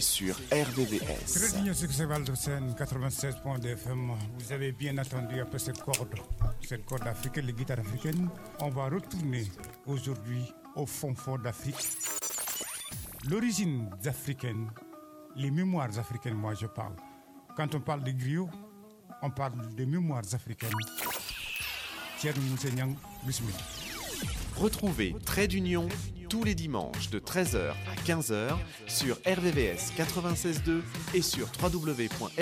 sur RVVS. Très bien, 96.fm. Vous avez bien attendu après cette corde, cette corde africaine, les guitares africaines. On va retourner aujourd'hui au fond fort d'Afrique. L'origine africaine, les mémoires africaines, moi je parle. Quand on parle de griot, on parle de mémoires africaines. Thierry Mousseignang, Bismillah. Retrouvez Trait d'Union tous les dimanches de 13h à 15h sur RVVS 96.2 et sur www.rvvs.fr.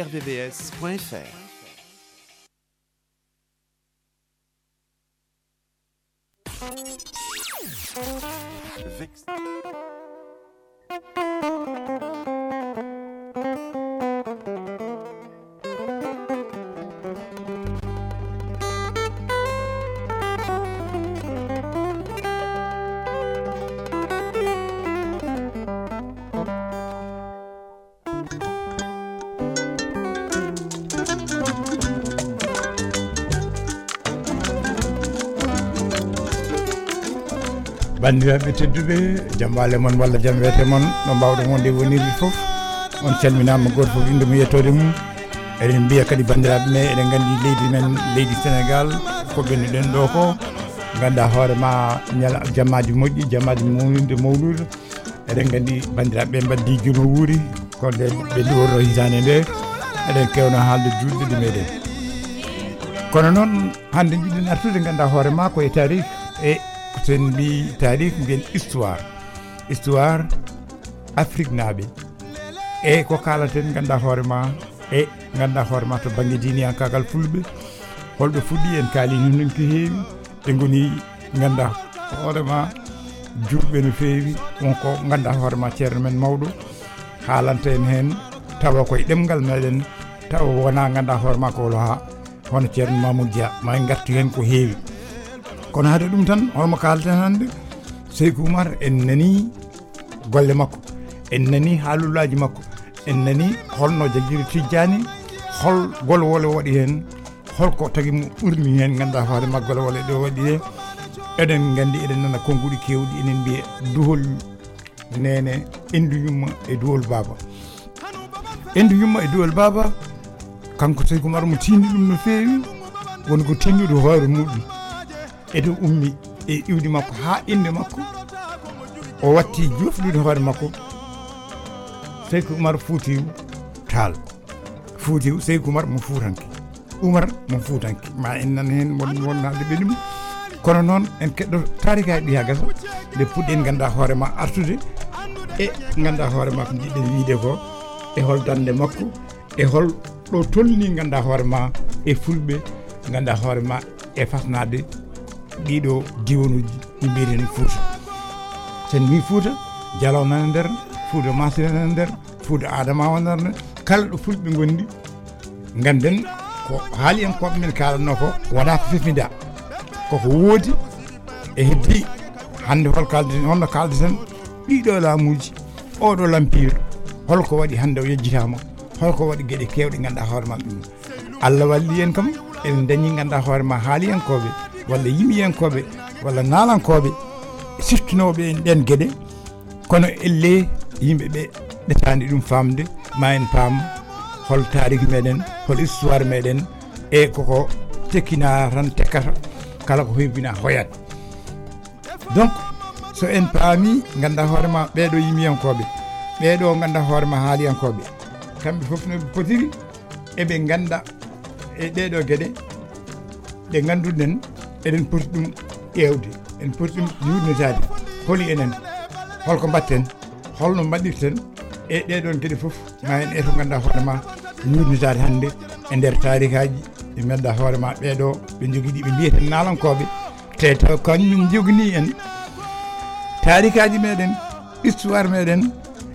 bandiraɓe tedduɓe jaam waale moon walla jaam weete moon no mbawɗon wonde wonirde foof on calminama goto foof inde mum yettode mum eɗen mbiya kadi bandiraɓe me eɗen gandi leydi men leydi sénégal ko ɓennuɗen ɗo ko ganda hoorema ñala jammaji moƴƴi jammaji mawnude mawnude eɗen gandi bandiraɓe mbaddi juuma wuuri konde ɓe ɗorno hitande nde eɗen kewno haalde juɗɗude meɗen kono noon hande jiɗen artude ganda hoorema ko e tarif e so mbi tarih mbiyen histoire histoire afrique naaɓe e ko kalaten ganda hoore ma e ganda hoore ma to banggue diniyankagal fulɓe holɓe fuɗɗi en kaali nun ko heewi ɓe goni ganda hoore ma jurɓe no feewi wonko ganda hoore ma ceerno men mawɗo haalanta en hen tawa koye ɗemgal meɗen tawa wona ganda hoore ma ko wolo ha hono ceerno mamoudou dia ma en gartu hen ko heewi kono haade ɗum tan holmo kalten hannde seykou oumar en nani golle makko en nani haalullaji makko en nani holno jaggiri tijjani hol golwole waɗi hen holko tagi mo ɓurni hen ganduɗa hoore ma golwole ɗo waɗi he eɗen gandi eɗen nana konguɗi kewɗi enen mbiya duhol nene endu yumma e duwol baba endu yumma e duwol baba kanko seykou oumar mo tindi ɗum no fewi wonko tennude hoore muɗum e ummi e iwdi makko ha inde makko o watti jufɗude hoore makko seyku umar fuutiw taal fuutiw seyku umar mo fuutanke oumar mo fuutanke ma en nan hen wonnade ɓenimo kono noon en keɗɗo tarikaji ɗi ha gasa nde puɗɗen ganda hoore ma artude e ganda hoorema ko jiɗɗen wiide ko e hol dande makko e hol ɗo tolni ganda hoorema e fulɓe ganda hoorema e fasnade ɗiɗo diwanuji ɗi en fouta sen mbi fouta dialaw nana nder fouta masina nana nder fouta adamawa nana kala ɗo fulɓe gondi ganden ko haali en koɓe men kalanno ko wona ko fifida koko woodi e heddi hande hol kalden holno tan ɗiɗo laamuji oɗo lampire holko waɗi hande o yejjitama holko waɗi gueɗe kewɗe ganduɗa hoore ma ɗum allah walli en kam eɗen dañi ganduɗa hoore ma haali en koɓe walla yimiyenkoɓe walla ngalankoɓe siftinoɓe en ɗen gueɗe kono elle yimɓeɓe ɗetani ɗum famde ma en paam hol tariki meɗen hol histoire meɗen e koko tekkina tan tekkata kala ko hebbina hoyat donc so en paami ganda hoorema ɓeɗo yimiyankoɓe ɓeɗo ganda hoorema haaliyankoɓe kamɓe foof noɓe potiri eɓe ganda e, e ɗeɗo gueɗe ɗe ganduɗen eɗen poti ɗum ƴewde en poti ɗum yurnitade holi enen holko mbatten holno mbaɗirten e ɗeɗon geɗe foof ma en eto ganduɗa hoorema ma yurnitade hande e nder tarikaji ɗi ganduɗa hoore ma ɓeɗo ɓe joguiɗi ɓe mbiyaten nalankoɓe te taw kañum jogani en tarikaji meɗen histoire meɗen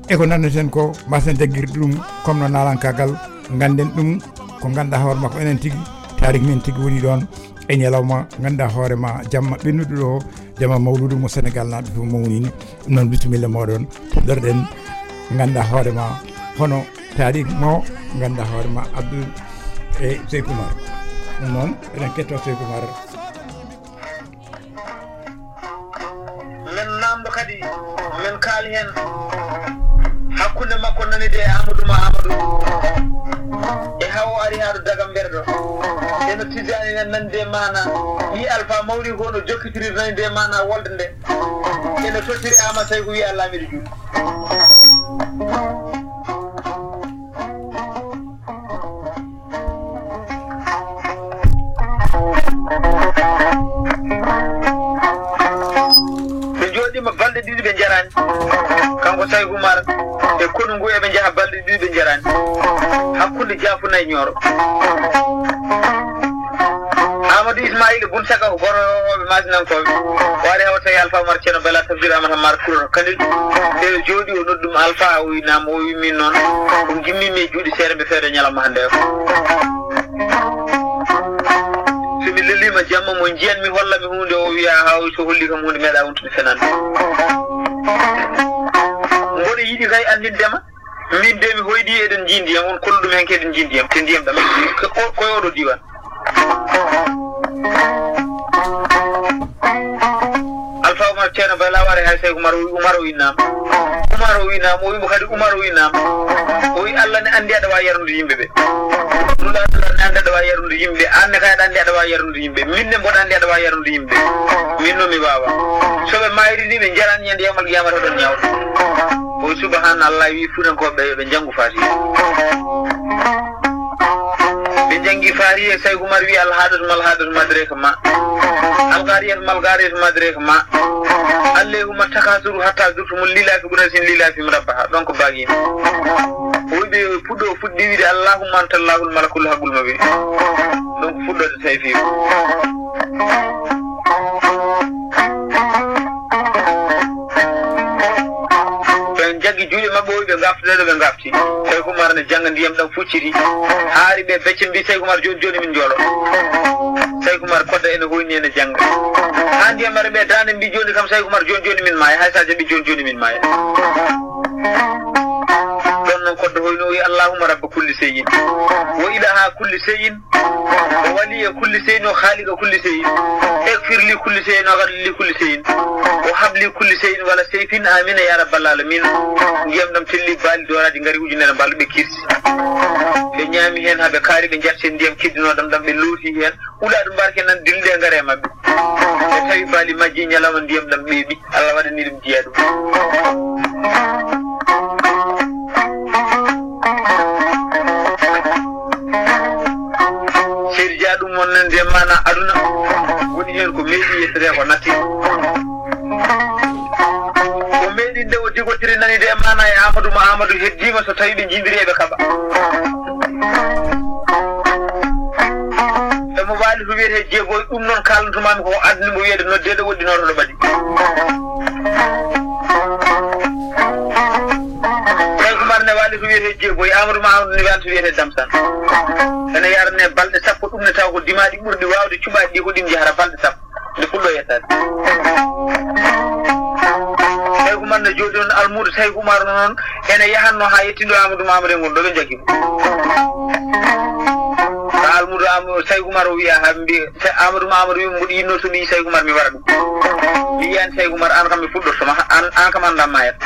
eko nannoten ko mbasen jagguirde ɗum comme no nalankagal ganden ɗum ko ganduɗa hoorema ko enen tigui tarik men tigui woni ɗon e ñalawma ganda hoorema jamma ɓennuɗo ɗo jamma mawludu mo sénégal naɓe fof mawnini ɗum noon bisimilla moɗon puɗɗorɗen ganda hoorema hono tarik mo ganda ma abdoul e seykou mar ɗum noon eɗen ketto seykou mar min namdo kadi min kaali hen hakkunde makko nanide e amadou ma e haw ari ha ɗo dagam nder ɗo eno tijani nen nande mana yi alpha mawri ko no jokkitiri nani de mana wolde nde ene tottiri ama tawi ko wiya lamiɗo juuɗe ɓe jooɗima balɗe ɗiɗi ɓe jarani kanko tawi umar e konu ngu eɓe jaha balɗe ɗiɗi ɓe jarani hakkunde jafunayi ñooro amadou ismaila bun saka ko goroɓe masinankoɓe waɗi hawa tawi alpha omar ceerno bela tabdira amata mar kuroto kandil e jooɗi o noddum alpha o winama o wimin noon o jimmimi e juuɗe seeɗa mbe feere ñalawma hannde o somi lelima jamma mo jiyanmi hollami hunde o wiya ha so holli kam hunde meeɗa wontude fenande jiiɗi kay anndindema min de mi hoydi eɗen jii ndiyam won kollu ɗum heen kedi jii ndiyam te ndiyam ɗam koye oɗo diwan ceerno mbaye laware hay tawi umar wi umar o winnaama umar o winnaama o wiimo kadi umar o winnaama o wi allah ne anndi aɗa waawi yarnude yimɓe ɓe nula ne anndi aɗa waawi yarnude yimɓe anne kay aɗa anndi aɗa waawi yarnude yimɓe min ne mboɗa anndi aɗa waawi yarnude yimɓe min noon mi waawa so ɓe maayri ni ɓe njarani ñannde yamal yamata oɗon ñaawta o subahana allah wi fuutankoɓe ɓe janngu fatiha nangi fariye saygu mar wi alhadatu mal hadatu madreka ma algariyatu mal gariyatu madreka ma allayhuma takasuru hatta durtumu lilafi ɓurasin lilafim rabbaha ɗon ko bagin woyɓe fuɗɗo fuɗɗi wide allahumma anta llahul malakul hagulma wi ɗon ko fuɗɗode tawi fiw jaggi juuɗe maɓɓe oyi ɓe gaftade ɗo ɓe gafti sawi kumar ne jangga ndiyam ɗam fucciti haari ɓe becce mbi sawi kumar joni joni min joolo sawi kumar kodda ene hoyni ene jangga ha ndiyamara ɓe dande mbi joni kam sawi kumar joni joni min maaya hay sa jaɓi joni joni min maaya jahannam kodda hoyno wi allahuma rabba kulli seyin wo ilaha kulli seyin o waliya kulli seyin o haaliga kulli seyin ekfirli kulli seyin o gadlili kulli seyin o habli kulli seyin wala seyfin amina ya rabbal alamin ngiyamɗam telli baali doraji ngari ujunene mbalɓe kirsi ɓe ñaami hen haɓe kaari ɓe jarten ndiyam kiddinoɗam ɗam ɓe looti hen uɗaɗu mbarke nan dillde ngare e mabɓe ɓe tawi baali majji ñalawma ndiyam ɗam ɓeeɓi allah waɗani ɗum jiya ɗum seydi dia ɗum wonnan nde mana aduna woni hen ko meeɗi yettere ko natti ko meeɗi nde o digotiri nani de mana e amadou mo amadou heddima so tawi ɓe jindiri eɓe kaɓa emo waali to wiyete jeegoy ɗum noon kalantumami ko addani mo wiyede noddede woɗɗinotoɗo ɓaɗi kankumar ne waali ko wiyete jeego e amadou mahamadou ne welto wiyete damsan ene yarane balɗe sappo ɗum ne taw ko dimaɗi ɓurɗi wawde cumaɗi ɗi ko ɗin jahata balɗe sappo lekullo yettade tawi ko manne jooɗi noon almuudo tawi ko noon ene yahatno haa yettindo amadou mamadou ngon ɗo ɓe jagimo so almuudo am tawi umar o wiya ha mbi amadou mamadou wi mboɗo yinno so mi yi tawi umar mi wara ɗum mi yiyani tawi ko umar an kam mi fuɗɗortoma an an kam anndanma yet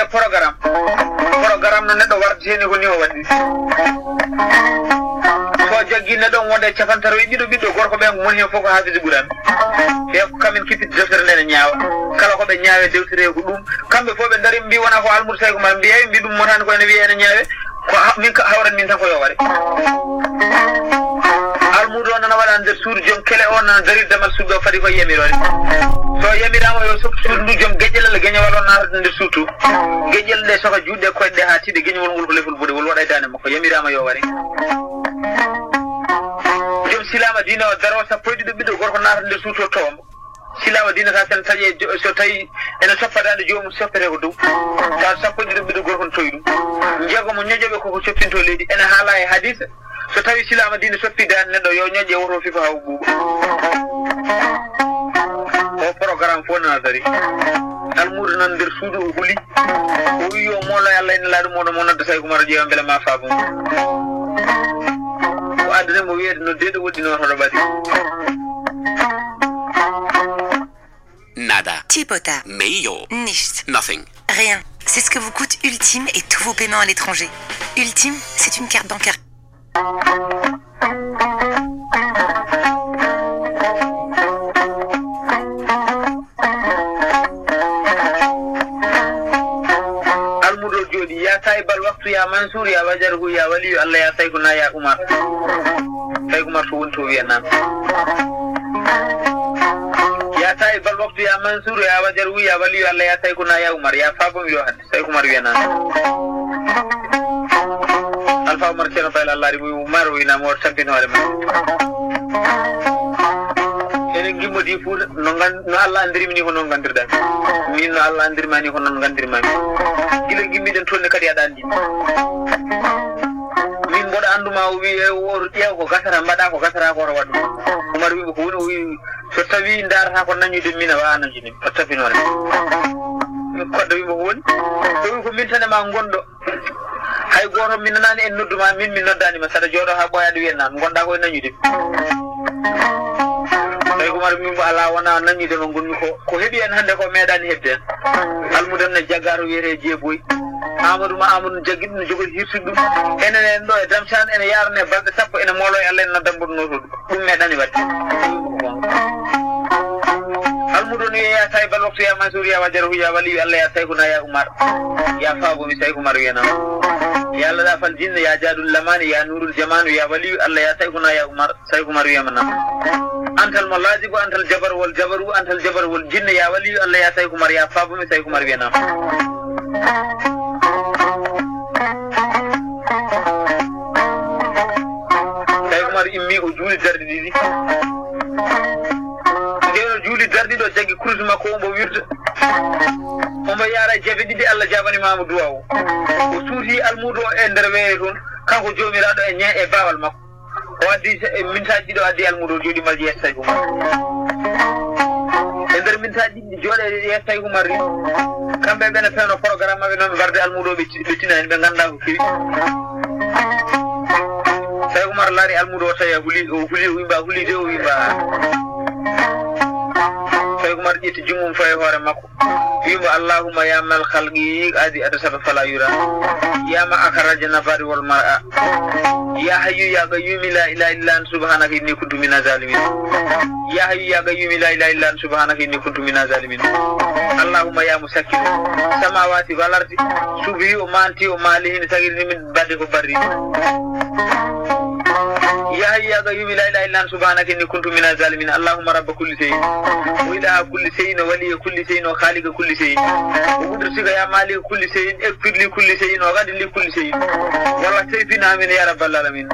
wiyete programme programme no neɗɗo wardini ko ni o waɗi so joggi neɗon wonde capantaro e ɗiɗo ɓiɗɗo gorko ɓen ko moni hen fof ko hafisi ɓuurani te kamin kippiti deftere nde ne ñaawa kala ko ɓe ñaawe dewtere ko ɗum kamɓe fof ɓe daari mbi wona ko almudo tawi ko ma mbiya e mbi ɗum motani koyene wiye ene ñaawe ko min hawran min tan ko yoware almudo o nana waɗa nder suudu jom kele o nana darir damal suudu o fadi koye yamirode so yamirama yo softude hmm. ndu joom gueƴel allah gueñol walla naatade nde suutu hmm. gueƴel nde soka juutɗe koyɗe ɗe ha tiiɗe gueñol ngol ko lefol buuɗe wol waɗa dande makko yamirama yo wari joom silama dina o daro sappo e ɗiɗo ɓiɗɗo gorko naatade nde suutu o toombo silama dinata tan taƴe so tawi ene soppatande jomum soppete ko dow ka sappo ɗiɗo ɓiɗo gorko ne toyi ɗum jeego mo ñoƴoɓe koko soppinto leydi ene haala e hadisa so tawi silama dina soppidani hmm. neɗɗo yo ñoƴe woto fifa haw ɓuuɓa o programme fof natari almudo nan nder suudu o huli o wi yo moolo allah ene laaɗum oɗo mo de say ko maro ƴeewa beele ma faabo ko addane mo wiyeede nodde ɗo woɗɗi noon hoɗo ɓaɗi Nada. Tipota. Meio. Nicht. Nothing. Rien. C'est ce que vous coûte Ultime et tous vos paiements à l'étranger. Ultime, c'est une carte bancaire. bal waktu ya mansour ya wajargu ya waliyu allah ya tayguna ya umar taygumar to wonto wiyanam ya bal waktu ya mansour ya wajargu ya waliyu allah ya tayguna ya umar ya fabom yo hadde taygumar wiyanam alfa umar ceerno bayla allah ri umar winamo tampinoore ma nene gimmo di fu no gan no alla andirimi ni ko non gandirda min no alla andirima ni ko non mi gila gimmi den tonne kadi ada andi min bodo anduma o wi e wor tiya ko gasara mbada ko gasara ko ro waɗu umar wi ko woni o wi so tawi ha ko nañude min awa nañude o tapinone koddo wimo ko woni so wi ko min tane ma ngondo hay goro min nanani en nodduma min noddani ma sada jodo ha ɓoyaɗo wiyen nan ko e nanyu de tawi kumara min mbo ala wona nanñude ma gonmi ko ko heeɓi hen hannde ko meeɗani heɓde hen almudan ne jaggaro wiyete jeeboyi amadou ma amadou no jaggi ɗum no jogori hirsude ɗum enen en ɗo e damsan ene yarane balɗe sappo ene moolo e allah en noddambo ɗu noto ɗum ɗum meeɗani waɗde almudun ye ya tay bal waktu ya mansur ya wajar hu ya wali Allah ya tay kuna ya umar ya fabu mi tay umar na ya Allah da fal jinn ya jadul lamani ya nurul jaman ya wali Allah ya tay kuna ya umar tay umar ya manna antal malajibu antal jabar wal jabaru antal jabar wal jinn ya wali Allah ya tay umar ya fabu mi tay umar yana tay umar immi ujul jardidi ɗo jaggi kurus makko ombo wirda omo yaara jafe ɗiɗi allah jabanimama duwa o o suuti almudo e nder weere toon kanko jomiraɗo e ñe e bawal makko o addi mintaji ɗiɗo addi almudo o jooɗi mal yettay humar e nder mintaji ɗiɗi jooɗe yettay humar ri kamɓe ɓene fewno programme maɓe noon ɓe garde almudo ɓe tina hen ɓe ganduɗa ko kewi tawi umar laari almudo o tawi o huli o huli o wimba de o wimba umar ƴetti jumum faye hoore makko wimo allahuma ya mal halqi adi adasata fala yura yama akaraja nabari wal mar'a ya hayyu ya qayyumi la ilaha illa anta subhanaka inni kuntu minaz zalimin ya hayyu ya qayyumi la ilaha illa anta subhanaka inni kuntu minaz zalimin allahuma ya musakkinu samawati wal ardi subhi o manti o maalihin sagirni min badde ko barri يا يا غيوب لا إله إلا أنت سبحانك إني كنت من الظالمين اللهم رب كل شيء وإله كل شيء وولي كل شيء وخالق كل شيء وقدرتك يا مالك كل شيء اغفر لي كل شيء وغد لي كل شيء والله سيفنا من يا رب العالمين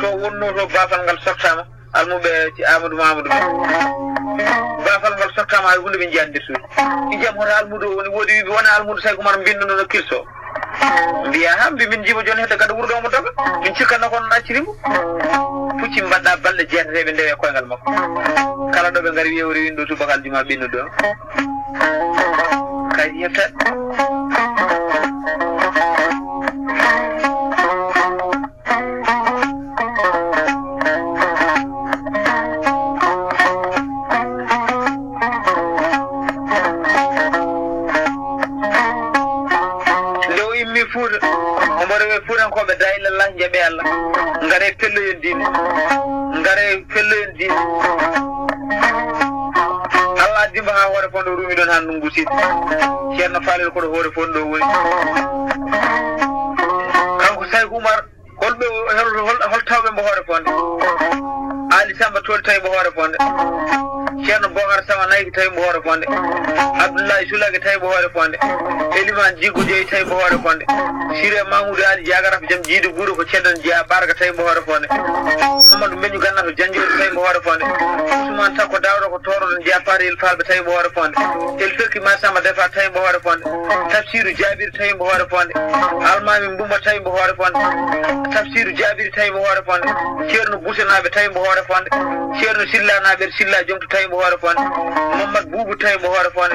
to wonnoto baafal ngal sottama almuɓe ci amadou mamadou bafal ngal sottama hay hunde ɓe jiyandirtude ijam jam hoto almudo woni woodi wiɓe wona almudo tawi ko mata mbinnono no kirso mbiya ha mbimin jiibo joni hedde gaɗa wuurɗo omo doga min cikkanno kono naccirimo pucci mbaɗɗa balɗe ɓe ndewe koyngal makko kala ɗo ɓe o wiyewri winɗo tubakal juma ɓinnuɗo kadi yeftat hankoɓe daylallah jaaɓe allah ngare pelloyon dine ngare pelloyon dine allah dimba ha hoore fon ɗo rumi ɗon han ɗum gusiɗe ceerno faalel koɗo hoore fon ɗo woni kanko sayk oumar holɓe holtawɓe mbo hoore fonde ali samba toli tawi mbo hoore fonde Samana ki tay bohore fonde Abdoulaye Sula ki tay bohore fonde Eliman Djigo Dieye tay bohore fonde Siré Mahmoudou Ali Diagara ko jam jiidu guuro ko ceddan Diya Barka tay bohore fonde Mamadou Mbeñu Ganna to Janjori tay bohore fonde Ousmane Sakko Dawro ko Toroɗo Diya Paril Falɓe tay bohore fonde El Fekki Massamba Defa tay bohore fonde Tafsiru Jabir tay bohore fonde Almami Mbumba tay bohore fonde Tafsiru Jabir tay bohore fonde Ceerno Bousse naɓe tay bohore fonde Ceerno Silla naɓe Silla Jom to tay bohore fonde mamadou boubou tawi hoore fonde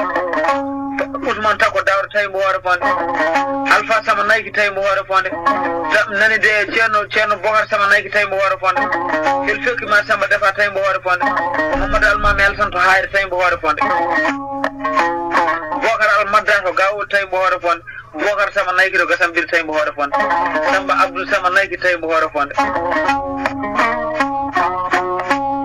usman tako dawra tawi mo hoore fonde alpha sama nayki tawi mo hoore fonde nani de ceerno ceerno bocar sama nayki tawi hoore fonde el fekki ma samba defa tawi mo hoore fonde mamadou almami alsanto hayre tawi hoore fonde bocar almadda madda ko gawol tawi hoore fonde bocar sama nayki to gasambiri tawi mo hoore fonde samba abdoul sama nayki tawi hoore fonde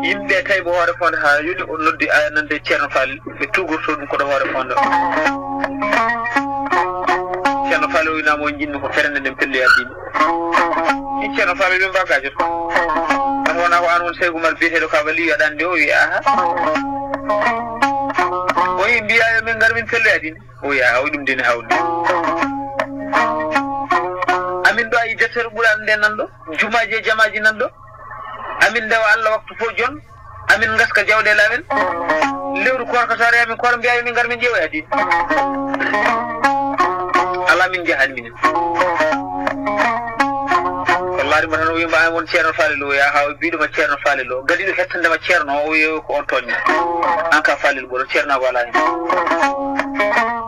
yimɓe tawi mo hoore fonde haa yoni o noddi nande ceerno fali ɓe tuugorto ɗum koɗo hoore fonde ceerno fali o winama on jinmi ko ferende nden pelli adini i ceerno fali ɓe mbaggajoto ɗat wona ko an woni sawi gumar biyeteɗo ka wali e aɗan nde o wi aha oyi mbiya min ngar min pelli adini o wi aha o ɗum dine hawdi amin ɗo ayi deftere ɓuraɗ nde nan ɗo jumaji e jamaji nan ɗo amin ndewa allah waktu fof jon amin ngaska jawɗele amen lewru korkotore amin koto mbiya min gar min ƴeewoya din ala min jahani minen wallahi mo tan o wima an won ceerno faali lo ya haw mbiɗoma ceerno faali lo gadiɗo hettandema ceerno o o yeewi ko on toñña an ka faali lo ɓoɗo ceernago ala hen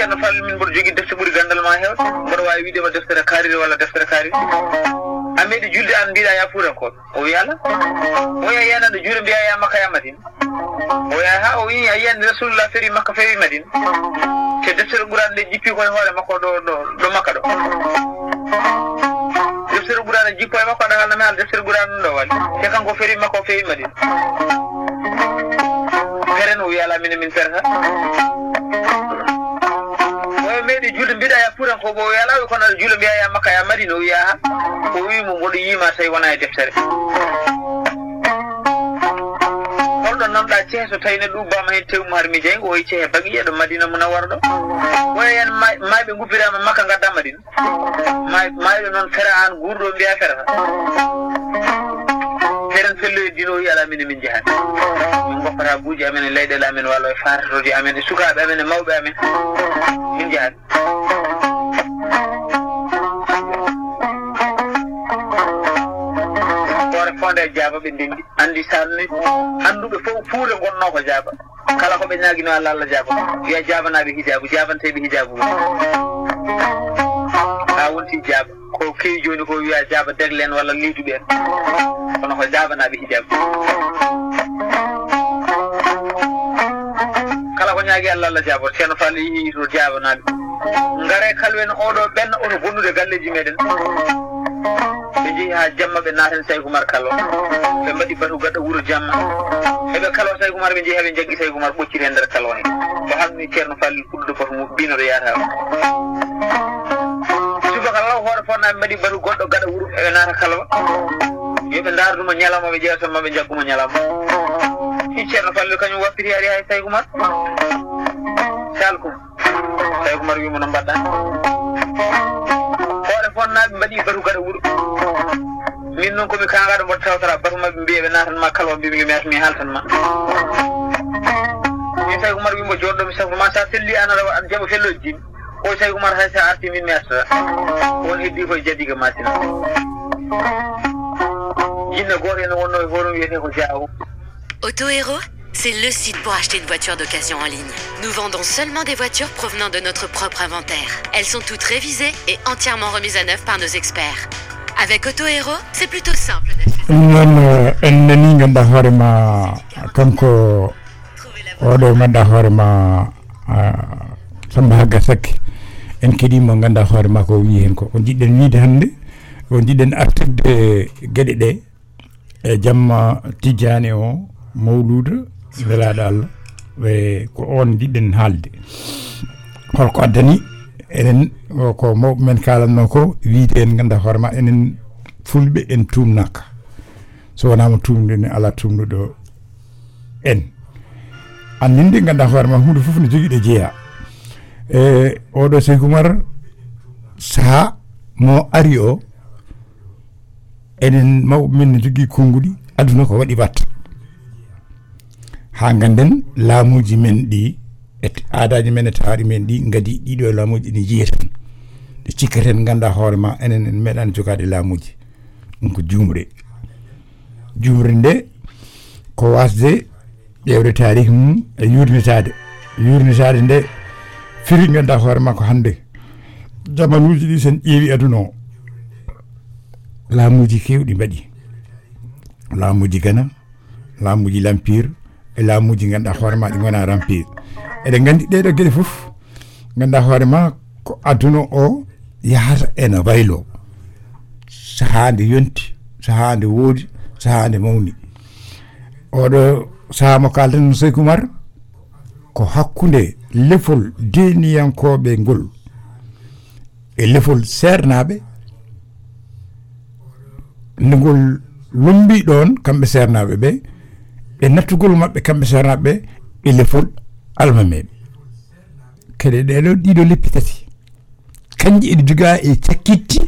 ceerno fallu min mboɗo jogii defte ɓuri gandal ma heewde mboɗo waawi wiidema deftere kaariri walla deftere kaariri a julde an mbiɗa ya fuurankoɓe o wi ala o wiya yanande juure mbiya ya makka ya madina o wiya ha o wi a yiyande rasulullah feri makka fewi madina te deftere ɓurani nde jippi koye hoore makko ɗo ɗo ɗo makka ɗo deftere ɓurani jippo e makko aɗa haalnami haala deftere ɓurani ɗo waɗi te kanko feri makko o fewi madina peren o wi ala mine min ferata hoye meɗi julde mbiɗa ya puuran ko ɓo kono aɗa juula mbiya ya makka ya mari o wiya ko o wimo ngoɗo yima tawi wona e deftere holɗon namɗa cehe so tawi ne ɗubama hen tewmu har jeyngo oye cehe bagui eɗo madina munawwara ɗo oye hen mayɓe guppirama makka gadda madina mayɓe noon fera an guurɗo mbiya ferata heɗen selloyde ɗin o wi ala mine min min goppata buuji amen e leyɗele amen walla e fatatode amen e sukaɓe amen e mawɓe amen min jehani hoore fonde e jaaba ɓe ndendi andi sanni annduɓe fof fuure gonno ko jaaba kala ko ɓe ñaguino allah allah jaaba wiya jabanaɓe hijabu jabanteɓe hijabu ha wonti jaaba ko kewi joni ko wiya jaaba deglen walla liiduɓe en kono ko jabanaɓe ijab kala ko ñaagi allah allah jaboto ceerno fall yii to jabanaɓe ngare kalwen oɗo ɓenna oto bonnude galleji meɗen ɓe jeehi ha jamma ɓe naten sayi kumar kalo ɓe mbaɗi batu gaɗɗo wuuro jamma eɓe kalo sayi kumar ɓe jeehi ha jaggi sayi kumar ɓocciri hen nder kalo he ko hanni ceerno falli fuɗɗo batu mum binoɗo yata subaka law hoore fonnaɓe mbaɗi batu goɗɗo gaɗa wuuro eɓe naata kalwa yimɓe ndaardumo ñalawma ɓe ƴeewa tan maɓe jaggumo ñalawma hi ceerno fallu kañum wappiti ari hay sayi oumar salkum sayi oumar wimo no mbaɗɗa hoore fonnaaɓe mbaɗi batu gaɗa wuro min noon komi kangaɗo mboɗo tawtara batu maɓe mbiya ɓe natanma kala o mbimi yomi yata mi haltanma min sayi oumar wimo jonɗomi safruma sa selli an aɗa aɗa jaɓa felloji jimi o sayi oumar hay sa arti min mi artata won heddi koye jadiga masina Autohero, c'est le site pour acheter une voiture d'occasion en ligne. Nous vendons seulement des voitures provenant de notre propre inventaire. Elles sont toutes révisées et entièrement remises à neuf par nos experts. Avec Autohero, c'est plutôt simple. e jamma tijjani o mawluda welaɗo allah e ko on jiɗɗen haalde holko addani enen ko mawɓe men kalanno ko wiide en ganda hoore ma enen fulɓe en tumnaka so wonama tumde ne ala tumnuɗo en anninde ganda hoore ma hunde fof ne joguiɗo jeeya e eh, oɗo seyk oumar saaha mo ari o enen mawɓe men ne jogii konnguɗi aduna ko waɗi watta haa ngannden laamuuji men ɗi e aadaaji men e taari men ɗi ngadi ɗiɗo e laamuuji ɗi jiya tan ɗe cikkaten ngannda hoore ma enen en meeɗaani jogaade laamuuji ɗum ko juumre juumre nde ko wasde ƴeewde taarihi mum e yuurnitaade yuurnitaade nde firi ngannda hoore ma ko hannde jamanuuji ɗi sen ƴeewi aduna o laamuji kewɗi mbaɗi laamuji gana laamuji lampire e laamuji ganduɗa hoore ma ɗi gona rampire eɗen gandi ɗeɗo gueɗe fof ganduɗa hoore ma ko aduna o yahata ene waylo sahaa yonti sahaa woodi sahaa mawni oɗo sahaa mo kalten no seyk oumar ko hakkunde lefol deniyankoɓe ngol e lefol sernaɓe ndegol lumbi ɗon kamɓe sernaɓe ɓe e nattugol maɓɓe kamɓe sernaɓe ɓe e lefol almameɓe kadi ɗeɗo ɗiɗo leppi tati kanji ene joga e cakkitti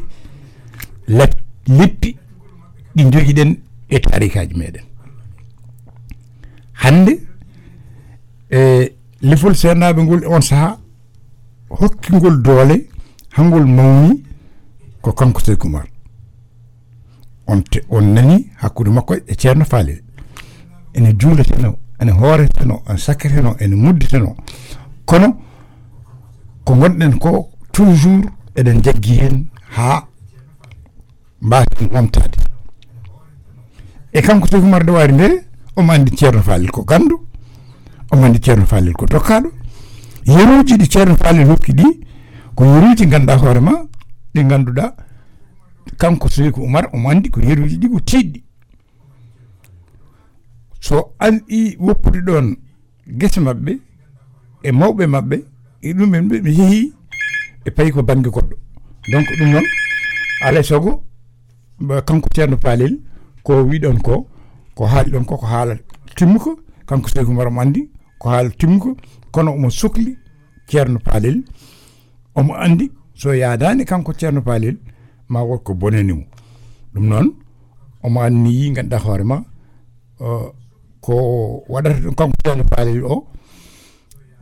leppi ɗi jogiɗen e tarikaji meɗen hande e lefol sernaɓe ngol e on saaha hokkingol doole hangol mawni ko kanko sey kumar on te on nani hakkude makko e ceerno faalel ene juuleteno ene hooreteno en sakketeno ene muddeteno kono ko gonɗen ko toujours eɗen jaggi hen ha mbasen ɓamtade e kanko tawi umarde waari nde omo andi ceerno faalel ko gandu omo andi ceerno faalel ko dokkaɗo yeruji ɗi ceerno faalel hokki ɗi ko yeruji ganduɗa ma ɗi ganduɗa kanko seyku oumar omo andi ko yeruji ɗi ko tiɗɗi so anɗi woppude ɗon gese maɓɓe e mawɓe maɓɓe e ɗumen ɓe ɓe yeehi e payi ko bange goɗɗo donc ɗum noon alay saago kanko ceerno palel ko wiɗon ko ko haali ɗon ko ko haala timmuko kanko seyku oumar omo andi ko haala timmuko kono omo sohli ceerno palel omo andi so yaadani kanko ceerno palel ma wot ko bonenimu ɗum noon omo anniyi ganduɗa hoore ma ko waɗata ɗum kanko joni paalel o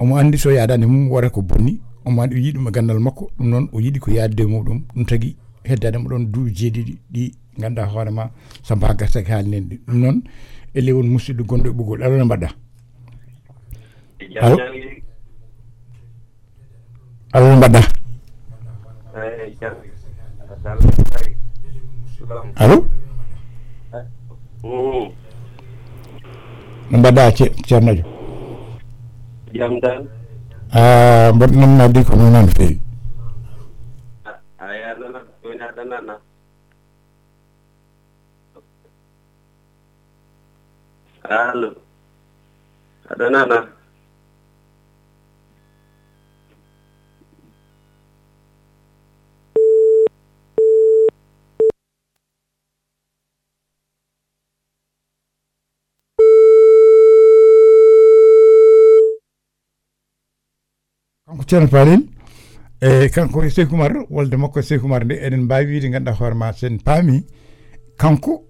omo anndi so yadani mum wara ko bonni omo andi o yiɗi ɗum e gandal makko ɗum noon o yiɗi ko yaadde muɗum ɗum tagi heddade mo ɗon duuɓi jeeɗiɗi ɗi ganduɗa hoore ma so mba gartaki haalinen ɗi ɗum noon e lewol musidɗo gonɗo e ɓoggol alano mbaɗɗa alo alano mbaɗɗa eh, allo nembada ceernojo jam mba a na di ko noon na na allo na na kanko ceerno palel e eh, kanko e seykou oumar wolde makko e seykou oumar nde eɗen mbawi wiide ganduɗa hoore ma sen paami kanko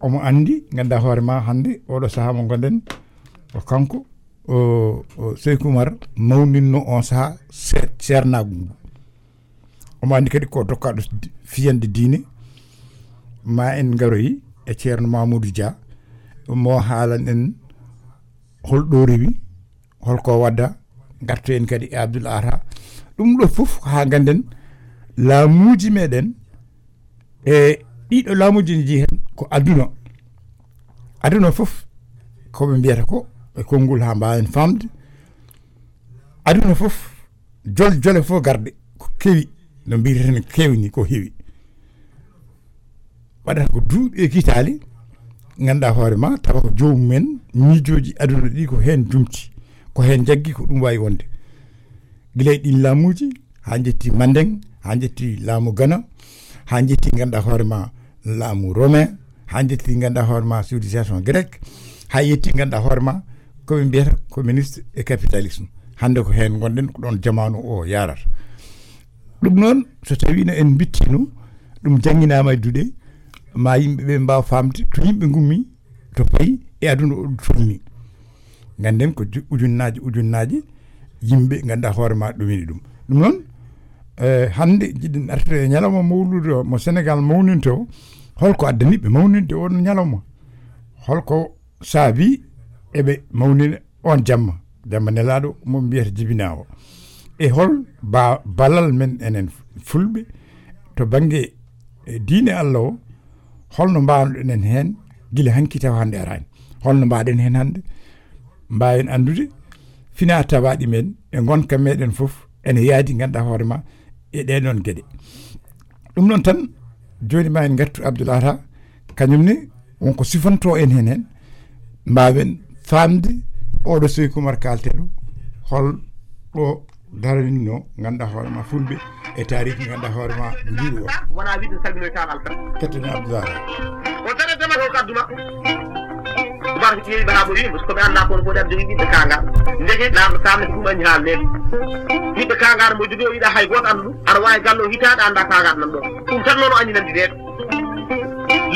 omo anndi ganduɗa hoore ma hannde oɗo sahaa mo gonɗen ko kanko o seykou mawninno on sahaa ceernagu ngu omo anndi kadi ko dokkaɗo fiyande diine ma en ngaroyi e ceerno mamoudou dia mo haalan en holɗo rewi holko wadda gartoyen kadi e abdoul ara ɗum ɗo fof ha ganden laamuji meɗen e ɗiɗo laamuji ne jii hen ko aduna aduna fof koɓe mbiyata ko e konngol ha mbawen famde aduna fof jol jole fof garde ko kewi no mbiyateten kewi ni ko heewi waɗata ko duuɓi e kitali ganduɗa hoore ma tawa ko jomumen miijoji aduna ɗi ko hen jumti ko hen jaggi ko ɗum wawi wonde guilay e ɗin laamuji ha jetti mandeng ha jetti laamu gana ha jetti ganduɗa ma laamu romain ha jetti ganduɗa hoorema civilisation grec ha yetti ganduɗa hoorema koɓe mbiyata communiste e capitalisme hande ko hen gonɗen ko ɗon jamanu o yarata ɗum noon so tawino en bittino ɗum jangginama e duuɗe ma yimɓeɓe mbawa famde to yimɓe gummi to payi e aduna o ɗum ganden ko ujunnaaji ujunnaaji yimɓe ganduɗa hoore ma ɗumini ɗum ɗum noon e, hannde jiɗen artire e ñalawma mawlude mo sénégal mawninta holko addani ɓe mawninde on ñalawma holko saabi eɓe mawnina on jamma jamma nelaɗo mo mbiyata jibina o e hol ba balal men enen fulɓe to bange e, diine allah o holno mbawnoɗen hen gila hanki taw hannde arani holno mbaɗen hen hannde mbawen andude fina tawaɗi men e gonka meɗen foof ene yaadi ganduɗa hoore ma e ɗeɗon gueɗe ɗum noon tan joni ma en gartu abdoulata kañumne wonko sifanto en hen hen mbawen famde oɗo sowi kumar kalteɗo hol ɗo daranino ganduɗa hoore ma fulɓe e tariki ganduɗa hoore ma juuɗo o wona abdoulata o tanetema ko kadduma Umar ƴeewi barago wiimo so komi annda kono fof ɗamde ɓiɓɓe kangar degue namdo samne ko ɗum anni haal leydi ɓiɓɓe kangar mo jogi o yiiɗa hay goto andu aɗa wawi gallo hitaɗe anda kangar nan ɗon ɗum tan noon o anndinandi deeɗo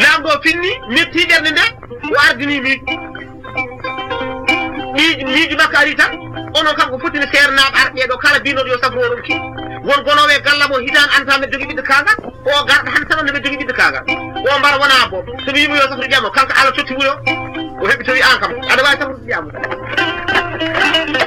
lamɗo finni metti ɓerde nde o ardini miijo miijo makko ari tan onon kam ko ar seernaɓe arɓeɗo kala mbinoɗo yo safro ɗum ki won gonowe galla mo hitan antande jogui ɓiɗɗo kangar o garɗo han tan onde ɓe jogui ɓiɗɗo kangar o mbara wona boom somi yimo yo safro ƴamo kanko ala totti wuuro ให้ไปช่วยอ้างกับอะไรบ้างสักอย่าง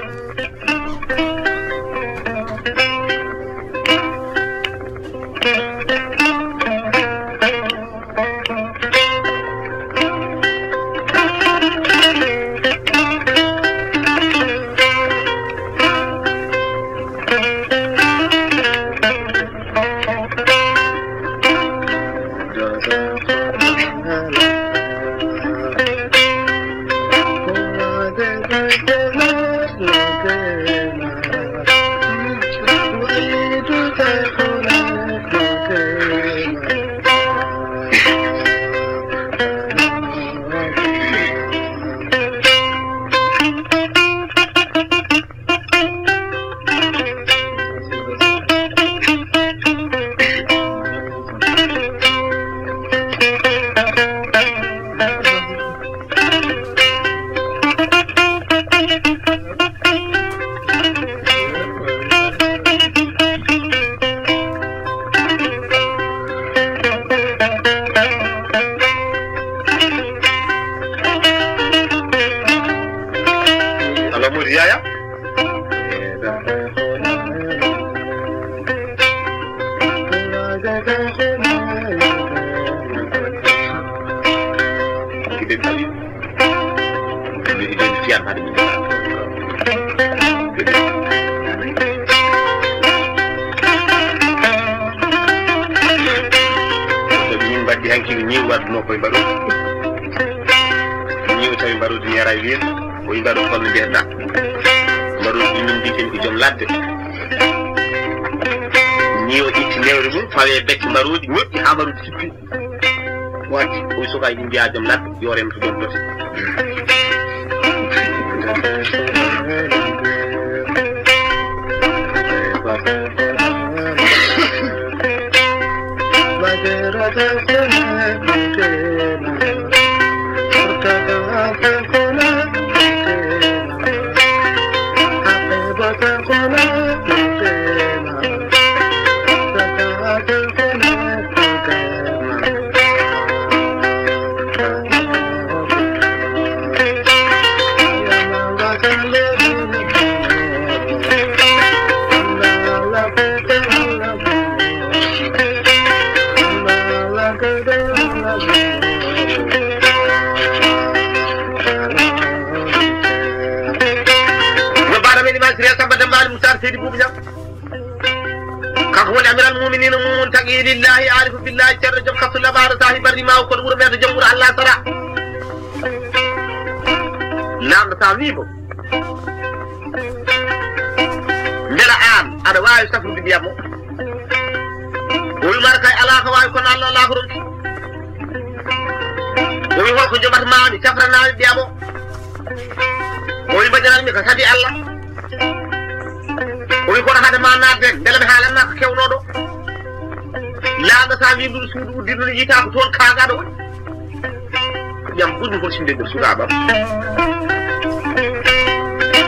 wallinde sukaɓam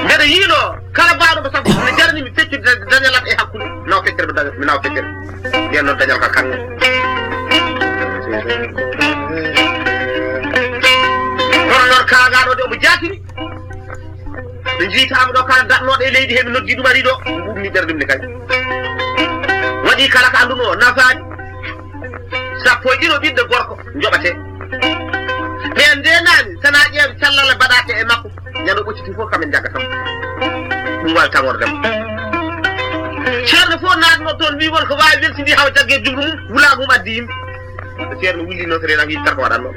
mbeɗa yiino kala mbaɗomo sabu ne jarani mi feccide dañal am e hakkude naw feccere mi daña mi naw feccere nden noon dañal ka kanne kono noon kaagaɗo de omo jaatiri ɓe jiitama ɗo kala datnoɗo e leydi he mi noddi ɗum ari ɗo ɓurni ɓerɗum ne kadi waɗi kala ka anduno nafaani sappo e ɓiɗɗo gorko joɓate nden ndenaami sana ƴeewi cellal mbaɗaake e makko ñande ɓocciti fof kamin jagga tan ɗum wawi tagordema ceerno fof naatno toon wimon ko waawi weltindi haw jagge jumru mum wulaagu mum addi yimɓe ceerno wullino to renak yittar ko waɗatno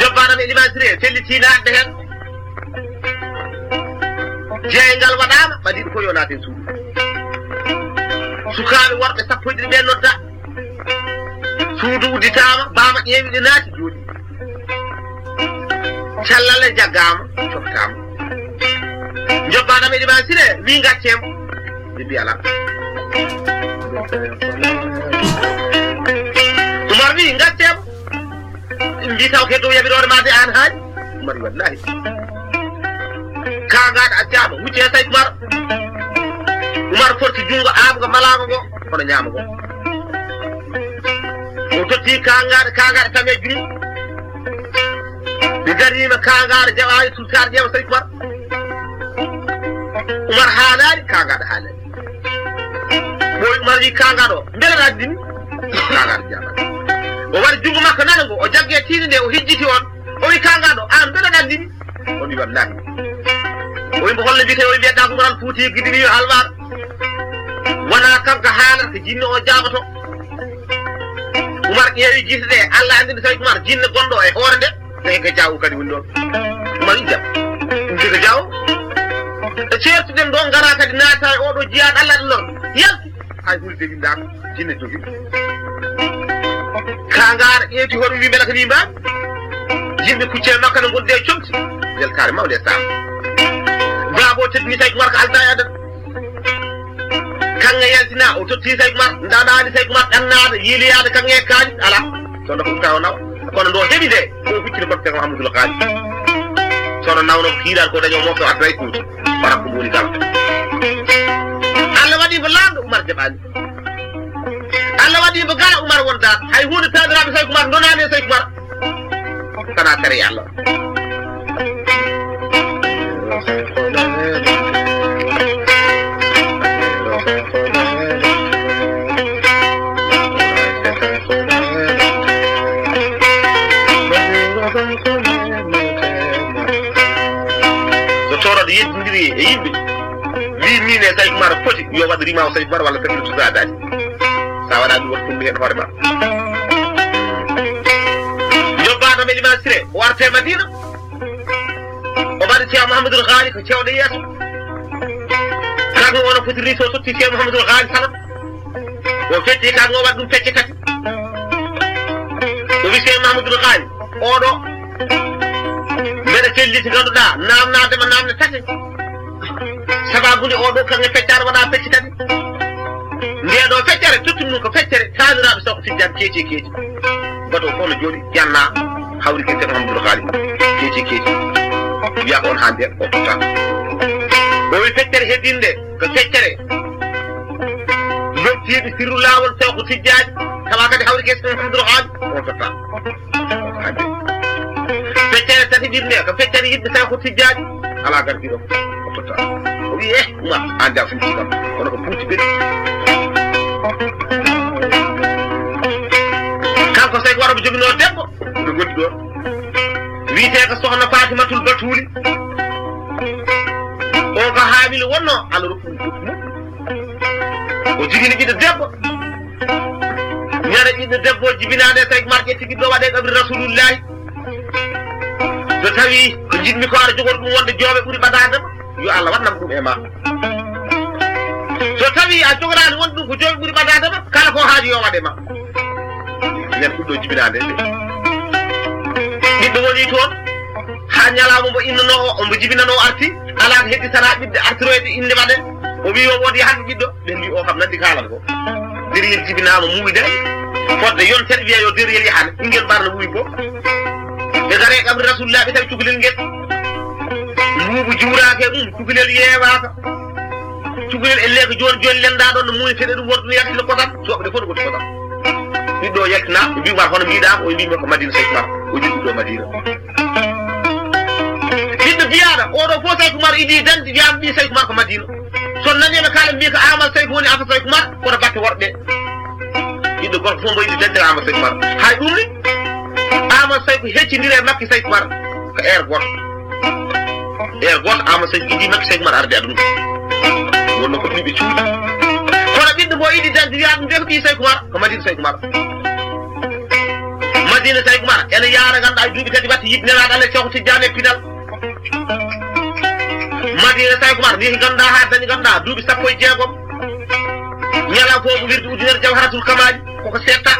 jobbaɗam e limatiri e felliti naatde heen jeyngal waɗaama ɓaɗiɗo fof yo naaten suudu sukaaɓe worɓe sappo ɗiɗi ɓen nodda suudu udditaama baama ƴeewi ɗi naati jooɗi callal jaggaama coftaama jobbaanam eɗi maa sire mi gacceemo ɗi mbi alaa umar wi gacceemo mbi taw ke dow yaɓiroore ma de aan haaji umar wi wallahi kaa ngaaɗa accaama wuccee say umar umar forti jungo aabgo malago ngo kono ñaama go o totti kangaɗo kangaɗo tame jum ɓe darima kangaɗo jaɓaɗo susaɗo ƴeewa tawi umar umar haalani kangaɗo haalani ɓoy umar wi kangaɗo o mbeleɗa addini kangaɗo jaɓaɗo o waɗi jungo makko nana ngo o jagge tiinde nde o hijjiti on o wi kangaɗo an mbeleɗa addini on wi wallahi o wimbo holle mbiyete o wi mbiyeɗa ko ngoran fuuti gidini yo halwaɗo wona kam ko haalata ko jinne o jaaɓoto umar ƴeewi jisde allah andini tawi umar jinne gonɗo e hoore nde ne henka jawu kadi woni ɗon umar i jam ɗum sika jawo e ceertuɗen ɗo ngara kadi naata e oɗo jiyaɗo allah ɗe lor yaltu hay hulde windaka jinne jogi ka ngaara ƴeeti hoɗum wi mbela ko ni mbami yimɓe kuccee makka no gonde e comti weltare mawde e saa baabo teddini tawi umar ko alda e adana kanŋe yaltina o totti sayi ma ndaɗaɗi sayi ma ɗannaɗo yiiloyaɗo kanŋe kaalis ala sono ɗum kawo naw kono ndo heɓi nde o huccino kotte ko hamadoul kaali sono nawno ko hiiɗal ko daño mofto addanay kuuti wara ko mboni dal allah waɗi mo laamɗo umar jaɓani allah waɗi mo gara umar wonda hay hunde tadiraɓe sayi kumar ndonaani e sayi kumar kana kare allah e yimɓe wi min e tawi ɗumata foti yo waɗ rima o saɗi mara walla tawi susa adani sa waɗa ɗum wata tumbi hen hoore ma jobbaɗo men iman siré o arte madina o mbaɗa ceew mahamadoul haali ko cewɗo yeeso kanko ono foti riso sotti ceew mahamadoul haali salat o fetti kanko o waɗa ɗum fecce kati o wi ceew mouhamadoul haali oɗo mbeɗa selliti ganduɗa namnadema namde tati sababude oɗo kamne feccare waɗa fecci kadi ndeɗo feccere tottumi ɗum ko feccere kaaniraɓe sawo ko tijjani keeci keeci bato fof no jooɗi janna hawri ken tan hamdoul haali keeci keeci wiya ko on ha nder o totta o wi feccere heddinde ko feccere yettiɓe sirru lawol taw ko tijjaji tawa kadi hawri gueso tan hamdoul haali on totta hande feccere tati ɗinde ko feccere yimɓe taw ko tijjaji ala gardiɗo o totta deɛ ma agyaso nsuka ɔno kɔpu ti bɛdi kanko sɛ wara ɓe joginoo debbo ɓe gondi ɗon wiiteeko sohna fatimatul batuuli o ko haamili wonno allah rokkuɗum kokkumo o jogini ɓiɗo debbo ñana ɓiɗɗo debbo jibinaade tawi marƴe tigi ɗo waɗe ɗabri rasulullahi so tawi ko jiɗmi ko aɗa jogori ɗum wonde jooɓe ɓuri ɓadaadema yo allah waɗanan ko e ma so tawi a jogorani won ɗum ko joomi ɓuuri ɓadade ma kala ko haaji yo waɗe ma nen ɗum ɗo jibinade ɗe woni toon ha ñalawma mbo innano o jibinano arti ala ko hedditana ɓiɗde artiroyde inde maɗen o wi o woodi hande ɓiɗɗo ɓe mbi o kam nandi kaalan ko deriyel jibinama muuyde fodde yontere wiya yo deriyel yahana ɓinguel mbar no wuuyi fof gare kam rasulullah ɓe tawi cukalel ngel duuɓi juurake e ɗum cukalel yeewaka cukalel elle ko joni joni lendaɗo no muuni seeɗa ɗum wortoni yaltino kotan soɓde fof no goti kotan ɗiɗɗo yaltina o mbima hono mbiɗako o mbimi ko madina saykmar o jiɗɗi ɗo madina ɗiɗɗo mbiyaɗa oɗo fof saykumar idi tan wiyama mbi saykumar ko madina so nanima kala mbi ko amadou sayko woni afa saykumar koto batte worɓe ɗiɗɗo gorko fof mbo yiɗi dande amadou saykumar hay ɗum ni amadou sayko heccidiri e makki saykumar ko aire goto e goto amasaj idi makko seg mar arde aduna wonno ko ɗiɓe cuuɗi kono ɓiɗɗo mo yiɗi dande wiya ɗum de ko ɗi sayko mara ko madina sayko mara madina sayko mara ene yaara ganduɗa duuɓi tati watta yiɓ nelaɗo allah cewko tijjani e pinal madina sayko mara ni ganduɗa ha dañi ganduɗa duuɓi sappo e jeegom ñala ko ko wirde ujunere jawharatul kamaji koko setta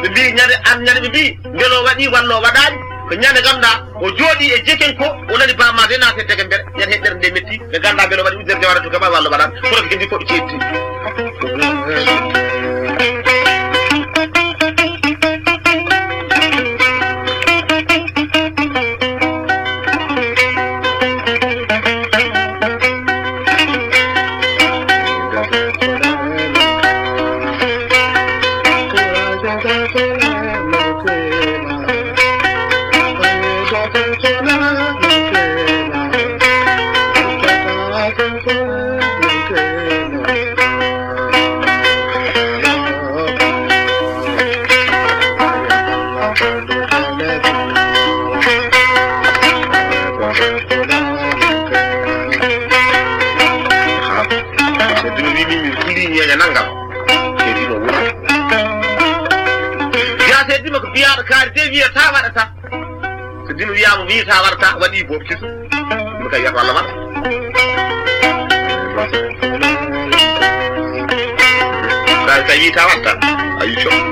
ɓe mbi ñande an ñande ɓe mbi ngelo waɗi wallo waɗani E ko ñande ganduɗa o jooɗi e jeken ko o nani bamade naate tege mbere yan he ɓernde metti ɓe ganduɗa beele o waɗi ujunere jawara tukaɓa wallo waɗan pour ko gendi fof ɗo ceetti ni ta warta waɗi boftisu ɗum kay wiyata allah watta sa tawi ta warta a yicco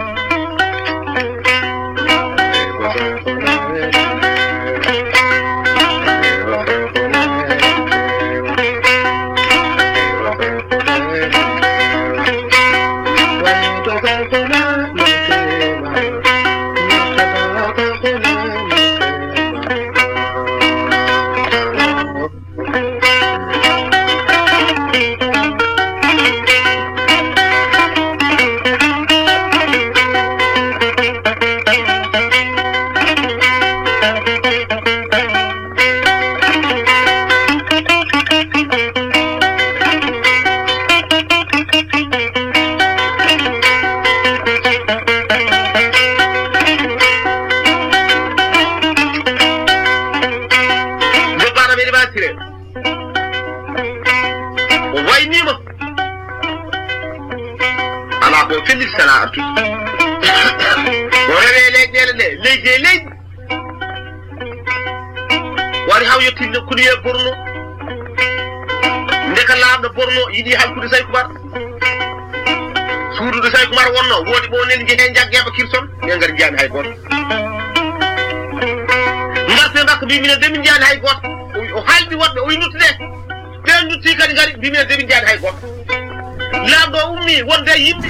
ጉዳይ ይምቢ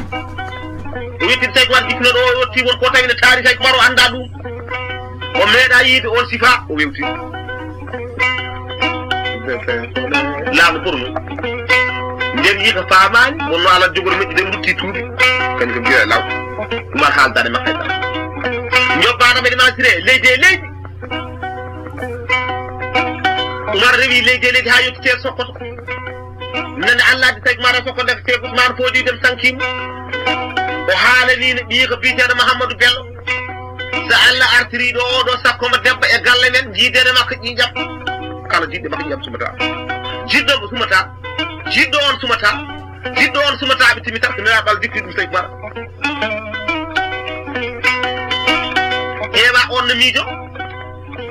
ዱዊት ተይቋን ዲክሎ ወርቲ ወርቆታ ይነ ታሪክ አይቆሮ አንዳሉ ወመዳ ይድ ኦል ሲፋ ወቢውቲ ላም ቱሩ nden yiika faamaani wonno ala jogori moƴƴi nden rutti tuuɗi kañum ko mbiya law ɗum ar haaldade makka tan jobbaɗo meɗe masire leydi e leydi umar rewi leydi e leydi ha yetti teer sokkoto anani allah addi tagi mataw ko def te man foojoyi dem sankima o haalanino ɓii ko biyeteɗo mahamadou bello so allah artiri ɗo oɗo sakkoma debbo e galle men jiidede makko ƴiƴam kala jiɗɗo makko ƴiƴam sumata jiɗɗo mo sumata jiɗɗo on sumata jiɗɗo on sumataɓe timi tan so niraɓal dikkiri ɗum tagi mara ƴeewa on no miijo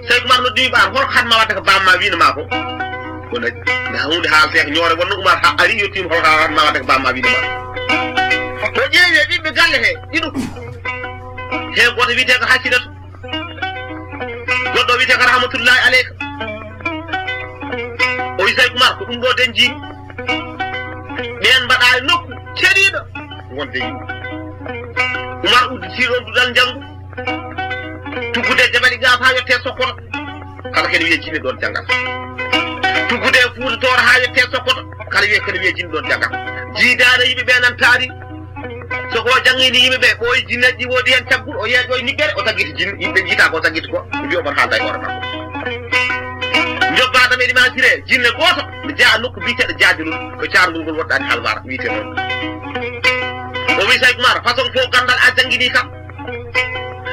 tagi mara noddimi ɓaar holko hatma wadde ko bamma winoma ko ko naƴi nda hunde ha feek ñoore wonno umar ha ari yettima hoto ha hatma wadde ko bamma wiide ma to ƴeewi e ɓiɓɓe galle he ɗiɗo he goto wiite ko hakkilata goɗɗo wiite ko rahmatullahi aleyka o wi sayd umar ko ɗum ɗo den jiimi ɓen mbaɗa e nokku ceɗiɗo wonde yimɓe umar udditi ɗon dudal janggo tuggude jabali gaaf ha yette sokkoto kala kene wiye jiimi ɗon janggal tuggude fuuta toora ha yette sokkoto kala wiye kene wiye jinni ɗon jaggat yimɓe yimɓeɓe nan taari soko jangini yimɓe yimɓeɓe ɓooyi jinneji woodi hen caggur o yeeƴo e niggere o taggiti jinni yimɓe jiita ko taggiti ko mbi omon haalda e hoore makko joggaɗam meɗi masire jinne gooto ne jaa nokku mbiteɗo jaadilol ko caarngol ngol woɗɗani halmara wiite noon o wi sayk mara façon fof gandal a jangguini kam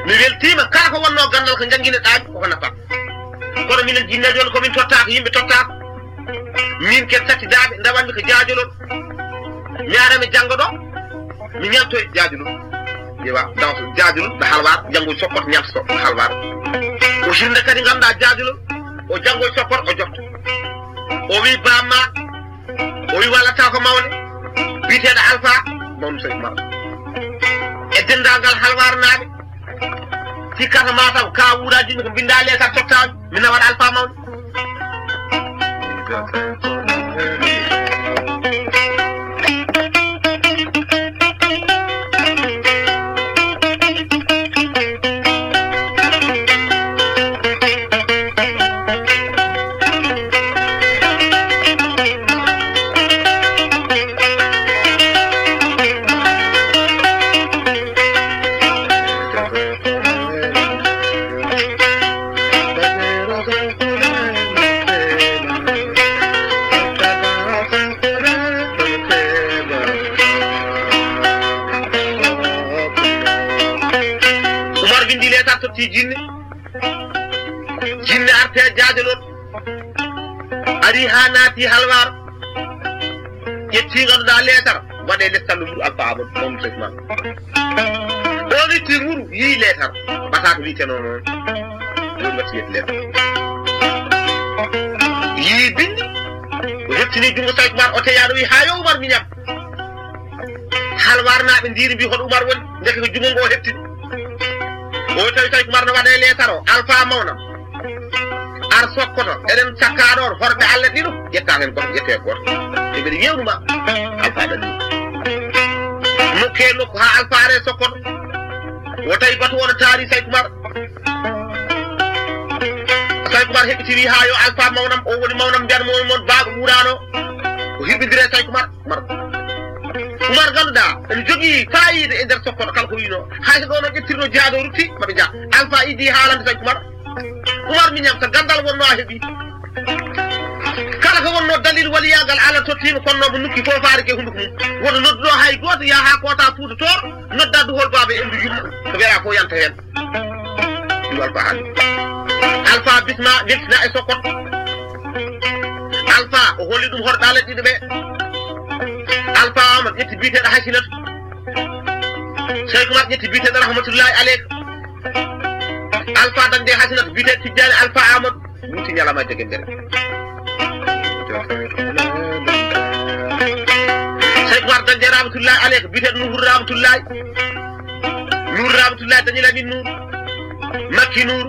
mi weltima kala ko wonno gandal ko jangguineɗaɓi koko nafat kono minen jinnejo on komin tottako yimɓe tottako min ke tati daaɓe ndawanmi ko jaajolol mi arami janngo ɗo mi ñamtoye jaajolol ƴewa dawa jaajolol ɗo halwar janngo e sokkoto ñamtoto ɗo halwar o hirde kadi ngannduɗa jaajolol o janngo e sokkoto o jotto o wi bamma o wi wallata e ko mawne biteɗo alpha mawnum sawi mara e denndangal halwar naaɓe sikkata mataw ka wuuraji ko mbindaali e kadi tottaami mina waɗa alpha mawne got time for me. rihanati halwar yettiganɗo ɗa leetar waɗe leftal wuro alfaabod moom sejman on itti wuro yi leetar mbata ko wiiteno noon wuro mbatti yetti leetar yi bindi o heftini junngo sajman o teyaɗo wi ha yo umar miñam halwar naɓe ndiri mbi hoɗo umar woni deke ko junngo ngo o heftini o tawi tawi ko umar no waɗe leetar o alpha mawna ar sokkoto eɗen cakkaɗor horɓe allah ɗiɗum ƴettaken goto ƴette goto eɓeɗe yewnuma alfaɗa ɗi nokke nokku ha alfaare e sokkoto wo tawi bato wona taari say kumar say kumar heɓitiri ha yo alfa mawnam o woni mawnam mbiyan mo moon baaɓo wuurano ko hiɓidire say kumar kumar kumar ganduɗa ene jogui fayide e nder sokkoto kala ko wino hayso ɗo no ƴettirno jeyado rutti maɓe ja alfa idi haalande say kumar umarmi ñam ko gandal wonno a heeɓi kala ko wonno dalil waliyagal ala tottima konnomo nukki fo faari ke hunduko mum woto nodduɗo hay goto yaha kota fuuta toor nodda duhol baaba endu yumma ko wiyata ko yanta hen ɗuwal ba haali alpha bisma weltina e sokkot alpha o holli ɗum hoto ɗalet ɗiɗo ɓe alpha amad ƴetti biteɗo hasinata cheikh mar ƴetti biteɗo rahmatullahi aleyka alpha tan de hasinat bide tijani alpha amad muti nyalama jege nder sey war tan de rahmatullahi alayk bide nur rahmatullahi nur rahmatullahi tan la min nur makki nur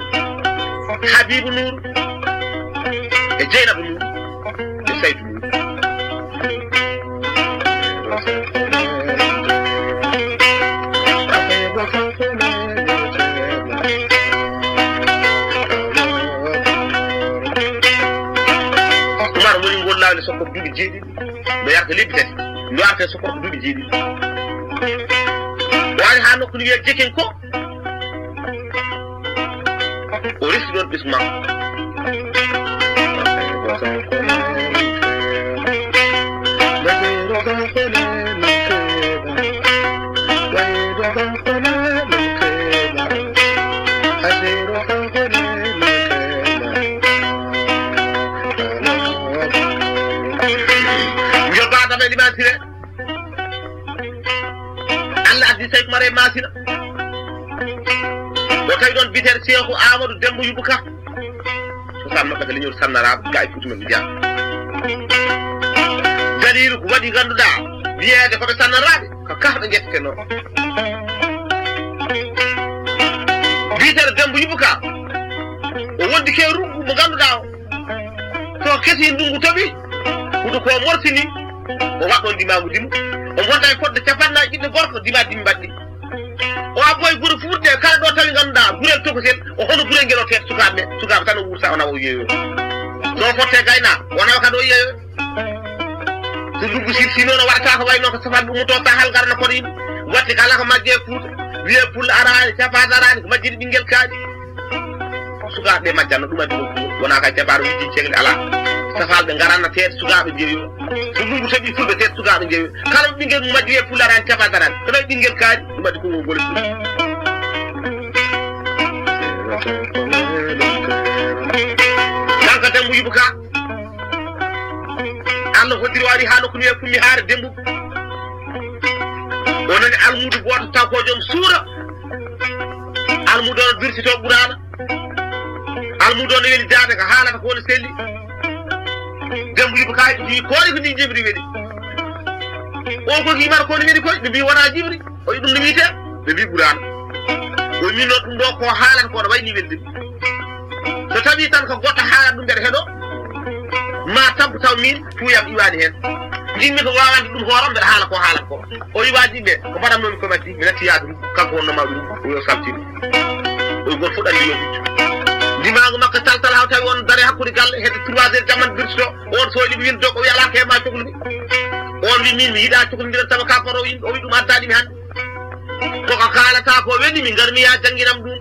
habib nur e eh, jeynabu nur e eh, sayyid nur sokko duuɓi jeeɗiɗi no yarta lebbi tati no arta e sokko ko duuɓi jeeɗiɗi waani haa nokku no wiya jeken ko o resi ɗon ɓismaa addi tawi ko mare masina o tawi ɗon biteɗo seeku amadou dembo yubbu ka susan maɓɓe ko leñol sannaraɓe ga e fuutu men mbiya dalilu ko waɗi ganduɗa wiyeede koɓe sannaraɓe ko kahɓe guettete noon biteɗo dembo yubbu ka o wondi ke ruggu mo ganduɗa o so kesi ndungu toɓi huto ko morsini o waɗɗon ndimagu dimu o gonɗa e, e koɗɗe capannaaji ɗiɗi gorko dimaaji ɗi mbaɗɗi o abboye gure fuurde kala ɗo tawi ngannduɗaa gurel tokosen o hono gurel ngel o feet sukaaɓe sukaaɓe tan o wursa o nawa o yeeyo so fotte gayna o nawa kadi o yeeyo so duggu sir noon o waɗataa ko wayi noon ko safat ɗum to sahal ngarana koɗo yimɓe watti kala ko majje e fuuta wiye pulle araani capaade araani ko majjiri ɓinngel kaaɗi sukaaɓe majjanno ɗum addi wonaa kay jabaaro wijji cegle alaa tafalɓe garanna teete sukaaɓe jeeyoyo so luyɓe taƴi fulɓe teete sukaaɓe jeeyoyo kala ɓinngel mum majji wiye pullaran cafa garan so tawi ɓinngel kaari ko addi kongol gole kanka dembo yubu ka allah hoddiri waari haa nokku wiye kummi haare dembu onani almudu gooto taw ko joom suura almudu ono dirsito ɓuraana almudu ono weli jaade ko haalata ko woni selli jibri kay kaaji mbi koole ko ni jibri weɗi o ko koki yimata kone weɗi koye ɓe mbi wona jibri o yi ɗum no wiite ɓe mbi ɓurano o min noon ɗum ɗo ko haalan ko ɗo wayni weldimi so tawi tan ko goɗɗo haalan ɗum mbeɗa heɗo ma tampo taw min tuuyam iwani hen jinmi ko wawande ɗum hooram mbeɗa haala ko haalan ko o yiwa jimɓe ko mbaɗatnomi komatti mi natti yaadum kanko wonnoma ɗum yo sabtimi oy goto fuɗɗan yo wiccu dimaagu makko taltal tawi on dare hakkude galle hedde trois heures jamman birsuto on soyli mi windo ko wi ala keema cohlude on wi min mi yiɗa cohlodiran tawa ka foro o wi ɗum adda ɗimi hannde koko kaalata ko weni mi ngar mi janginam jannginam ɗum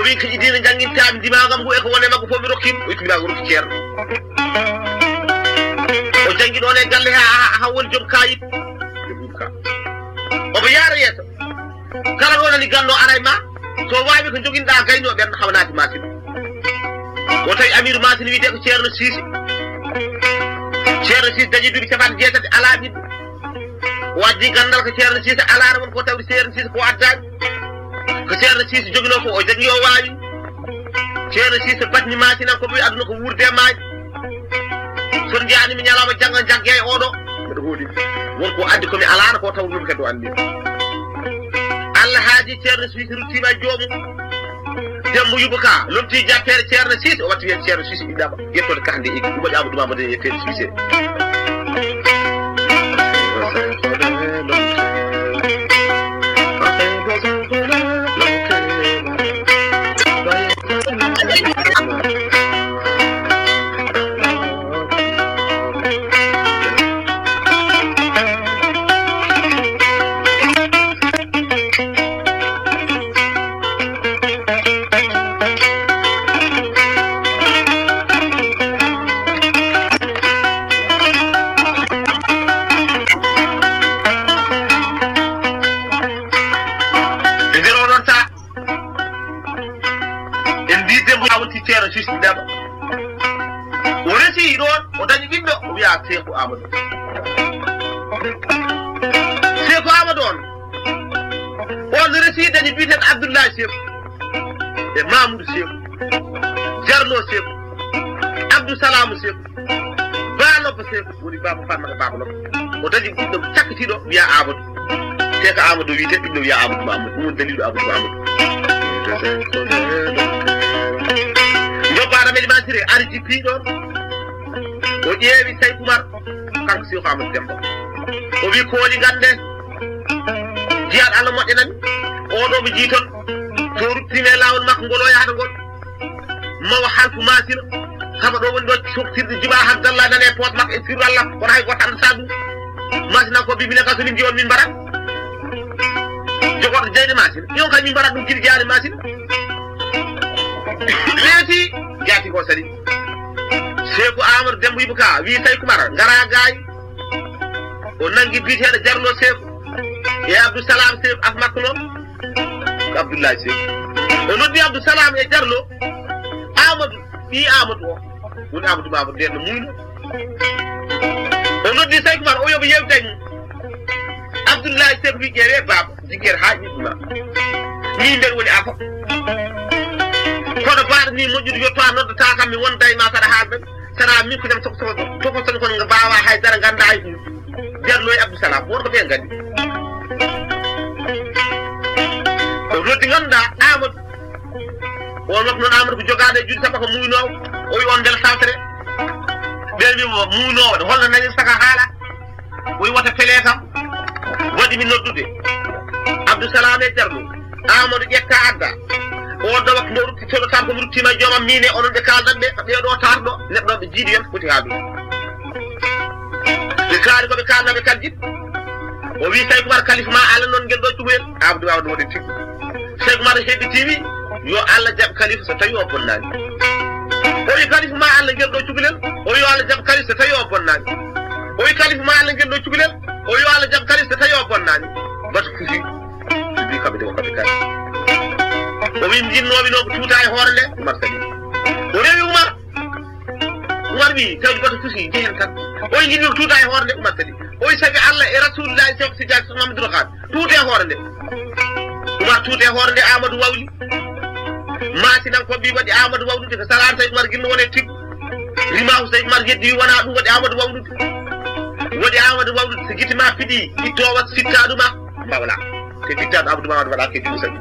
o wi ko idina jangguintami dimagam ngu ko wone makko fof mi rokkim o witti mbiɗa rokki ceerno o janggi ɗon e galle ha ha woni joom kayit omo yaara yeeso kala ɗo nani gallo ara e ma ko waaɓe ko joginɗa gayno ɓerɗo hawnade masine ko tawi amiru masine wiyete ko ceerno siise ceerno siise dañi duuɓi capanɗe jeetati ala ɓiɗɗo o addi gandal ko ceerno siise alaano won ko tawri ceerno siise ko addani ko ceerno siise jogino ko o jañi o waawi ceerno siise batni masine an ko ɓe aduna ko wurde maaji son jani mi ñalawma jangga jagge e oɗo mbeɗa hooli wonko addi komi alano ko taw ɗum kadi o anndi allah haaji ceerno suisse ruttima joomum dembo yubaka lomti jappere ceerno suisse o watti hen ceerno suisse ɓiɗɗama yettode kahde iggi ɗum waɗi amadou mamadou e ceerno suisse Amadou Cheikh Amadou on on residaño mbiyeten Abdoulaye Cheikh e Mamoudou Cheikh Jarno Cheikh Abdou Salamu Cheikh baanoppo Cheikh woni baba farmaka babanoppo o dañi ɗum ɗum cakkitiɗo wiya Amadou Cheikh Amadou wiyete ɗum ɗo wiya Amadou Mamadou ɗum woni daliɗo Amadou Mamadou jobbaɗo meɗi ma siri ari jippiɗon o ƴeewi tawi kumar kanko siw kamuko debbo o wi kooli ngande jiyaɗo allah nani oɗo mo jii toon so ruttime lawol makko ngol o yahata ngol mawa halfu masina saabu ɗo woni ɗo softirde jiba haddallah nane poot makko e sirru allah kono hay gotta anda sa ɗum masina ko bimine ka somin jiwon min mbaɗa jogoɗo jeyde masine yon kay min mbaɗa ɗum kiɗi jeyade masine reeti jaati ko sali seeku amadou dembo yiɓa ka wi tawi koumara gara gaañ o nangui biteɗo jarno seeku e abdousalam seeku af makko noon ko abdoullahi seeku o noddi abdousalam e jarno amadou ɓi amadou o woni amadou mamadou ndenno muyno o noddi tawi koumara o yoɓa yewtañ abdoullahi seeku wi ƴewe baba jiggere ha ƴiɗuma mi mbel woni afa hono mbaɗani moƴƴude yettowa nodda tawa kam mi wonda e ma saɗa haalɗen sara min ko jam toko toko tan kon mbawa haydara ganda hay hunde jarno e abdousalam worko ɓe gandi roddi ganduɗa amadou on waktu noon amadou ko jogaɗo e juuɗe sappa ko muynowo o wi on nder sawtere ɓen wimo muynowo de holno nanir saka haala o wi wata fele kam waɗi mi noddude abdousalam e jarno amadou ƴetta adda oɗo waktu nde ruttitoɗo tan komi ruttima jooma mine onon ɓe kaldanɓe ɓeɗo tarɗo neɗɗo ɓe jiiɗi yon foti haaɗum ɓe kaari koɓe kalnaɓe kaljit o wi tawi kumar kalifa ma ala noon ngel ɗo cumoyel abdou wawa ɗum waɗen tiggo tawi kumata heɓitimi yo allah jaɓ kalifa so tawi o bonnani o wi kalifa ma allah ngel ɗo cukalel o yo allah jab kalifa so tawi o bonnani o wi kalifa ma allah ngel ɗo cukalel o yo allah jaɓ kalifa so tawi o bonnani batu fusi mbi kamɓe de ko kamɓe kali o wi jinnoɓi noko tuuta e hoore nde umar sadi o rewi umar umar wi tawi goto fusi jehen tan oye jinnoko tuuta e hoore nde umar sadi oye saabi allah e rasulillahi cheikh sidiaki so mamadou rokan tuute e hoore nde umar tuute e hoore nde amadou wawli masinan ko bi waɗi amadou wawlude ko salaan tawi umar ginno wone tib rima ko tawi umar yeddi wi wona ɗum waɗi amadou wawlude waɗi amadou wawlude so guite ma piɗi ittowat sittaɗuma mbawla c'est victoire d'Amadou Mahmoud Vala qui est du Seigneur.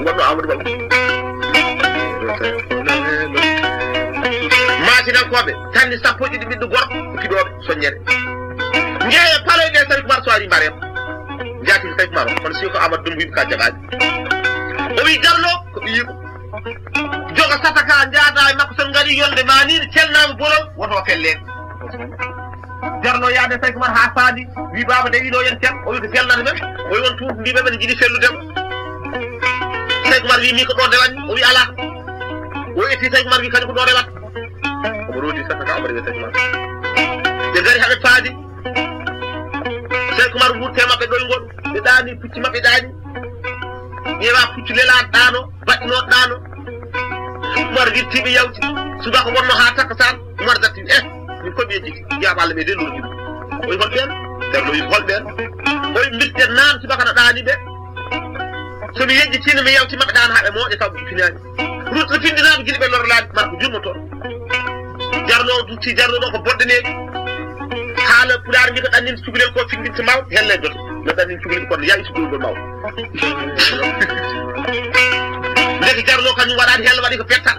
Nous avons Amadou Mahmoud. masinankoɓe tanni sappo ɗiɗi ɓiɗɗo gorko kiɗoɓe soññere jeeye paloyɗe tawi kumar so ari mbarema jaatiri tawi kumar kono siko amadou dum wiɓe ka jaɓaji o wi jarlo ko ɓiyiko joga sataka jaada e makko son gari yolde ma ni ne celnama bolol woto fellede jarno yaade tawi ko mata ha faadi wi baba dañi ɗo yen ceerno o wi ko sellata men o wi won tuubi mbiɓe ɓeɗe jiiɗi felludemo tawi ko mata wi mi ko ɗo rewatmi o wi ala o itti tawi ko mata wi kañum ko ɗo rewat omo roodi sakaka omo rewi tawi mata ɓe gari haɓe paadi tawi ko mata wurte maɓɓe ɗoyngol ɓe ɗaani pucci maɓɓe ɗaani ƴeewa puccu lelaɗo ɗaano baɗɗinoɗo ɗaano umar wirtiɓe yawti subaka wonno ha takka saan umar datti e ɗum koɓe jigi jaaɓa allah ɓe rendono jum koye holɓen darno wimi holɓen koye mbitten naan subaka no ɗaani ɓe somi yejjitina mi yewti maɓe ɗaan haɓe mooƴe taw finani ruto findinaama gila ɓe lorlaaɓe marko jurmoto jarnoo dutti jarnoo ɗon ko boddaneeɗi haala pulaar mbi ko ɗannin cukalel ko findinta mawɗo helle dote no ɗannin cukalel kono yayi cukalgol mawɗo ndeke jarnoo kañum waɗaani helle waɗi ko pettal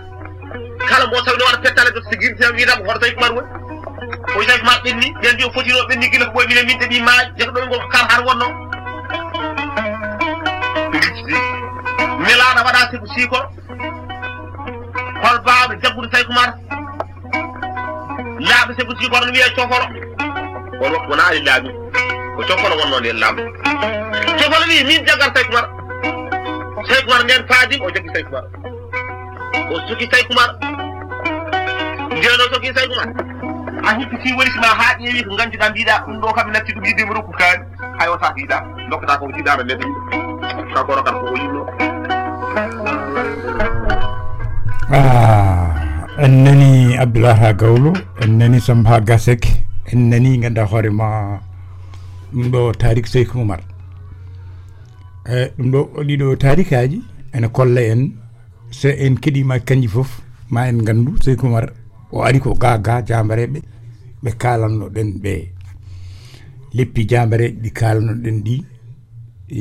kala mbo tawne waɗa pettale dote so girtinam wiinama hoto tawi kumar woni o yitaki ma ɓenni ɓen mbi o fotino ɓenni gila ko ɓoy minen min ɗeɓi maaji jeko ɗoɓel ngol kar har wonno melaɗa waɗa sibo siikoro hol baaɓe jaggude tawi ko mata laaɓe sibo siikoro no wiye cokoro won ali laabi ko cokoro wonno nden laamu cokoro wi min jaggat tawi ko mata tawi ko mata o jaggi tawi ko o suki tawi ko mata ndeno soki tawi an hippiti woni sima ha ƴeewi ko ganduɗa mbiɗa ɗum ɗo kam natti ɗum yiddima rokku kaani hayota ko yiɗa dokkata koko jiɗano nete yiɗo ka goro kam koko yinno ah, en nani abdoulaha gawlo en nani samba gasek eh, en nani ganda hoore ma ɗum ɗo tarik seyk oumar e ɗum ɗo ɗiɗo tarikaji ene kolla en so en keɗima kanji foof ma en gandu seyk oumar o ari ko ga ga jamareɓe ɓe kalanno ɗen ɓe leppi jamareɓe ɗi kalanno ɗen ɗi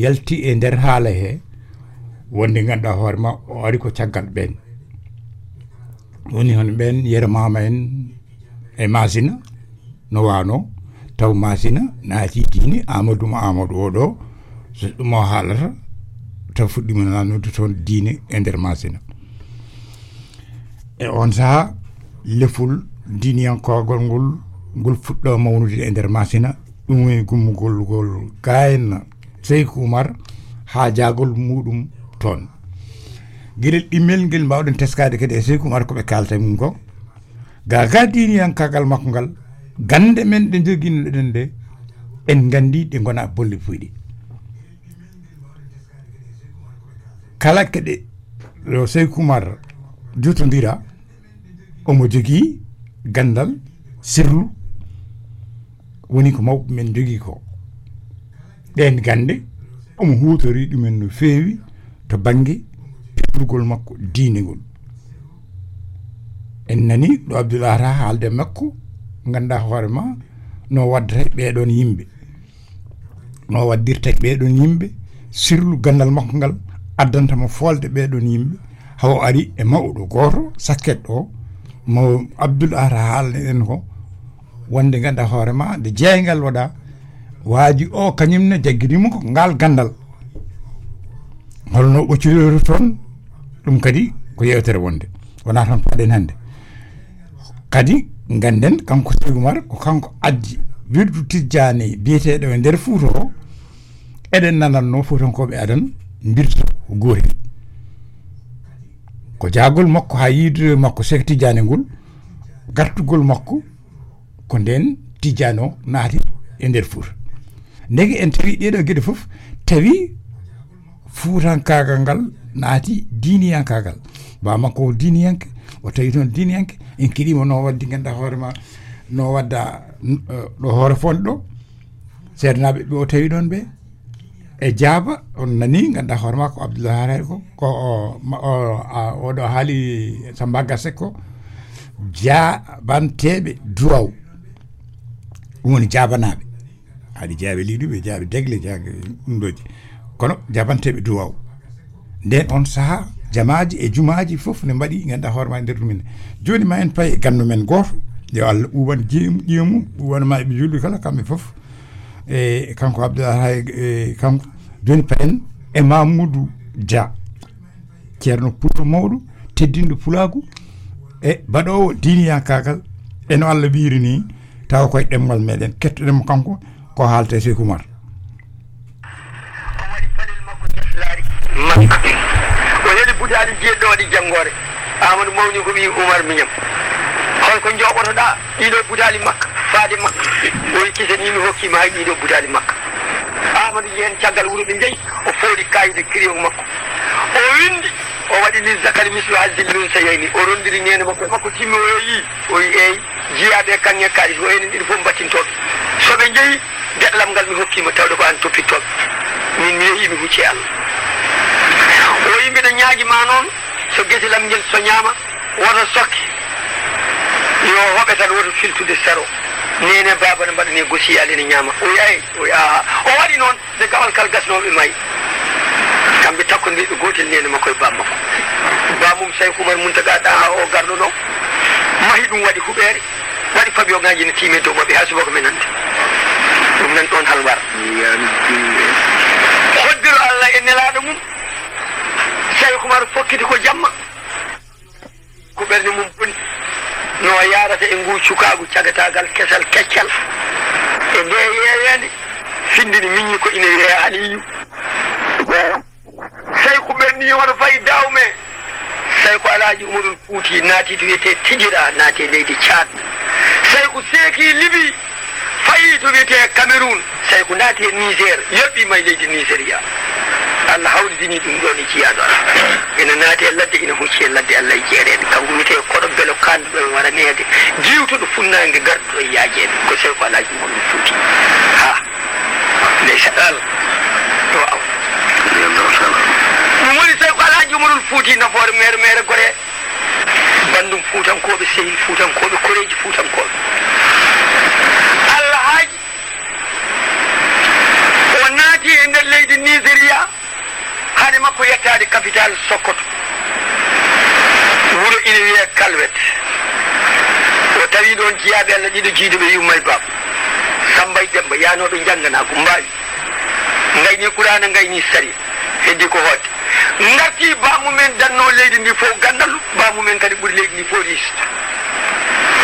yalti e nder haala he wonde ganduɗa hoore ma o ari ko caggal ɓen woni hon ɓen yere mama en e masina no wano taw masina naati diine amadou mo amadou oɗo so ɗum o haalata taw fuɗɗima nannude toon diine e nder masina e on sahaa leful ndiniyankogol ngol ngol fuɗɗo mawnude e nder masina ɗum woni gummugol ngol gayna seyku oumar ha jagol muɗum toon gueɗel ɗimmel ngel mbawɗen teskade kadi e seyku oumar koɓe kalta mum ko gaga ga diniyankagal makko ngal gande men ɗe joguinoɗen nde en gandi ɗe gona bolle puyɗi kala kadi seyku oumar jutodira omo jogi ganndal sirlu woni ko mawɓe men jogi ko ɗen gande omo hutori ɗumen no feewi to baŋnge peɓrugol makko diinigol en nani ɗo abdoulaha ta haalde makko ganduɗa hoore ma no waddata e ɓeeɗon yimɓe no waddirta e ɓeɗon yimɓe sirlu gandal makko ngal addantamo folde ɓeeɗon yimɓe haw ari e mawɗo goto sakket o mo abdoul ata haalna en ko wonde ganda hoore ma nde jeeygal waɗa waaji o kañumne jagginimo ko ngal gandal holno ɓoccirori toon ɗum kadi ko yewtere wonde wona tan paɗen hannde kadi ganden kanko sigumar ko kanko addi wirdu tijjani biyeteɗo e nder fuuto o eɗen ko fuutankoɓe adan mbirta ko ko jaagol makko ha yiidude makko sek tidiane ngol gartugol makko ko ndeen tidiane o naati e ndeer fuuta ndegi en tawi ɗeeɗoo geɗe fof tawi fuutankagal ngal naati diiniyankagal bamakko o diiniyanke o tawi toon diiniyanke en kiɗima no waddi hoore ma no wadda ɗo hoore fonɗo seedanaɓe ɓe o tawi ɗon ɓe e jaaba on nani ganduɗa hoore ko abdoulahi haray ko ko o oɗo haali samba gasse ko jaabanteɓe duwaw ɗum woni jaabanaɓe haɗi jaabe liɗuɓe jaabe degle jaabe ɗumɗoji kono jabanteɓe duwaw nden on saaha jamaji e jumaji fof ne mbaɗi ganda hoore ma e nder ɗumen joni ma en paye gandu men goto yo allah ɓuwan ƴiye mum ɓuwanma eɓe julli kala kamɓe fof e kanko abdoulahay e eh, kanko joni payen e mamoudou dia ceerno pullo mawɗo teddinɗo pulaku e baɗowo kakal eno allah wiri ni tawa koye ɗemgal meɗen kettoɗenmo kanko ko haalte sey kumar o heɗi butaali jeeɗɗo waɗi janngore amadou mawni ko wi oumar miñam holko joɓotoɗa ɗiɗo butaali makka guddaaɗe makka o yecci so ni mi hokkima hayɗi ɗo guddaaɗe makka amadou yi hen caggal wuuro ɓe jeeyi o foodi kayide crio makko o windi o waɗi ni zakari mislo hasilun sayayni o rondiri ñeene makko makko timmi o yi o yi eyi jiyaɓe kanŋe kayis o enen ɗiɗi fof mbattintoɓe soɓe jeeyi deɗlam ngal mi hokkima tawde ko an toppittoɓe min mi yeehi mi hucce allah o yi mbiɗa ma noon so gesilam ngel so ñaama woto sokke yo hoɓe tan woto filtude saro nene baba ne mbaɗa négocié alene ñaama oyi ay oyi aa o waɗi noon nde gawal kal gasnoɓe mayi kamɓe ɓe gotel nene makko e bam makko bamum sawi kumar muntaga ɗa o garɗo ɗo mahi ɗum waɗi huɓere waɗi pabio ngaji ne tiime dow maɓɓe ha subaka men nande ɗum nan ɗon hal halwar hoddiro allah e nelaɗo mum sawi kumar fokkiti ko jamma kuɓerne mum boni no yarata e ngu cukaagu cagatagal kesal keccal e nde yeeyede findini minni ko ina wiye haaliyu sey ko ɓenni hono fayi dawme sey ko alaji umarul puuti naati to wiyete tijira naati e leydi cad sey ko seeki libi fayi to wiyete cameron sey ko naati e niger yoɓɓima e leydi nigéria allah hawlidini ɗum ɗo e jiyaɗo allah ene naati e ladde ina hucci e ladde allah e jeereɗe kanko wiyete koɗo belo kandu ɗo e waranede ɗo funnangue garduɗo e yaajeede ko sewi ko alaji muɗum fuuti ha leysa allah to aw ɗum woni tawi ko alaji ɗum fuuti nafoore mere mere gore bandum fuutankoɓe sehil fuutankoɓe koreji fuutankoɓe allah haaji o naati e nder leydi nigéria haade makko yettaade capital sokkoto wuro ina wiye kalwet o tawi ɗon jiyaaɓe allah ɗiɗo jiiduɓe yumma e baaba samba e demba yaanoɓe janngana ko mbaawi kurana qur'ana ni sari heddi ko hodde ngarti baamumen danno leydi ndi fof gandal baamumen kadi ɓuri leydi ndi fof lista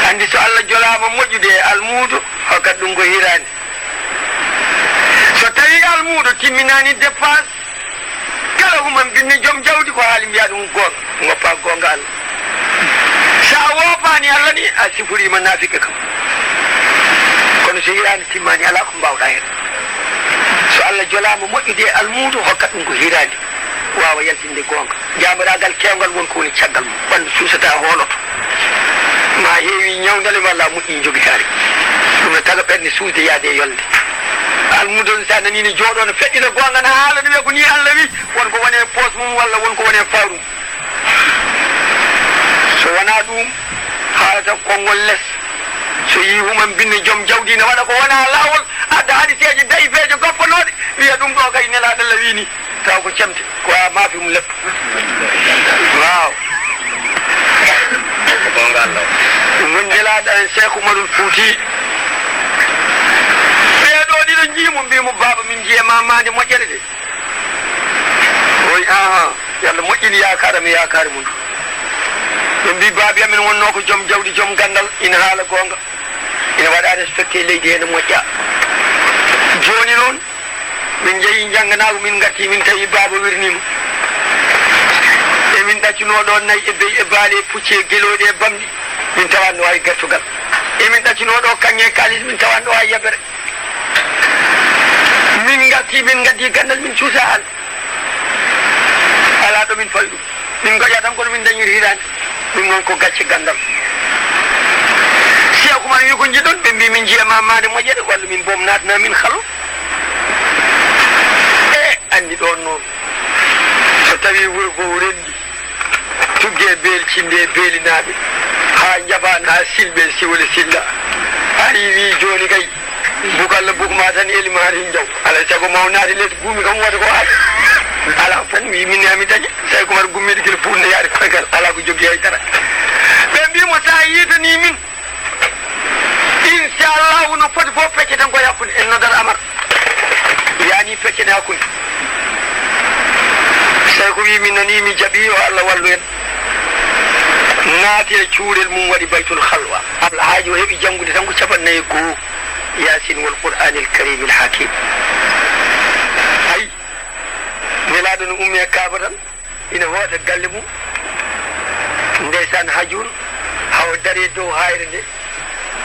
andi so allah jolaama moƴƴude e almuudo hokkat ɗum ko hirani so tawi almuudo timinani dépense kala humam binni joom jawdi ko haali mbiya ɗum goonga goppa goonga sa so a allah ni a sifurima naafika kam kono so hirani timmani ala ko mbawɗa hen so allah jolama moƴƴude e almuudo hokkat ɗum ko hirani wawa yaltinde gonga jamiragal kewgal won ko woni caggal mum ɓandu suusata holoto ma heewi ñawdale walla moƴƴi jogitare ɗum ne taga ɓerde suusde yaade e yolde almudon sa nanini jooɗono feƴƴina gonga ne haala ɗum wiya ko ni allah wi wonko wone pos mum walla wonko wone fawɗum so wona ɗum haalata konngol less so yi human binni joom jawdi ne waɗa ko wona lawol adda hadiseji dayfeje goppanoɗe wiya ɗum ɗo kay nelaɗo allah wini taw ko cemte ko a maafi mum leppo waaw ɗum woni nelaɗo en cheikh oumarul fouti aɗa jiimo mbimo baaba min jiiye ma mande moƴƴere de oyi ahan yo allah moƴƴini yakare mi yakare mum ɓe mbi baabi amin wonno ko joom jawdi joom gandal ina haala gonga ina waɗa respecté leydi he no moƴƴa joni noon min jeeyi jangganago min gatti min tawi baaba wirnima emin ɗaccino ɗo nayyi e bey e baali pucce pucci e geloɗe e bamɗi min tawanno hay gertugal emin ɗaccino ɗo kanŋe kalis min tawanno hay yabere min garti min gaddi gandal min cuusa hal ala ɗo min fawi ɗum min gaƴa tan kono min dañir hirande min noon ko gacce gandal siya kumano wi ko jiɗon ɓe mbi min jiya mamade moƴƴere walla min bom natna min haalo e andi ɗon noon so tawi wuro goo rendi tugge e beelcinde e beelinaɓe ha jaba ha silɓe e siwole silla ari wi joni kay bukalla ma tan elimari jaw alay sago mawnaade les guumi kam wata ko aade ala tan wiminami daña tawi komata gummiɗo gel funde yaade koygal ala ko jogui haydara ɓe mbimo sa yitani min inchallah wono foti bo fecce tan koye hakkude en nodar amar yani feccene hakkude tawi ko wi mi nani mi jaɓi o allah wallu en naati e cuurel mum waɗi baytul halwa alhaaji o heɓi janngude tan ko capannayyi goo ياسين والقرآن الكريم الحكيم أي نلادن أمي كابرا إن هو تقلبو ndeysan hajun haw dare dow hayre nde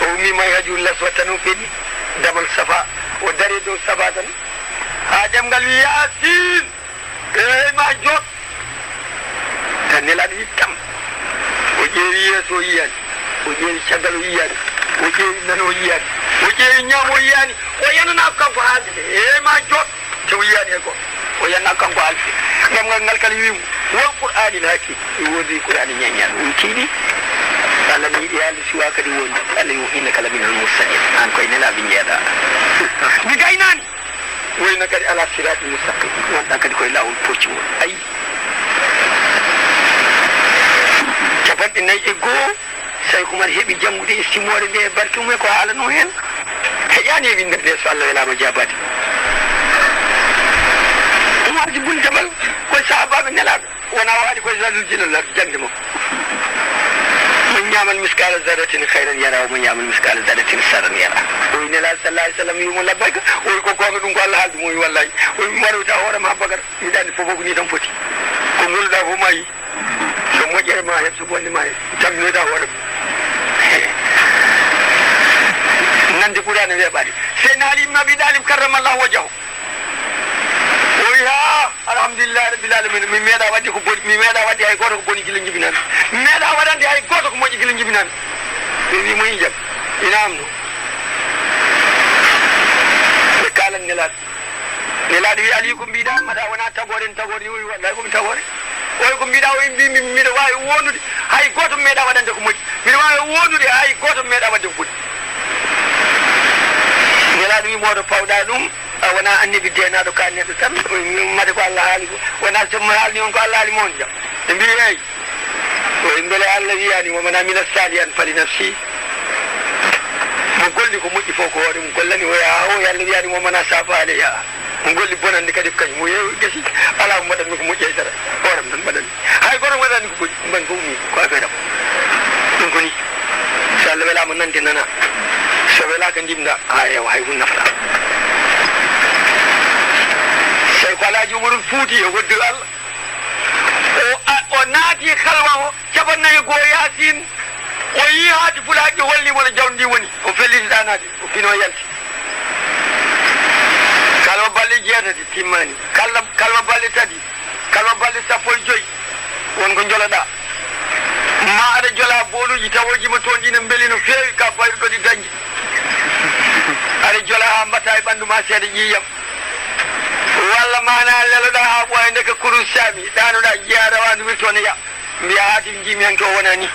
o ummima e hajun laswa tan o feɗi damal safa o dare dow safa tan ha ɗemgal wi yasin eyma jot tan nelaɗo yittam o ƴeewi yeeso yiyani o ƴeewi caggal o yiyani wekeyimnana woyiyani wekeyinñam woyiyani o yanana kanko haalde eh, ma jot te woyiyani e goto o yanna kanko haalde gam ngal ngal kala wimo won qur'anil hakki i wodi qur'ani ñaññal ɗum tiiɗi allah mi yiɗi haalde siwa kadi woni allah yo inna kala minal mursalin an koye nelaɓe jeeɗa mi gaynani woyna kadi ala sirati mustaqim wonɗa kadi koye lawol poccugol ayi capanɗe nayyi e goho tawi ko man heeɓi janngude e simore nde e barke mumen ko haalano heen heƴani e winnderde so allah welama jabade umarji bun jabal koye sahabaɓe nelaɓe wona waɗi koye zadul jilalla jande makko من يعمل مثقال ذرة خيرا يرى ومن يعمل مثقال ذرة شرا يرى وين لا صلى الله عليه وسلم يوم لا بك ويكو كو دون قال حال موي والله وين مرو تا هورا ما بكر يدان فوفو ني دم فوتي كو مول دا فو ماي moƴƴere ma heɓ so bonde ma taminoɗa hoore nande ɓurani weeɓade seyna ali ibne abi dalib karramallah wajahu o wi ha alhamdulillah rabbil alamin mi meeɗa wadde ko boni mi meeɗa wadde hay goto ko boni gila jibinami mi meeɗa waɗande hay goto ko moƴƴi gila jibinami ɓe wimo hijam inamno ɓe kalan nelaɗo nelaɗo wi aliy ko mbiɗa mbaɗa wona tagore en tagore ni wi wallay komi tagore tawi ko mbiɗa o mbimi mbiɗa wawi wondude hay goto meeɗa waɗande ko moƴƴi mbiɗa wawi wondude hay goto meeɗa wadde ko ɓuuri wona ɗum wimoɗo pawɗa ɗum wona annabi denaɗo ka neɗɗo tan made ko allah haali ko wona somo haalni on ko allah haali moon jam ɓe mbi eyi oyi beele allah wiyani womana mina sali an fali nafsi mo golli ko moƴƴi fof ko hoore mo gollani oya o allah wiyani womana saafa aleyha mo golli bonande kadi kañ mo yew gasi ala mo waɗanmi ko moƴƴe dara hooram tan mbaɗanmi hay goto mo waɗani ko boji mbaɗi ko umi ko affaire am ɗum koni so allah welama nande nana so welaka ndimda ha ewa hay hun nafata tawi ko alaaji umaru fuuti e woddiri allah o naati halwa o capannayi goo yasin o yi haati fulaaji hollimona jawndi woni o fellitiɗanaade o fino yalti jeetati timmani kala kala balɗe tati kala balɗe sappo e joyyi wonko joloɗa ma aɗa jola boluji tawojima toon ɗi ne beeli no feewi ka fawi kadi dañi aɗa jola ha mbatta e ɓandu ma seeɗa ƴiiyam walla mana leloɗa ha ɓoya ndeke kurus sami ɗanoɗa jeeya rawandu wir toon ya mbiya hatim jimi hanke o wona ni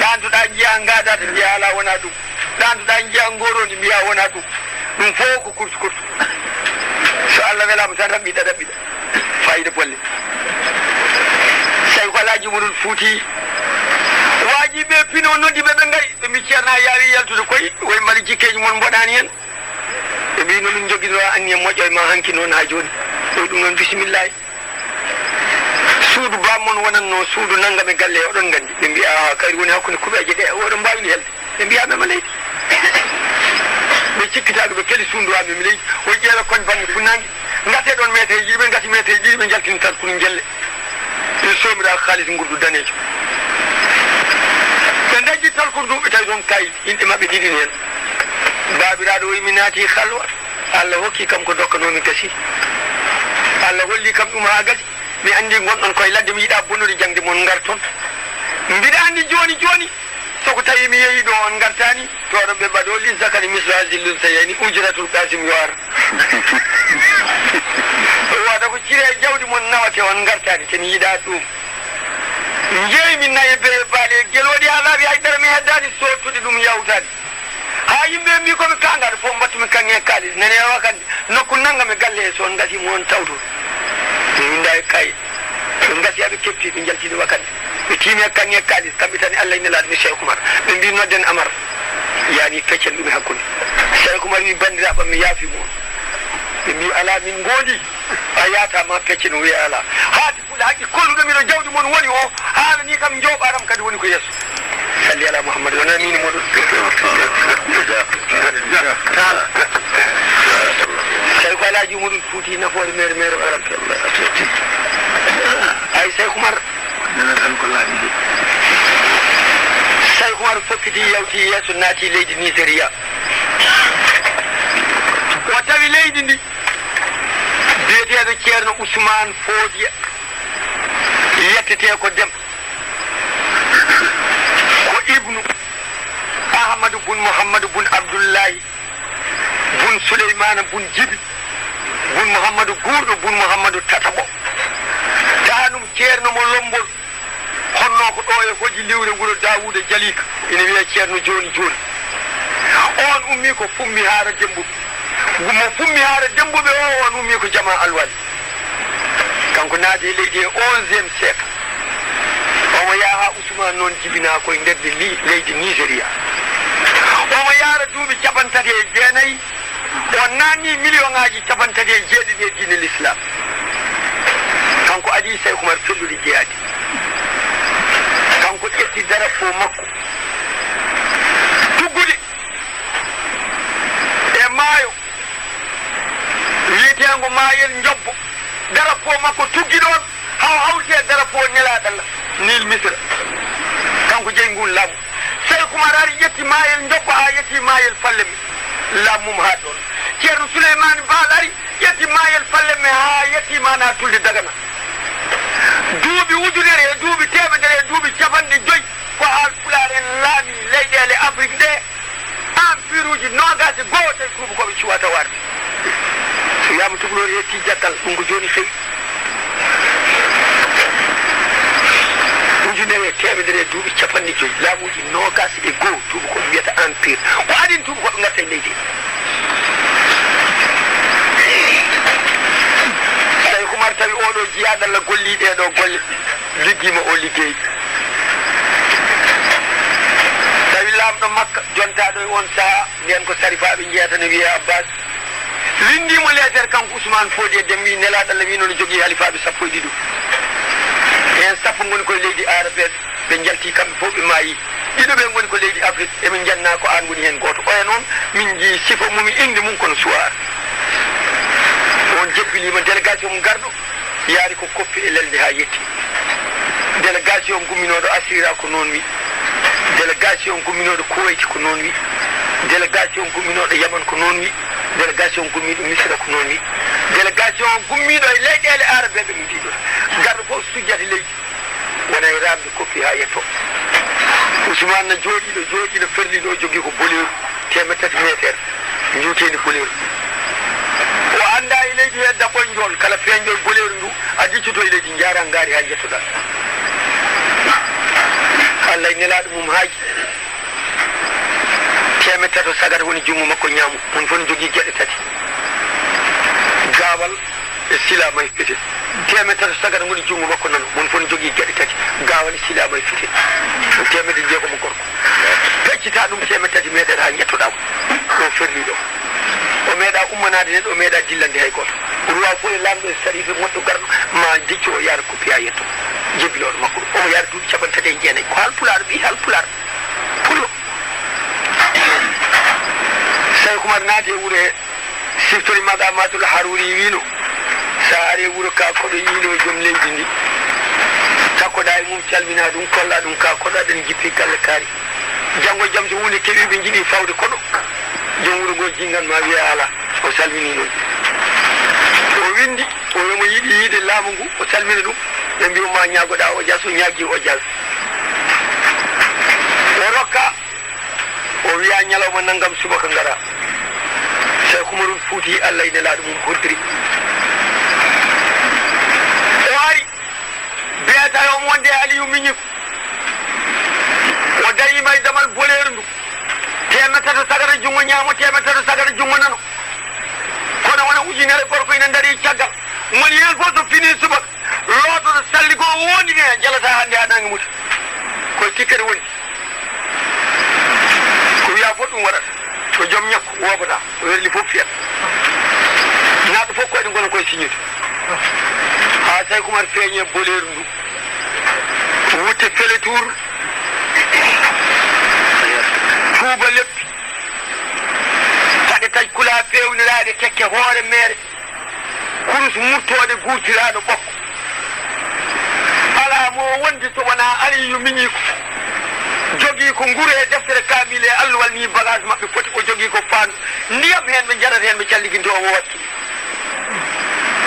ɗantuɗa jeeya gadata mbiya ala wona ɗum ɗantuɗa jeeya gorondi mbiya wona ɗum ɗum fof ko kurtu kurtu so allah welama tan raɓɓiɗa raɓɓiɗa fayida bolle so tawi ko alaaji muɗum fuuti waajiɓe pino noddiɓe ɓe ngari ɓe mbi ceerna yaawi yaltude koye woye mbaɗa jikkeji mon mboɗani hen ɓe mbi no joguino joguinora anni e moƴƴo e ma hanki noon ha joni ɗo ɗum noon bisimillahi suudu bammon wonanno suudu naggam e galle oɗon gandi ɓe mbi a kari woni hakkude kuɓeje ɗe oɗon mbawini helde ɓe mbiyamema leydi cikkitaɗo ɓe keli sunduwaɓe mi leydi o ƴeewe koñ banne funnangue gate ɗon meete e jiɗi ɓe gati meete e jiɗi ɓe jaltini tan kono jelle ɗi somiɗa haalis ngurdu danejo ɓe dajji talko ndum ɓe tawi toon kayi inɗe maɓɓe ɗiɗin hen babiraɗo oyi mi naati halwa allah hokki kam ko dokkanomi gasi allah holli kam ɗum ha gasi mi anndi gonɗon koye ladde mi yiiɗa bonnude jangde moon ngar toon mbiɗa andi joni jooni soko tawi mi yeehi ɗo on gartani toɗon ɓe mbaɗi o lin zakani mislo hajillil tayani ujratul kasim yo ar waɗa ko cire jawdi mon nawate on gartani ten yiiɗa ɗum jeeymi nayi be baale gel waɗi ha haydara mi heddani sottude ɗum yawtani ha yimɓe mbi komi kangaɗo fof mbattumi kange kaalis nane wakande nokku nangga mi galle he so on gasimo on tawto mi winda e kayit ɗum gasiya ɓe kefti ɓe jaltini wakkati ɓe tiimi hakkanni e kaalis kamɓe tan allah ine laaɗumi cheikh oumar ɓe mbi nodden amar yani feccen ɗum e hakkude cheikh oumar wi bandiraɓam mi yaafimo ɓe mbi ala min ngoodi a yatama pecce no wiye ala haade fuɗa haqqi kolluɗo mino jawdi mon woni o haala ni kam jowɓaram kadi woni ko yesso salli ala mouhammad yo namini moɗon tawi ko ala jumuɗum fuuti nafoore mere mere aram abdullahi sai umar sai umar sufidi yauti ya sunnati lady nigeria wata bi lady ni daidai da kiyar na usman fodi yadda ta ko dem ko ibnu ahmad bun muhammad bun abdullahi bun Suleiman bun jibi bun muhammadu gurdu bun muhammadu ta ɗo e goji liwre wuro dawuda jalika ina wiya ceerno joni joni on ummi ko fummi haara dembuɓe mo fummi haara dembuɓe o on ummi ko jama alwali kanko naade leydi e onziéme siècle omo yaha ousmane noon jibina koye nderde leydi nigéria omo yaara duuɓi capantati e jeenayyi o nanni million ngaji capantati e jeeɗiɗi e diine l'islam kanko adi say kumar fellude jeeyadi ci zarafin maku tugudi e maayo wiiteengo maayel njobbo darappo makko tuggi ɗon haw hawti e darappo ñelaaɗalla nil misra kanko jey ngun laamu sey kumar ari ƴetti maayel njobbo haa yetti maayel falle mi laamum haa ɗon ceerno souleymani baal ari ƴetti maayel falle mi haa yetti mana tulde dagana duuɓi ujunere e duuɓi teɓedere e duuɓi capanɗe joyi E ko halfulare en laami leyɗele afrique ɗe empire uji nogas goo tawi kuuba koɓe cuwata warde so wiyama tubañori yetti jaggal ɗum ko joni fewi ujunere temedere duuɓi capanɗe joyi laamuji nogas e goo tuuba koɓe wiyata empire ko adin tuuba koɓe garta e leydi tawi kumar tawi oɗo jiyaɗalla golli ɗeɗo golle ligguima o liggeyi wonɗo makka jonta ɗo e on saaha nden ko sarifaɓe jeyatano wiya abbas lindimo lettere kanko ousmane foodi e dem wi nelaɗa llah wi noon jogui halifaɓe sappo e ɗiɗo en sappo goni koye leydi arabes ɓe jalti kamɓe fof ɓe mayi ɗiɗo ɓe goni ko leydi afrique emin janna ko an woni hen goto oya noon min ji sifa mumi inde mum kono suwar on jebbilima délégation mum garɗo yaari ko koppi e lelde ha yetti délégation mum gumminoɗo assira ko noon wi délégation gumminoɗo Koweji ko noon wi délégation gumminoɗo Yaman ko noon wi délégation gummiɗo Misra ko noon wi délégation gummiɗo e leyɗele arabeɓe mi mbiɗo garɗo ko sujjata leydi wona e ramde koppi ha yetto Ousmane no jooɗiɗo jooɗiɗo ferli ɗo jogui ko boleru temed tati métére juutedi boleru o anda e leydi hedda ɓoynjol kala feeñol boleru ndu a jiccito e leydi jaara ngaari ha jettoɗa allah nelaɗo mum haaji temed tato sagata woni jummo makko ñaamu on fof ne jogii geɗe tati gaawal e silama e fite temed tato sagata woni jummo makko nan on fof ne jogii geɗe tati gaawal e silama e fite temedde jeegomo gorko peccita ɗum temed tati meeɗen haa ñettoɗamo ɗo ferli ɗo o meeɗa ummanade nen o meeɗa dillande hay gooto ruwa fof e laamɗo e sarife moɗɗo garɗo ma jicco o yaara ko piya yetto jogiloɗo makko omo yaari duuɓi caɓantati e jeenayyi ko halpulaar ɓi halpulaar pulo sawi kumar naati e wuro he siftori maɗa amadoul haruri wiino sa ari e wuro ka koɗo yiino e joom leydi ndi takkoɗa e mum calmina ɗum kolla ɗum ka koɗo aɗen jippi galle kaari janngo e jam so hunde keɓi ɓe jiiɗi fawde koɗo joom wuro ngo jinganma wiya ala o salmini noon o windi o wiimo yiɗi yiide laamu ngu o salmina ɗum ɓe mbiyoma ñagoɗa o jas o ñaagui o jas o rokka o wiya ñalawma nanggam subaka ngara sey kumarum fuuti allah ine laaɗo mum hoddiri e o ari beyata omo wonde aliyu miñi o darima e damal boleeru ndu temetata sagara jungo ñaamo temetata sagara jungo nano wona wona ujunere gorko ina daari caggal moni hen so fini subaka loototo salli goo wondi ne jalata hannde ha nange muta koye sikkere woni ko wiya fof ɗum waɗata ko joom ñakko woobata o werli fof fiyat naɗo fof koyɗe gona koye signude ha tawi kumar feeñe boleru ndu wutte fele tour tuuba lepp de kadi kula fewniraɗe tekke hoore mere kurus muttode gurtiraɗo ɓokko ala mo wondi so wona aliyu miñi ko jogii ko nguru e deftere kamile e alluwal mi bagage maɓɓe foti o jogii ko faandu ndiyam heen ɓe jarata heen ɓe calliguinde o wotti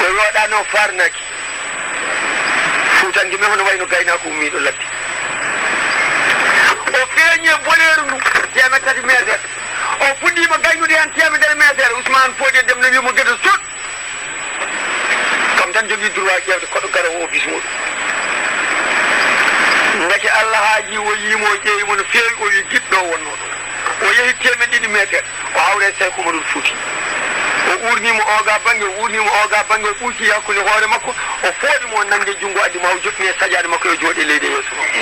o yooɗano farnaki fuutangue me hono wayno gaynako ummiɗo ladde o feeñe boleeru ndu temetati mede o fuɗɗima gaynude hen temedere métere ousmane fodé dem no wimo gueto sot kam tan jogui droit ƴewde koɗo gara o bis muɗum gacce allah haaji o yiimo ƴeewimo no fewi o wi giɗɗo wonno ɗo o yeehi temed ɗiɗi métére o hawre e sawi kumarul fouti o urnima oga banggue o urnima oga banggue o ɓuuci hakkude hoore makko o fooɗimo o nanggue junggo addi ha o joɗɗine saƴade makko yo jooɗe leydi e yeeso makko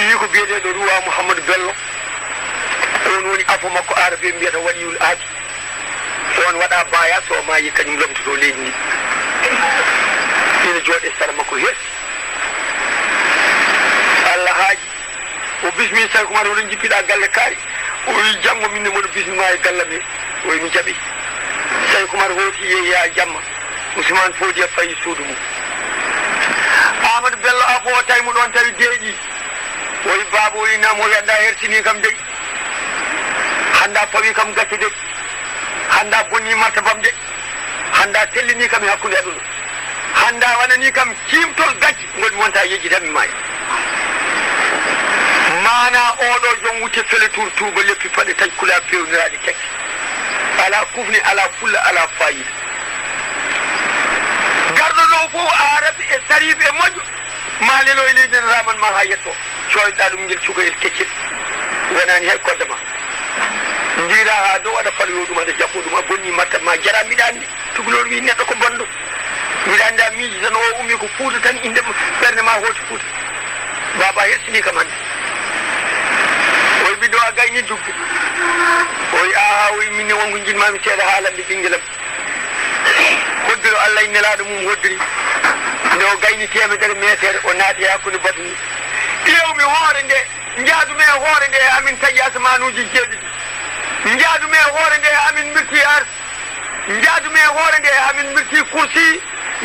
e wi ko biyeteɗo ruwa mouhamadou bello on woni afo makko arabe mbiyata waliyul aadi on waɗa baya so maayi kañum lomtoto leydi ndi ina jooɗe sara makko hessi allah haaji o bismi tawi ko mata oɗon jippiɗa galle kaari o wi janngo minne mono bismima e galla me oy mi jaɓi tawi ko mata hoti yeeya jamma usmane foodi a fayi suudu mum amadou bello afo o tawi mo ɗon tawi deeƴi oyi baaba oyi nam o wiyanɗa hertini kam deyi hannda fawi kam gacce de hannda bonni marta bam de hannda tellini kam e hakkunde aɗuna hannda wanani kam cimtol gacce ngol wonta yejji tan maayi mana oɗo jom wutte fele tour tuuba leppi paɗe taƴ kula pewniraɗe tekki ala kufni ala pulla ala fayida garɗo ɗo fof arabe e saribe e moƴƴo ma lelo e leydi en raman ma ha yetto coyɗa ɗum guel cuga keccel wonani hay kodde ma jiira ha dow waɗa fala ɗum aɗa jabbo ɗum a bonni matta ma jara miɗandi tugalol wi neɗɗo ko bonɗo miɗandi a miiji tan o ummi ko fuuta tan inde ɓerde ma hoti fuuta baba hessini kam hande oy ɓiɗo a gayni dubbo oy aha oy minne wonko jinmami seeɗa haalande ɓinguelam hoddiro allah e nelaɗo mum hoddiri nde o gayni temedere metere o naati hakkude batni ƴewmi hoore nde jaadume hoore nde amin taƴi asamanuji jeeɗiɗi njaadumi e hoore nde amin mirti ars njaadumi e hoore nde amin mirti kursi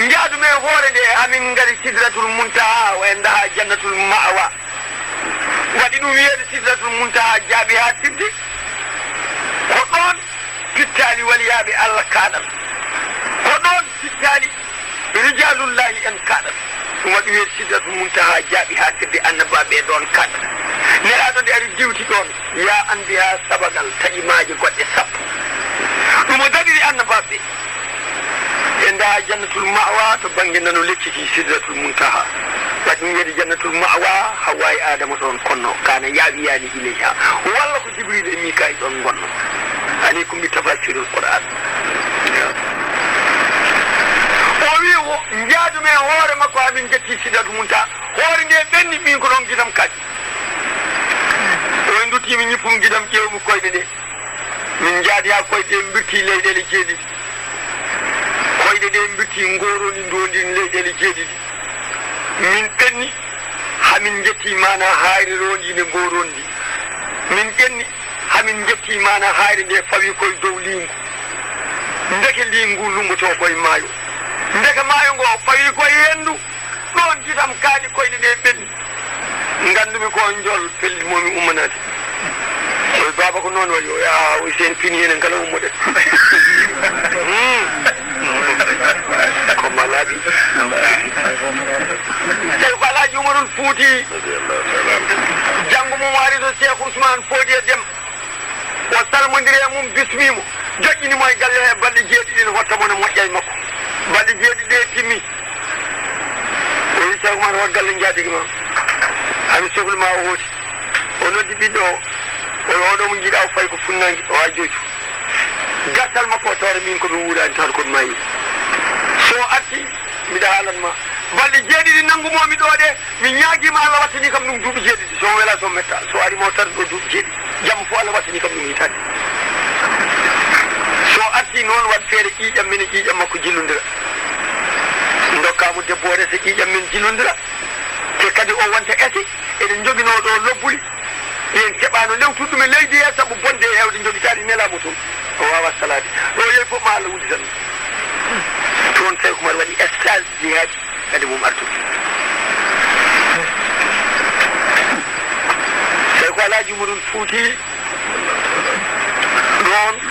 njaadumi e hoore nde amin ngari sidratul muntaha e ndaha jannatul mawa waɗi ɗum wiyeede sidratul muntaha jaaɓi ha tiddi ko ɗon pittaali waliyaaɓe allah kaaɗal ko ɗon pittaali rijalullahi en kaaɗal mo waɗi weeti sidratu muntaha jaaɓi ha sidde annabaɓe ɗon kaɗa neraɗo nde aɗa diwti ɗon ya andi ha sabagal taƴimaji goɗɗe sappo ɗum o daɗiri annabaɓe e nda jannatul mawa to banggue nano lecciti sidratul muntaha waɗi wiyede jannatul mawa hawawi adama ɗon konno kana yawiyani ileyha walla ko jibril e mikay ɗon gonno ani ko mbi tafasirul qouran o wi e hoore makko ha jetti sidadu mum ta hoore nde ɓenni min ko noon gidam kadi ɗo duttimi ñippum gidam ƴewmu koyɗe ɗe min jaadi ha koyɗe ɗe birti leyɗele jeeɗiɗi koyɗe ɗe birti goroni dondin leyɗele jeeɗiɗi min ɓenni hamin jetti mana haari rondi nde gorondi min ɓenni hamin jetti mana haari nde fawi koye dow lingu ndeke lingu lumboto koye maayo ndeke maayo ngo fayi koye henndu ɗon jitam kaaɗi koyɗe ɗe ɓenni ngandumi ko jol pelli momi ummanade oy baaba ko noon wayi o yaa o sen pini hene hmm. kala ummoɗen comme alaaji tawi ko alaaji umarun fuuti janngo mum ari to cheikh ousmane foodi e dem o salmodiri e mum bismimo joƴƴinimo e galle he balɗe jeeɗiɗi ne hotta mo ne moƴƴa e makko balɗe jeeɗi ɗe timmi woni ceerno mata galle jaadigi ma hami sohlu ma o hooti o noddi ɓiɗɗo o oyo oɗo mo jiiɗa o fayi ko funnangue o ha jooju gartal makko o tawre min komi wuurani tawn komi mayi so arti mbiɗa haalanma balɗe jeeɗiɗi nanngumomi ɗo ɗe mi ñaaguima allah wattani kam ɗum duuɓi jeeɗiɗi somo wela somo metta so arimo tan ɗo duuɓi jeeɗi jamma fof allah wattani kam ɗum hitande noon wat feere ƴiiƴam min e ƴiiƴam makko jillondira dokkamo debbo o rese ƴiiƴam min jillondira te kadi o wonta ese eɗen jogino ɗo lobbuli yen keɓano lewtude ɗum e leydi he saabu bonde e hewde jogitaɗi nelamo toon o wawa salade ɗo yeyi fof ma allah wuditan toon tawi komaɗa waɗi stage jihaaji kadi mum artude tawi ko alaji muɗum fuuti noon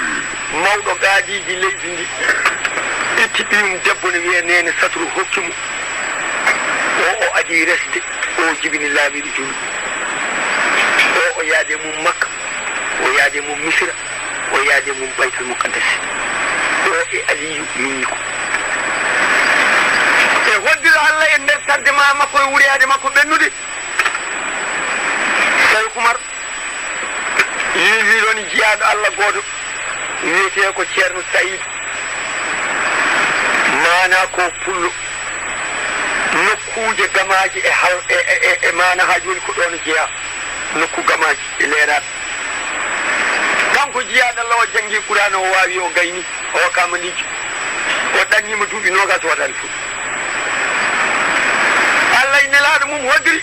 mawɗo gaadiji leydi ndi itti ɓiyum debbo ne wiye nene satru hokki mo o o adi resde o jibini laaɓiɗo juuɗi o o yaade mum makka o yaade mum misira o yaade mum baytal mukaddas o e aliyu minni ko e hoddiro allah e nder tardema makko e wuriyade makko ɓennude tawi kumar yiwiɗon jiyaɗo allah gooto miyetee ko ceerno sayid mana ko pullo nokkuje gamaji e ha e eh, eh, mana ha joni ko ɗon jeeya nokku gamaji e leeraɓe kanko jiyaɗo allah o janggi qurana o wawi o gayni o wakkama lijo o ɗannima duuɓi nogas watani fo allah e nelaɗo mum hoddiri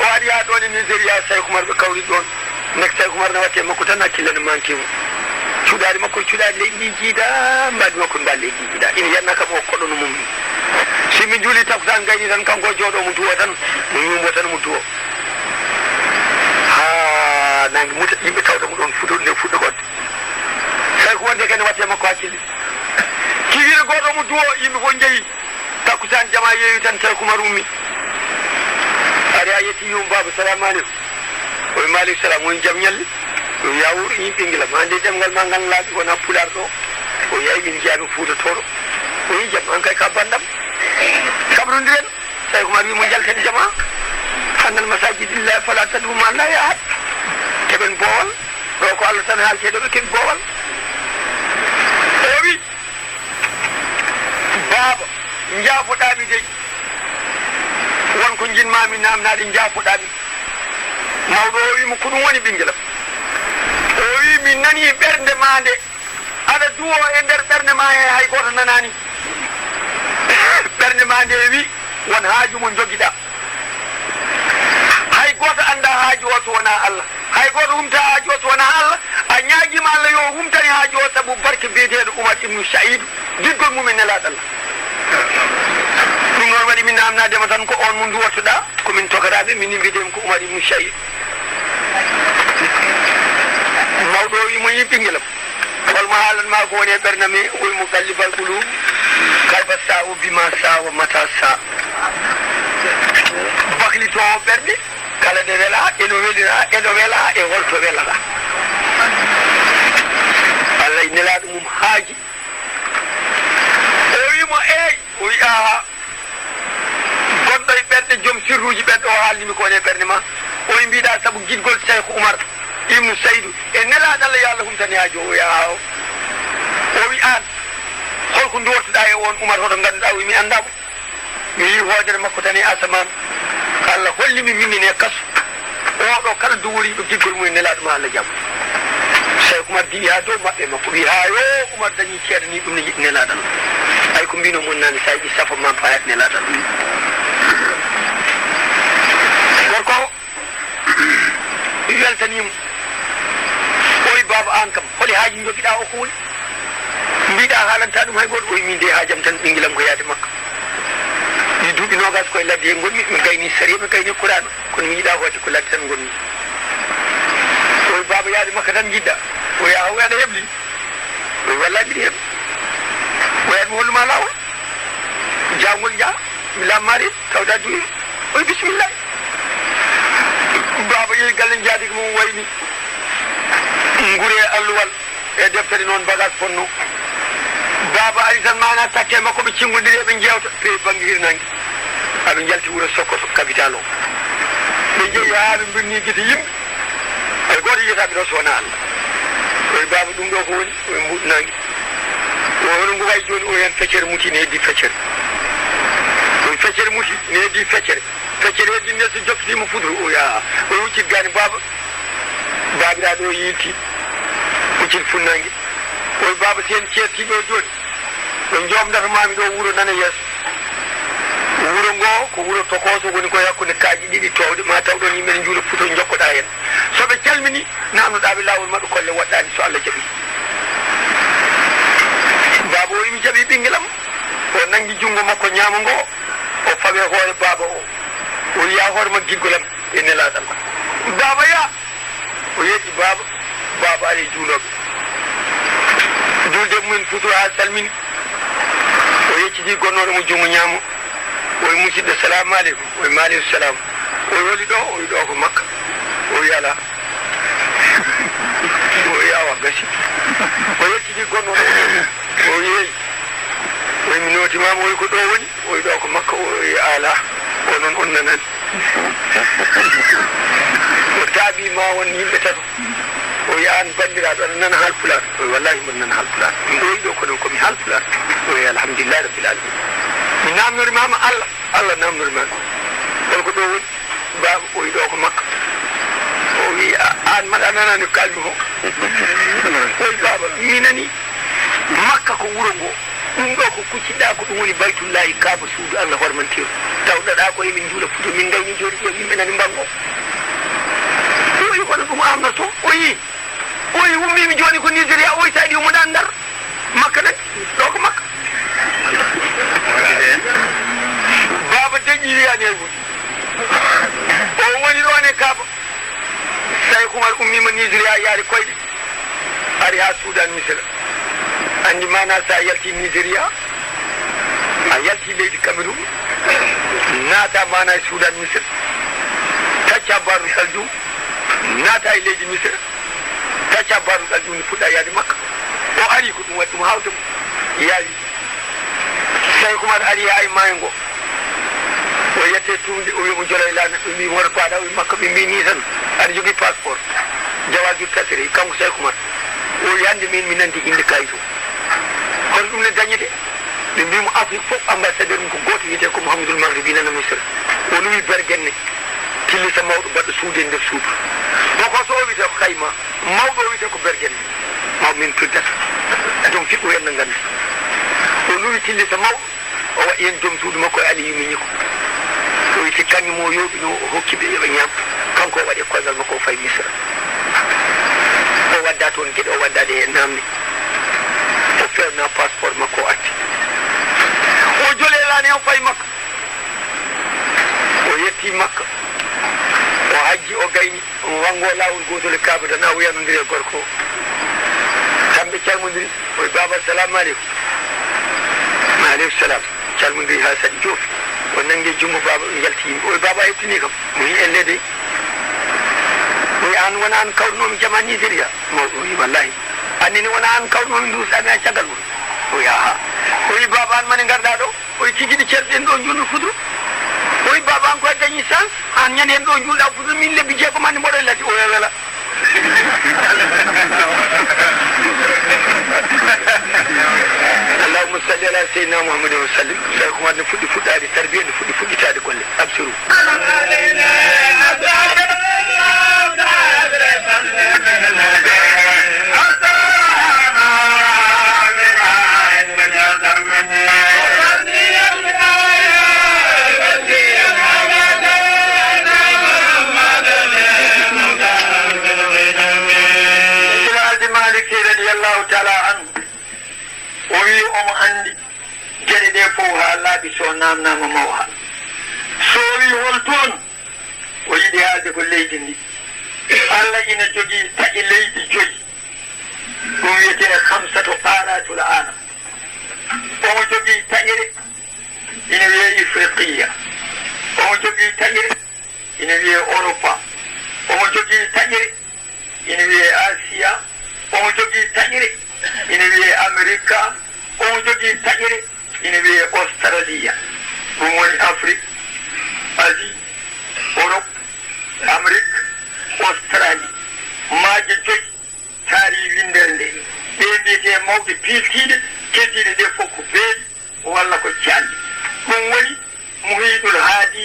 o ari ha ɗon e nigéria saykumar ɓe kawri ɗon nek saykumar ne watte makko tan hakkille ne manquimo cuɗade makko cuɗaɗe leydi ndi jiida mbadi makko mbaɗi leydi ndi jiiɗa ina yiyatna kam o koɗono mum si min juuli taw gayni tan kanko jooɗo mo duwo tan mo yumbo tan mo duwo ha nangue muta yimɓe tawde mo ɗon fuɗo nde fuɗɗo godde tawi ko wonde kene watte makko hakkille kiwiɗo goɗo mo duwo yimɓe fof jeeyi takku tan jama yeewi tan tawi kumar ummi ari a yetti yum baba salamu aleykum oye maaleykum salam woni jaam ñalle yo yawur ñin ɓinguelam hande jamgal ma ngal laaɓi wona pular ɗo o yawi min jeyaɓe fuutotooɗo o yi jam an kay ka bandam kaɓrodiren tawi ko ma wimo jalten jama hannal masajidillah fala taduma la yahat keɓen boowal ɗo ko allah tan haalteɗo ɓe keɓi boowal o wi baaba jaafoɗaami dey wonko jinmami namnaɗe jaafoɗaami mawɗo o wimo ko ɗum woni ɓinguelam min nani ɓernde ma nde aɗa duwo e nder ɓernde ma he hay goto nanani ɓernde ma nde wi won haaju mo jogiɗa hay goto anda haaju o to wona allah hay goto humta haaju o to wona allah a ñaaguima allah yo humtani haaju o saabu barke biyeteɗo umar ibnu saïd diggol mumen nelaɗo allah ɗum noon waɗi min namnadema tan ko on mo duwottoɗa komin tokaraɓe min mbidemi ko umar ibnu saïd mawɗo wimo yippinguelam holmo haalanma ko woni e ɓernami woymo gallibal ɓulu kalba sa o bima sa o mata sa baklito o ɓerɗe kala nde wela eno welira eno wela e holto welata allah nelaɗo mum haaji o wimo eyi o wi aha gonɗo e ɓerɗe joom sirruji ɓerɗe o haalnimi ko woni e ɓernde ma o wi mbiɗa saabu guidgol cheikh oumar ibnu sayd e nelaɗalla yo allah humtaniyaji o yaa o o wi an holko duwortoɗa e on umar hoto ganduɗa wi mi andamo mi yi hoodere makko tan e asaman ko allah hollimi mimine kaso oɗo kala duworiɗo diggol mum e nelaɗuma allah jaam tawi ko umar diwi ha dow maɓɓe makko wi ha yo umar dañi ceeɗa ni ɗum ne yiɗi nelaɗal ay ko mbino mon nani sa yiɗi safo ma payat nelaɗal gorko weltanimo baaba an kam holi haaji jogiɗa o ko woni mbiɗa haalanta ɗum hay goto ɓoy min de haajam tan ɓingilam ko yaade makko ɗi duuɓi nogas koye ladde hen gonmi mi gayni saria mi gayni kurano kono mi yiiɗa hoode ko ladde tan gonmi oy baaba yaade makka tan jiɗɗa o yaha o yaɗa heɓli oy walla mbiɗa heɓ o yaade mi holluma lawol jangol jaa mi lammari tawda duwi oy bisimilla baaba yehi galle jaadi ko mum wayni ngure alluwal e deftere noon mbaɗat fonno baaba ari tan mana takke makko ɓe cingondiri e ɓe jewta pe banggue hirnangue aɓe jalti wuuro sokkoto capital o ɓe jeeyi ha ɓe birni guide yimɓe ay goto yiyataɓe ɗo sowona allah oye baaba ɗum ɗo ko woni oye mbuɗnangue o hono ngo way joni o hen feccere muti ne heddi feccere oye feccere muti ne heddi feccere feccere heddi nde so jokkitima foudre oya o wuccit gani baba baabiraɗo yilti kuccel funnangue koye baaba sen ceertiɓe joni ɓe jomdata mami ɗo wuuro nana yeeso wuro ngo ko wuro tokoso woni ko yakkude kaaji ɗiɗi towde ma taw ɗon yimɓe ne puto jokkoɗa hen soɓe calmini namnoɗaɓe ma maɗa kolle waɗɗani so allah jaaɓi baaba o yimi jaaɓi ɓinguelam o nangi junggo makko ñaama ngo o fawe hoore baaba o o yiya hoore ma giggolam e nelaɗam baba ya o yetti baaba babaɓe juuloɓe julde mumen fuutur ha salmini o yecciti gonnoɗo mo jumo ñaamo oye musidɗo salamu aleykum oye maaleykum salam o woli ɗo o do ko makka o yala o wi wa gasi o di gonnoɗo o ye o oye mi notimama oyi ko ɗo woni o wi ko makka o wi ala o noon on nanani o taaɓima won yimɓe tato o yahan bandiraɗo aɗa nana halpulat o wallahi mboɗo nana halpulat mi ɓooyi ɗo kono komi halpulat oyi alhamdulillahi rabbil alamin mi namnorimama allah allah namnorimami won ɗo woni baba ɓoyi ɗo ko makka o wi an maɗa nanani kalmi o oyi baba mi nani makka ko wuro ngo ɗum ɗo ko kuccitɗa ko ɗum woni baytullahi kaaba suudu allah hormantiro tawɗaɗa ko emin juula fuuto min gayni jooɗi ɗo yimɓe nani mbango ɗo yi kono ɗum amnato o yii oyi ummimi joni ko nigéria oyi sa yiɗi umuɗa ndar makka de ɗo ko makka baba daƴƴiriyani e wuɗi o woni ɗon e kaaba tawi kumar ummima nigéria yaari koyɗe ari ha soudan misila andi mana sa yalti nigéria a yalti leydi cameroun naata mana e soudan misila tacca barru saldou naata e leydi misira gacca ɗal ɗum ne fuɗɗa yaade makka o ari ko ɗum waɗi ɗum hawde mo yaawi tawi kumaɗo ari yaawi maayo ngo o yette tumde o wiimo jolay lana ɓe mbi woto paaɗa ɓe makka ɓe mbi ni tan aɗa jogui passeport jawajur tasiri kanko tawi kumaɗo o yande min mi nandi inde kayit o kono ɗum ne dañete ɓe mbimo afrique foof ambassadeur mum ko goto wiyete ko mouhamadoul magribi nana misra o nuwi bergenne killita mawɗo mbaɗɗo suude e nder suudu wiyete ko kayma mawɗo o wiyete ko bergen mawɓe min tuddata donc fiɗɗo henna ganda o luwi tillita mawɗo o waɗi hen joom suudu makko e aliyu miñi ko o wiyete kañum o no o hokkiɓe yoɓe ñaam kanko o waɗi koyngal makko o fayi misra o wadda toon gueɗe o de e namde o feewna passeport makko o atti o jolelani hen fayi makka o yetti makka o hajji o gayni omo wango lawol gotol kaba tan a o yanodiri e gorko kamɓe calmodiri oye baba salamu aleykum aleykum salam calmodiri ha saɗi joofi o nangge junggo baba o jalti yimɓe oye baba hettini kam mo yi elle de oye an wona an kawɗunomi jama nigéria mawɗo wi wallahi annene wona an kawɗunomi dusɗami ha caggal mon oye aha oyi baba an mane garɗa ɗo oye tigui ɗi cerɗen ɗo jonno fudru wi babankoye dañi sans an ñande hen ɗo julɗa fuso min lebbi jeegom hande la lati o wewela allahuma salli ala seydina mouhamadin wa sallim sawi ko wadde fuɗɗi fuɗɗade tarbiya nde fuɗɗi fuɗɗitade golle absiru o wi omo andi geɗe ɗe fof ha laaɓi so namnama mawha so wi hol toon o yiɗi haalde ko leydi ndi allah ina jogii taƴi leydi joyi ɗum wiyetee hamsato aratul alam omo jogii taƴere ina wiye ifriqiya omo jogii taƴere ina wiye europa omo jogii taƴere ina wiye asiya omo jogii taƴere ina wiye america on jogii taƴere ina wiye australia ɗum woni afrique asie europe amérique australie maaje joyi taari windel nde ɓe mbiyete mawɓe piltiiɗe keddiiɗe nde fof ko beeli walla ko calli ɗum woni muhiɗul haadi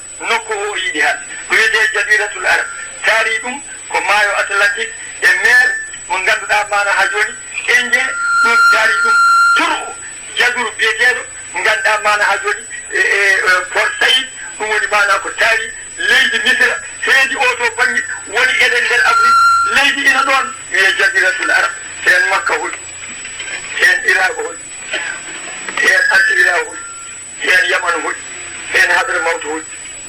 nokku o yiɗi han ko wiyete jadiratul arab taari ɗum ko maayo atlantique e mer mo ngannduɗa mana ha joni indien ɗum taari ɗum turu jaguru biyeteɗo ngannduɗa mana ha joni e port saïd ɗum woni mana ko taari leydi misra heedi o to bangi woni eɗen nder afrique leydi ina ɗon wiye jadiratul arab heen makka holi heen iraq holi heen antirira holi heen yaman holi heen hadre mawto holi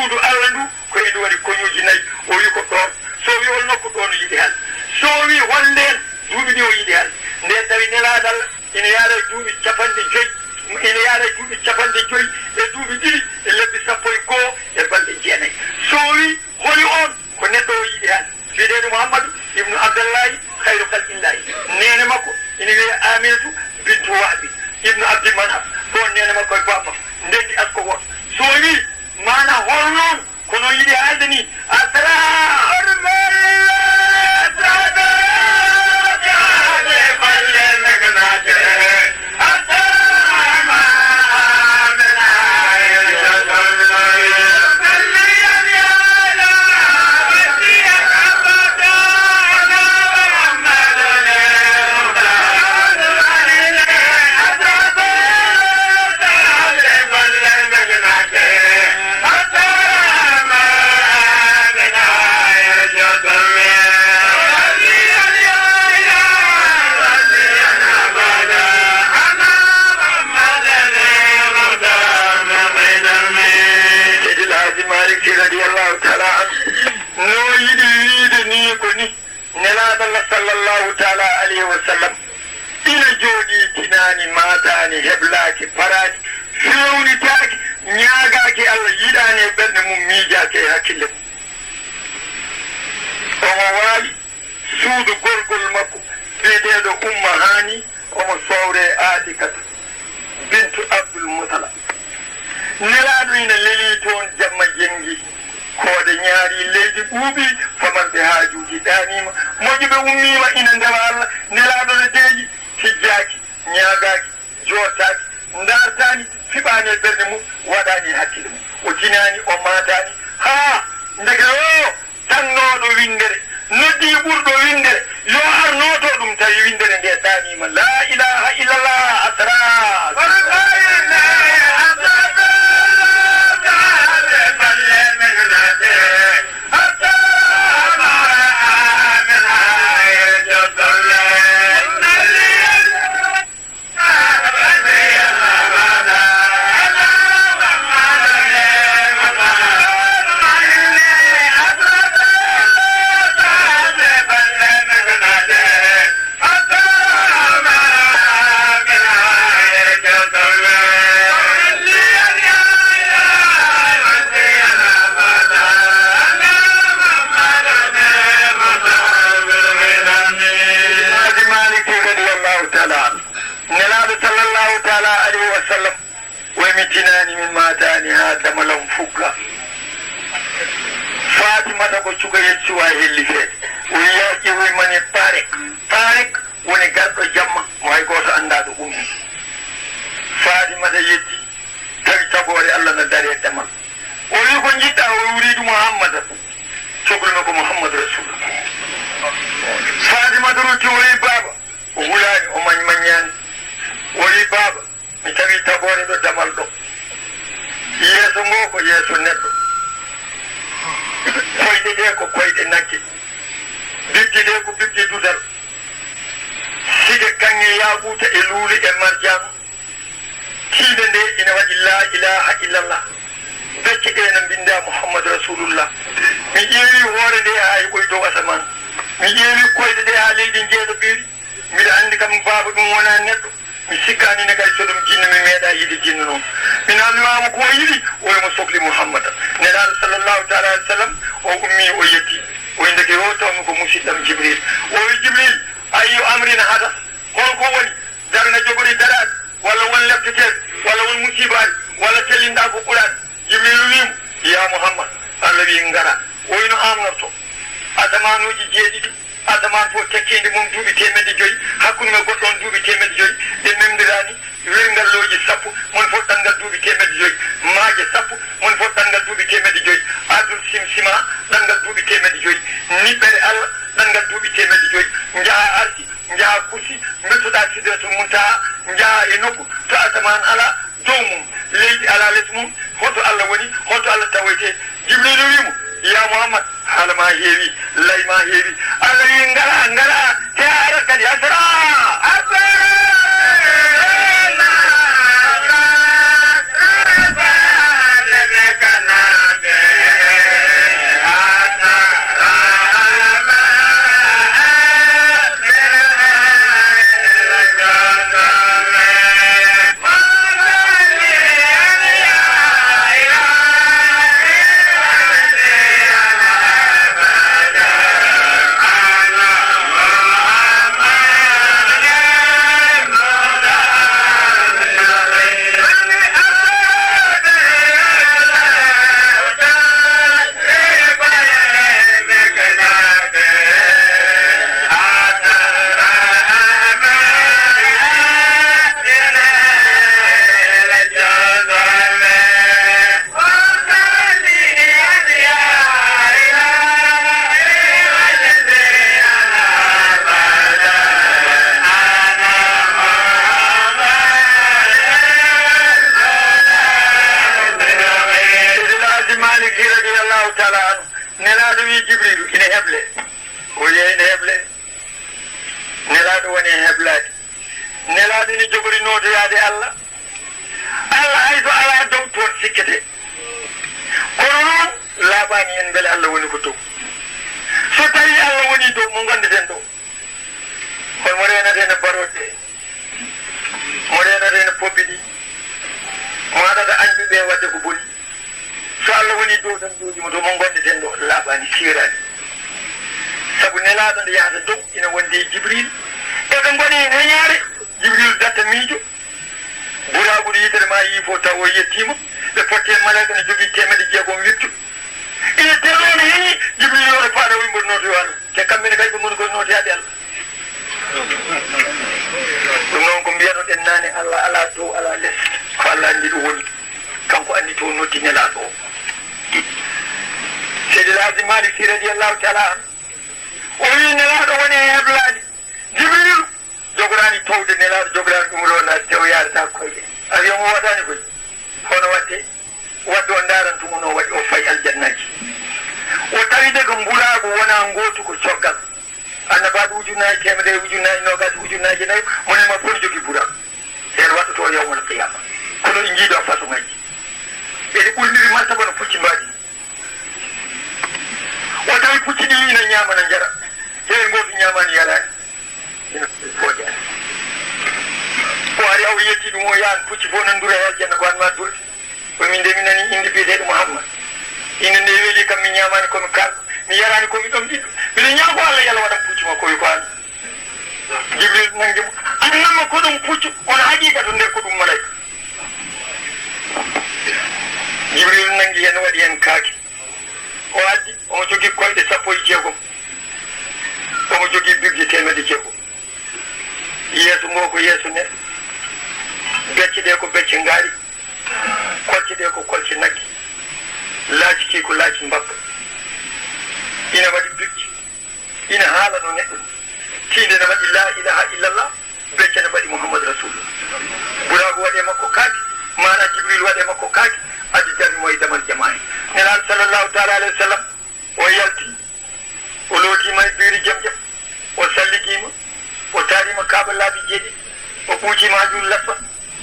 suudu allah ndu ko eɗu waɗi koñuuji nayi o wi ko ɗon so wi hol nokku ɗo no yiɗi hal so wi holndeen duuɓi ɗi o yiɗi hal nde tawi nelaadal ina yaara duuɓi capanɗe joyi ina yaara duuɓi capanɗe joyi e duuɓi ɗiɗi e lebbi sappo e goo e balɗe jeenayi so wi holi on ko neɗɗo o yiɗi hal mbiɗeeni mouhammadou ibnu abdallahi hayru kal illahi nene makko ina wiya aminatu bintu waɓi ibnu abdi manaf no yiri adani asara صلى الله تعالى عليه وسلم إلى جودي تناني ماتاني هبلاك فراج فيوني تاك نياغاكي الله يداني بدن مميجاكي هكيل وموالي سود قرقل مكو بيدي دو أم هاني أم صوري آتكة بنت عبد المطلع نلادوين لليتون جمع جنجي كود نياري ليدي قوبي فمن بها جودي تانيما moƴƴuɓe ummima ina ndewalla nelaɗone deeƴi hijjaki ñagaki jottaki dartani fiɓani e ɓerde mum waɗani hakkille mum o jinani o matani ha ndeke o tannoɗo windere noddi ɓurɗo windere yo arnoto ɗum tawi windere nde tanima la ilaha illallah atras mitinani min matani ha damalan fugga fatimata ko cuka yeccuwa helli feet woni yaqiwi mani tarik tarik woni garɗo jamma mo hay goto anda ɗo umi fatimata yetti tawi tagore allah no dari e damal o wi ko jiɗɗa o wuridu mouhammada cohluno ko mouhammadou rasul fatimata rutti o wi baaba o hulani o mañ maññani o wi baaba mi tawi taɓore ɗo damal ɗo yeeso ngo ko yeeso neɗɗo koyɗe ɗe ko koyɗe nakki bibji ɗe ko bibji dudal siga kange yaaɓuta e luuli e marjamu tiinde nde ina waɗi la ilaha illallah becce ɗe no mbinda mouhammadou rasulullah mi ƴeewi hoore nde haa e ɓoye dow asaman mi ƴeewi koyɗe ɗe haa leydi jeeɗo ɓiiri mbiɗa anndi kam baaba ɗum wona neɗɗo misikani ne kadi so ɗum jinni mi meeɗa yiɗi jinni noon min almamu ko o yiɗi oyomo sohli mouhammada nelaɗo sallllahu taala alih w sallam o ummi o yetti oyndeke o tawmi ko musidɗam jibril oyo jibril ayiyo amrina hada holko woni darna jogori daraɗe walla won lefteteɗe walla won musibaɗe walla tellinɗa ko ɓuuraɗe jibril wimo ya mouhammad allah wi ngara oyno amnorto asamanuji jeeɗiɗi adaman fof tekkede mum duuɓi temedde joyyi hakkude ngal goɗɗo on duuɓi temedde joyyi ɗe memdirani wirgalloji sappo moni fof ngal duuɓi temedde joyyi maaje sappo moni fof ɗanngal duuɓi temedde joyyi adul sim sima ɗanngal duuɓi temedde joyyi niɓɓere allah ɗanngal duuɓi temedde joyyi jaha arsi jaha kusi bettoɗa sidratul muntaha jaha e nokku to adaman ala dow mum leydi ala less mum hoto allah woni hoto allah tawoyte jibrilu wimo ya muhammad hal ma hewi lay ma hewi allah ya ngala ngala asra asra nodoyaade allah allah hayso alaa dow toon sikkete kono noon laaɓaani en mbele allah woni ko dow so tawii allah woni dow mo ngonndeten ɗo holmo reenata ene barooɗe mo reenata ene pobbi ɗi mo aɗata annduɓe wadde ko boni so allah woni dow tan jooɗimo to mo ngonndeten ɗo laaɓaani siiraani sabu nelaaɗo nde yahata dow ina wondi jibril eɓe ngoni heñaare jibril datta miijo buraaɓuɗo yitere ma yii fof taw o yettima ɓe potte malaika ne jogii temedde jeegom wittu e ine teɗono heeñi jibril yono faaɗa oyi mboɗo notoyano te kammine kadi ko moni koye notoyaɓe allah ɗum noon ko mbiyano ɗen naane allah ala dow ala less ko allah anndi ɗo woni kanko anndi to noddi nelaaɗo o seydi laadi malik si radiallahu taala an o wi nelaaɗo woni e heblaaɗi jibrilu jogoraani towde nelaɗo jogorani ɗum ɗo naati taw yarata koyɗe avion o waɗani koy hono watte wadde o daran tumu no waɗi o fayi aljannaji o tawide ko ngulaago wonaa ngootu ko coggal annabaɗo ujunnaji temedere ujunnaji nogas ujunnaji nayi monema foti jogui buura hen waɗɗoto yawmal qiyama kono ɗi jiiɗo façon ngaji ɓeɗe ɓurniri martaba no pucci mbaɗi o tawi pucci ɗi ina ñama na jara hewe gootu ñamani yarani mmoja ko ari aw yettiɗum o yahan pucci fof nan ndura e aljanna ko an ma durde komin nde mi nani inde biyeteɗo mouhammad inde nde weeli kam mi ñamani komi kalɗo mi yarani komi ɗom ɗiɗo miɗo ñaa ko allah yalla waɗan pucci makko koye ko an jibril nangimo annama ko ɗum puccu on haqiqa to nder ko ɗum malayka jibril nangi hen waɗi hen kaake o addi omo jogui koyɗe sappo e jeegom omo jogui bigge temedde jeegom yeeso ngo ko yeeso neɗɗo becce ɗe ko becce ngaari kolce ɗe ko kolce nakki laaci kii ko laaci mbakka ina waɗi bicci ina haala no neɗɗo tiinde ne waɗi laa ilaha illallah becce ne waɗi mouhammadou rasulullah buraago waɗe makko kaaki mana jibril waɗe makko kaaki adi jami mo e damal jama en nelaal sallllahu taala alah wa sallam o yalti o lootima e biiri jam jam o sallikima E o taarima kaaba jeeɗi o ɓuujima hajum lappa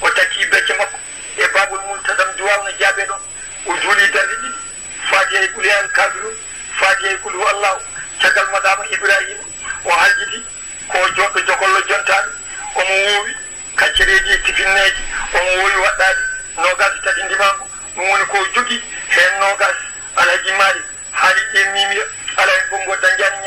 o tacci becce makko e baabol mum tadam duwawno jaabee ɗon o juuli darde ɗiɗi faati e ɓuli al kafirun faati e kulhu allahu caggal madama ibrahima o haljiti ko joɗɗo jogollo jontaɗo omo woowi kaccereji tifinneji omo woowi waɗɗade noogaas tati ndimango ɗum woni ko jogi hen nogas alhaji maari haali ɗe mimiya ala hen fo mbo dañjani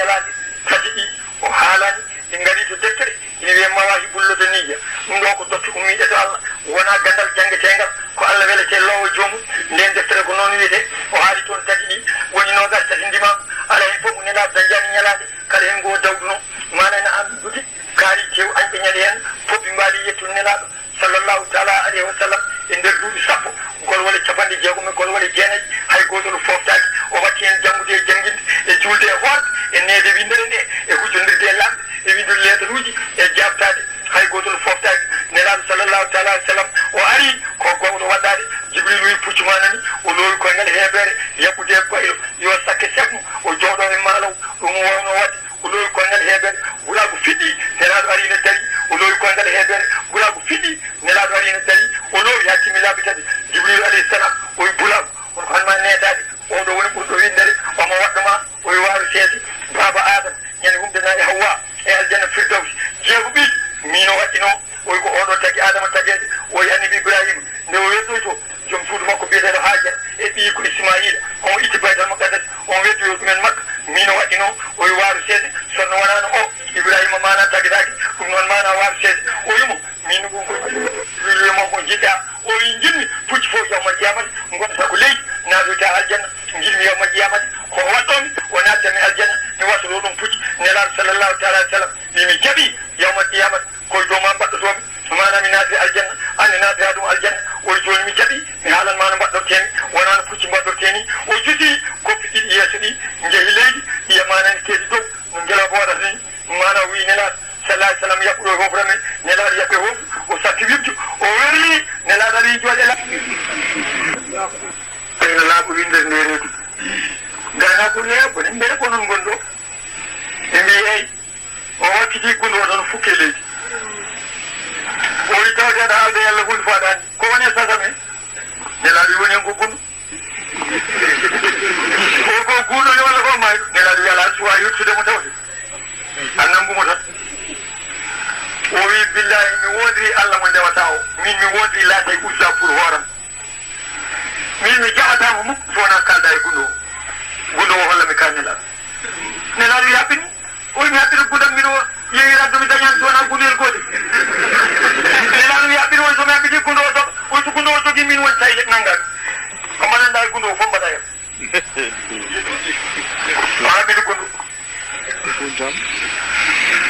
tati ɗi o haalaani ɗi ngari to deftere ina wiye mawahi ɓulloto niyya ɗum ɗon ko dotti ummiɗe to allah wona gandal janggetengal ko allah welete lowo joomum nden deftere ko noon wiyete o haali toon tati ɗi woni nogas tati ndima ala hen fof nena dañjani ñalade kala hen goo dawduno mana ene andude kaari tew añɓe ñali hen fof ɓe mbaali yettude nelaɗo sallllahu taala alayhi wa sallam e nder duuɓi sappo gol wale capanɗe jeegom e gol wala jeenayi hay gotol foftaki o watti hen janngude e jangguinde e julde e hoorde e nede windere nde e hujjodirde e lamɓe ewi ɗum leeɗanuuji e jaabtaade hay gooto no fooftaade nelaaɗo sallallahu taala alih sallam o ari ko gowno waɗɗaade jibril wi puccuma nani o loowi koye ngal heeɓeere yabbude e baylo yo sakke sekmo o jooɗo e maalaw ɗum wowno waɗde o loowi koye ngal heeɓeere wulaago fiɗɗi nelaaɗo ari ne dari o loowi koye ngal heeɓeere wulaago fiɗɗi nelaaɗo ari ne dari o loowi haa timmi laabi tati jibril alayhi salam o wi bulaago on ko hanma neetaade oɗo woni ɓurɗo windere omo waɗɗoma o wi waawi seede baaba adama ñande humdenaɗe hawwa e aljanna firdawsi jeego ɓiɗ mino waɗi noon oyi ko oɗo tagi adama tageɗe oyi annabi ibrahima nde o weddoyto joom suudu makko biyeteɗo haajara e ɓii ko ismaila on itti baytal makkadas on weddoyo ɗumen makka mino waɗino o yi waaru seede sonno wonano o ibrahima mana tagitaki tagi ɗum noon mana waaru seede o yimo min wimo ko jiɗɗa o wi jinmi pucci fof yawma qiyamati gonta ko leydi naatoyta aljanna jinmi yawmal qiyamati ko waɗɗomi o nattami aljanna mi wasoro ɗum pucci nelaɗo sallllahu taala alih sallam mimi jaɓi yawmal qiyamati koye dow ma mbaɗɗotomi mana mi naati aljanna ande naatira ɗum aljanna oye joni mi jaɓi mi haalan mana mbaɗɗortemi wonano pucci mbaɗɗorteni o jusi يسني جهلين يمانا كيدو من جلا بورسني مانا وينلا صلى الله عليه وسلم يقول هو فرمي نلا يقول هو وساتيبت اوري نلا داري جوجلا نلا كو ويندر نيريت غانا كو ليا بن مبر كو نون غوندو امي اي o wakkiti gundo tan fukke leydi o wi tawteɗa haalde yalla hunde faɗani ko woni e sasame ne laaɓi woni hen ko gundo suwa yettude mo tawde annambu mo tan o wi billahi mi wondiri allah mo ndewata o min mi wondiri laata e pour hooram min mi jahatamo mum sowona wona kalda e gundo o gunɗo o holla mi kannelal nelaɗo yaɓɓini o wi mi haɓɓita gundam mino yewi raddo mi dañani so wona gundel gotel nelaɗo yaɓɓini woni somi haɓɓiti gunɗo o doɓa oy so gundo o jogi min woni tawi nanngami ko mbaɗanɗa e gundo o fof mbaɗa hen ko jam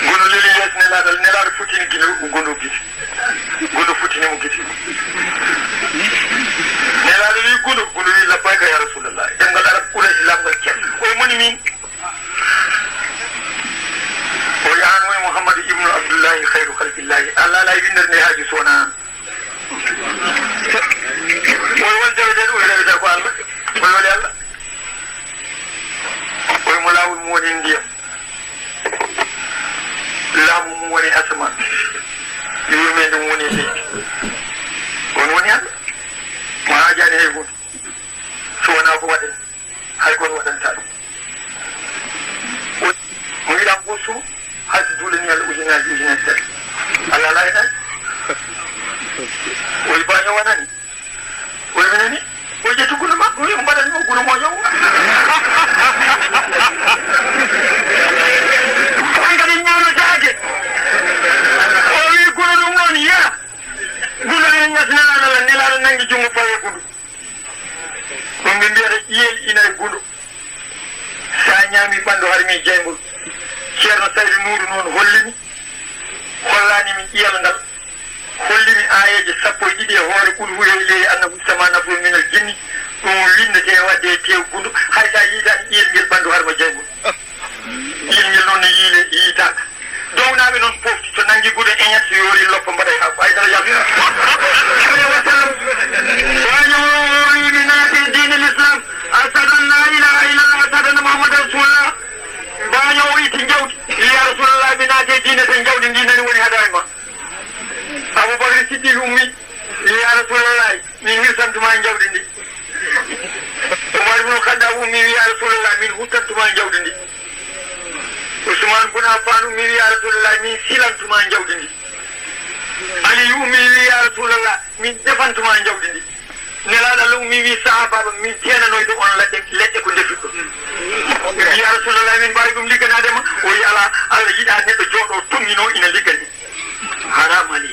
gono leli yes nelaɗal nelaɗo futini guine gono giti gono futinimo giti nelaɗo wi gono gono wi labbayka ya rasulallah ɗemgal arab ɓuraji lamgal cer oy moni min o yahan woni mouhammado ibnu abdoullahi hayru halqillahi allah ala e windere nde haaji sowona an oy won jaweten oy rewete ko allah oy waɗi allah oy mo lawol mo woni ndiyam laamu mum woni asaman asman wimen ɗum woni leydi mi jayngol ceerno tawi nuuru noon hollimi hollani min ƴiyam ngal hollimi ayeje sappo e ɗiɗi e hoore kul huye ley annabu sama nabru minal jinni ɗum windete wadde tew gundu hay sa yiitani ƴiyel ngel ɓandu harma jayngol ƴiyel ngel noon ne yiile yiitaka downaaɓe noon pofti to nangi gude eñat yoori loppa mbaɗa e hakko haydara ya rasulullah mi naati e diine te jawdi ndi nani woni haadare ma aboubacry siddiqe ummi mi ya rasulullahi min hirsantuma e jawdi ndi umar ibnu kadab ummi wi ya rasulullah min huttantuma e jawdi ndi usmane bun affan ummi wi ya rasulullah min silantuma e jawdi ndi ali ummi wi ya rasulullah min defantuma e jawdi ndi nelaɗo allah umimi sahabaɓe min jeenanoy ɗum on leɗɗe leɗɗe ko defi ɗum ya rasulallah min mbawi ɗum ligganadema o wi ala allah yiɗa neɗɗo jooɗo tongino ina liggani haram ali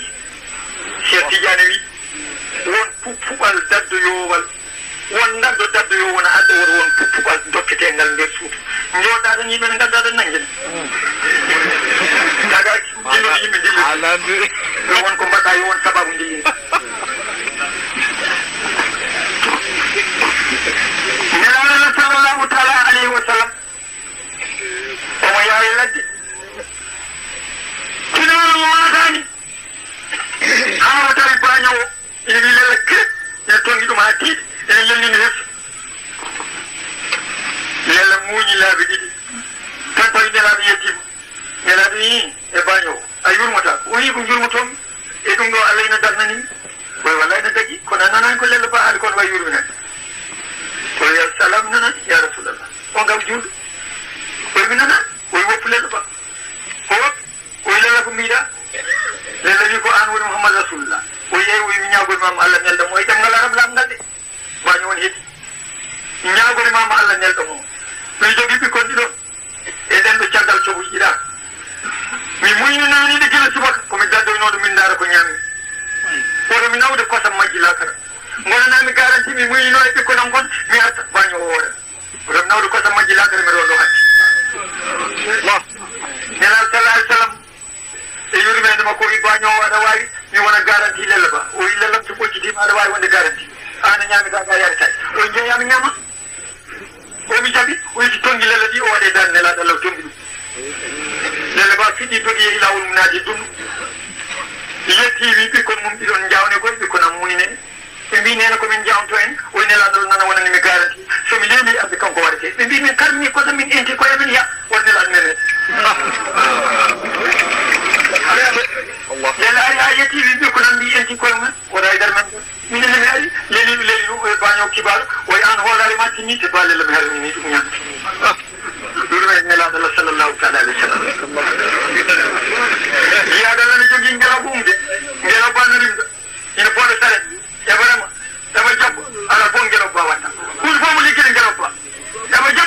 cheikh tidiane wi won puɓɓuɓal daddoyowal won daddo daddoyo wona adda woto won puɓɓuɓal dokketengal nder suudu jooɗa tan yimɓe ne gadda tan nanggene daga jilloɗo yimɓe dillio won ko mbaɗɗa yo won sababu dillini Nana sallallahu ta'ala alaihi wa sallam o yaari ladde kinaano wonataani haama tawi baañowo ina wilela kire ina tongi ɗum haa tiiɗi ina lellini hesso lela muuñi laabi ɗiɗi tan tawi nelaaɗo yettima nelaaɗo yii e baañowo a yurmata o yii ko jurmotoomi e ɗum ɗo allah ina darnanimi koye walla ina dagi kono a nanani ko lella ba haali kono way yurminani koy ya salam nana ya rasulullah on gam juul koy mi nana koy wop len ba ko wop koy len ko miida len la ko an woni muhammad rasulullah koy yey woy mi nyaagol mam allah ngal da moy tam ngal arab lam ngal de ba ñu won hit nyaagol mam allah ngal da mo mi jogi bi kon do e den do ciagal to bu ida mi muñu nani de gila subaka ko mi daddo no do min dara ko ko do mi ko majji la kara mbono nami garanti mi muyino e ɓikko non kon mi arta baño o woore oɗon nawde kosam majji lakare mbiɗa on ɗo hatti bon nelal sallah alih sallam e yurmede makko wi baño o aɗa wawi mi wona garanti lella ba o wi lellam so ɓoccitima aɗa wawi wonde garanti ana ñamita ga yaari tay o jeeyami ñama jabi o oyti tongi lella ɗi o waɗe dan nelaɗo allah tongi ɗum lella ba fiɗɗi togi yehi lawol mum naaji ɗum yetti wi ɓikkon mum ɗiɗon jawne koye ɓikkon am muyne ɓe mbi nena komin jahanto en woni nelaɗo nana wonani mi garanti so mi leeli abbe kanko waɗete ɓe mbi min karmini kosa min enti koye men ya won nelaɗo men hen leela ari ha yettiɓe mbi ko nan mbi enti koye mumen wona e nder men minen nemi ari leeliɓe leeli ɗum e baño kibaɗo woy an hoolare ma tinni te mi hermini ɗum ñan ɗuɗume nelaɗo allah sallllahu taala alih w sallam yiyaɗo allah jogui ngelaw ɓum de ngelaw bannorimɗo ina booɗo saret jab ala yabaramu yabajja ababongera okwawata kulifa omuligire ngera okwa yabajja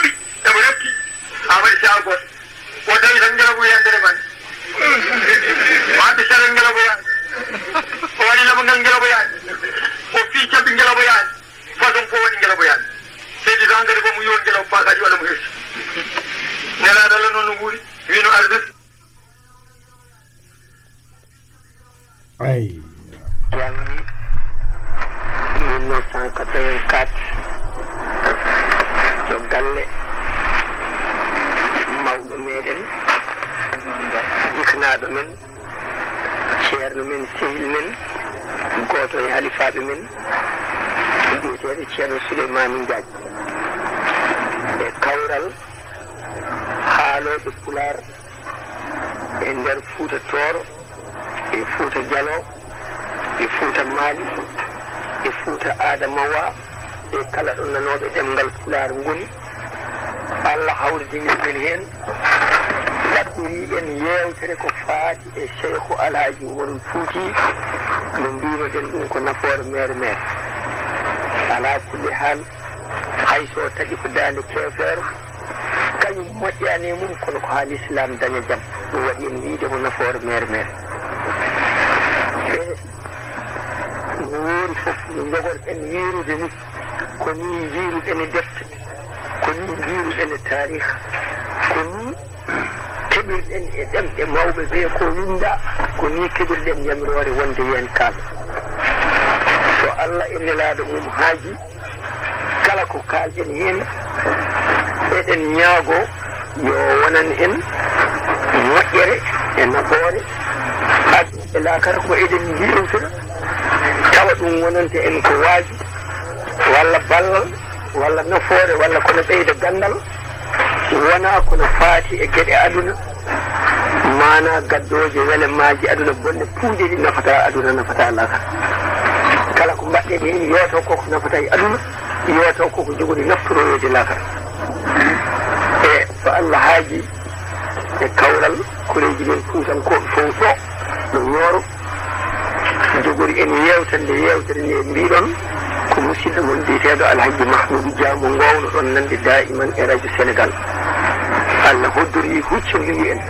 jogori nden yamirore wonde yen kaaɓe so allah e nelaɗo mum haaji kala ko kalɗen hen eɗen ñaago yo wonan en moƴƴere e nafoore e laakara ko eɗen mbiyotira tawa ɗum wonante en ko waaji walla ballal walla nafoore walla kono ɓeyda gandal wona kono faati e geɗe aduna mana gaddo je wele maaji aduna bonne bonde puujeɗi nafata aduna nafata Allah kala ko ni hen yewto ko nafata e aduna yewto koko yo naftoroyode lakara e eh, fa allah haji e kawral ko koreji men fuutankoɓe fof ɗo no ñooro jogori en de yewtande ni mbi don ko musidɗo mon biyeteɗo alhaji mahmoudou diamo gowno ɗon nande daiman e radio senegal allah hoddori ni en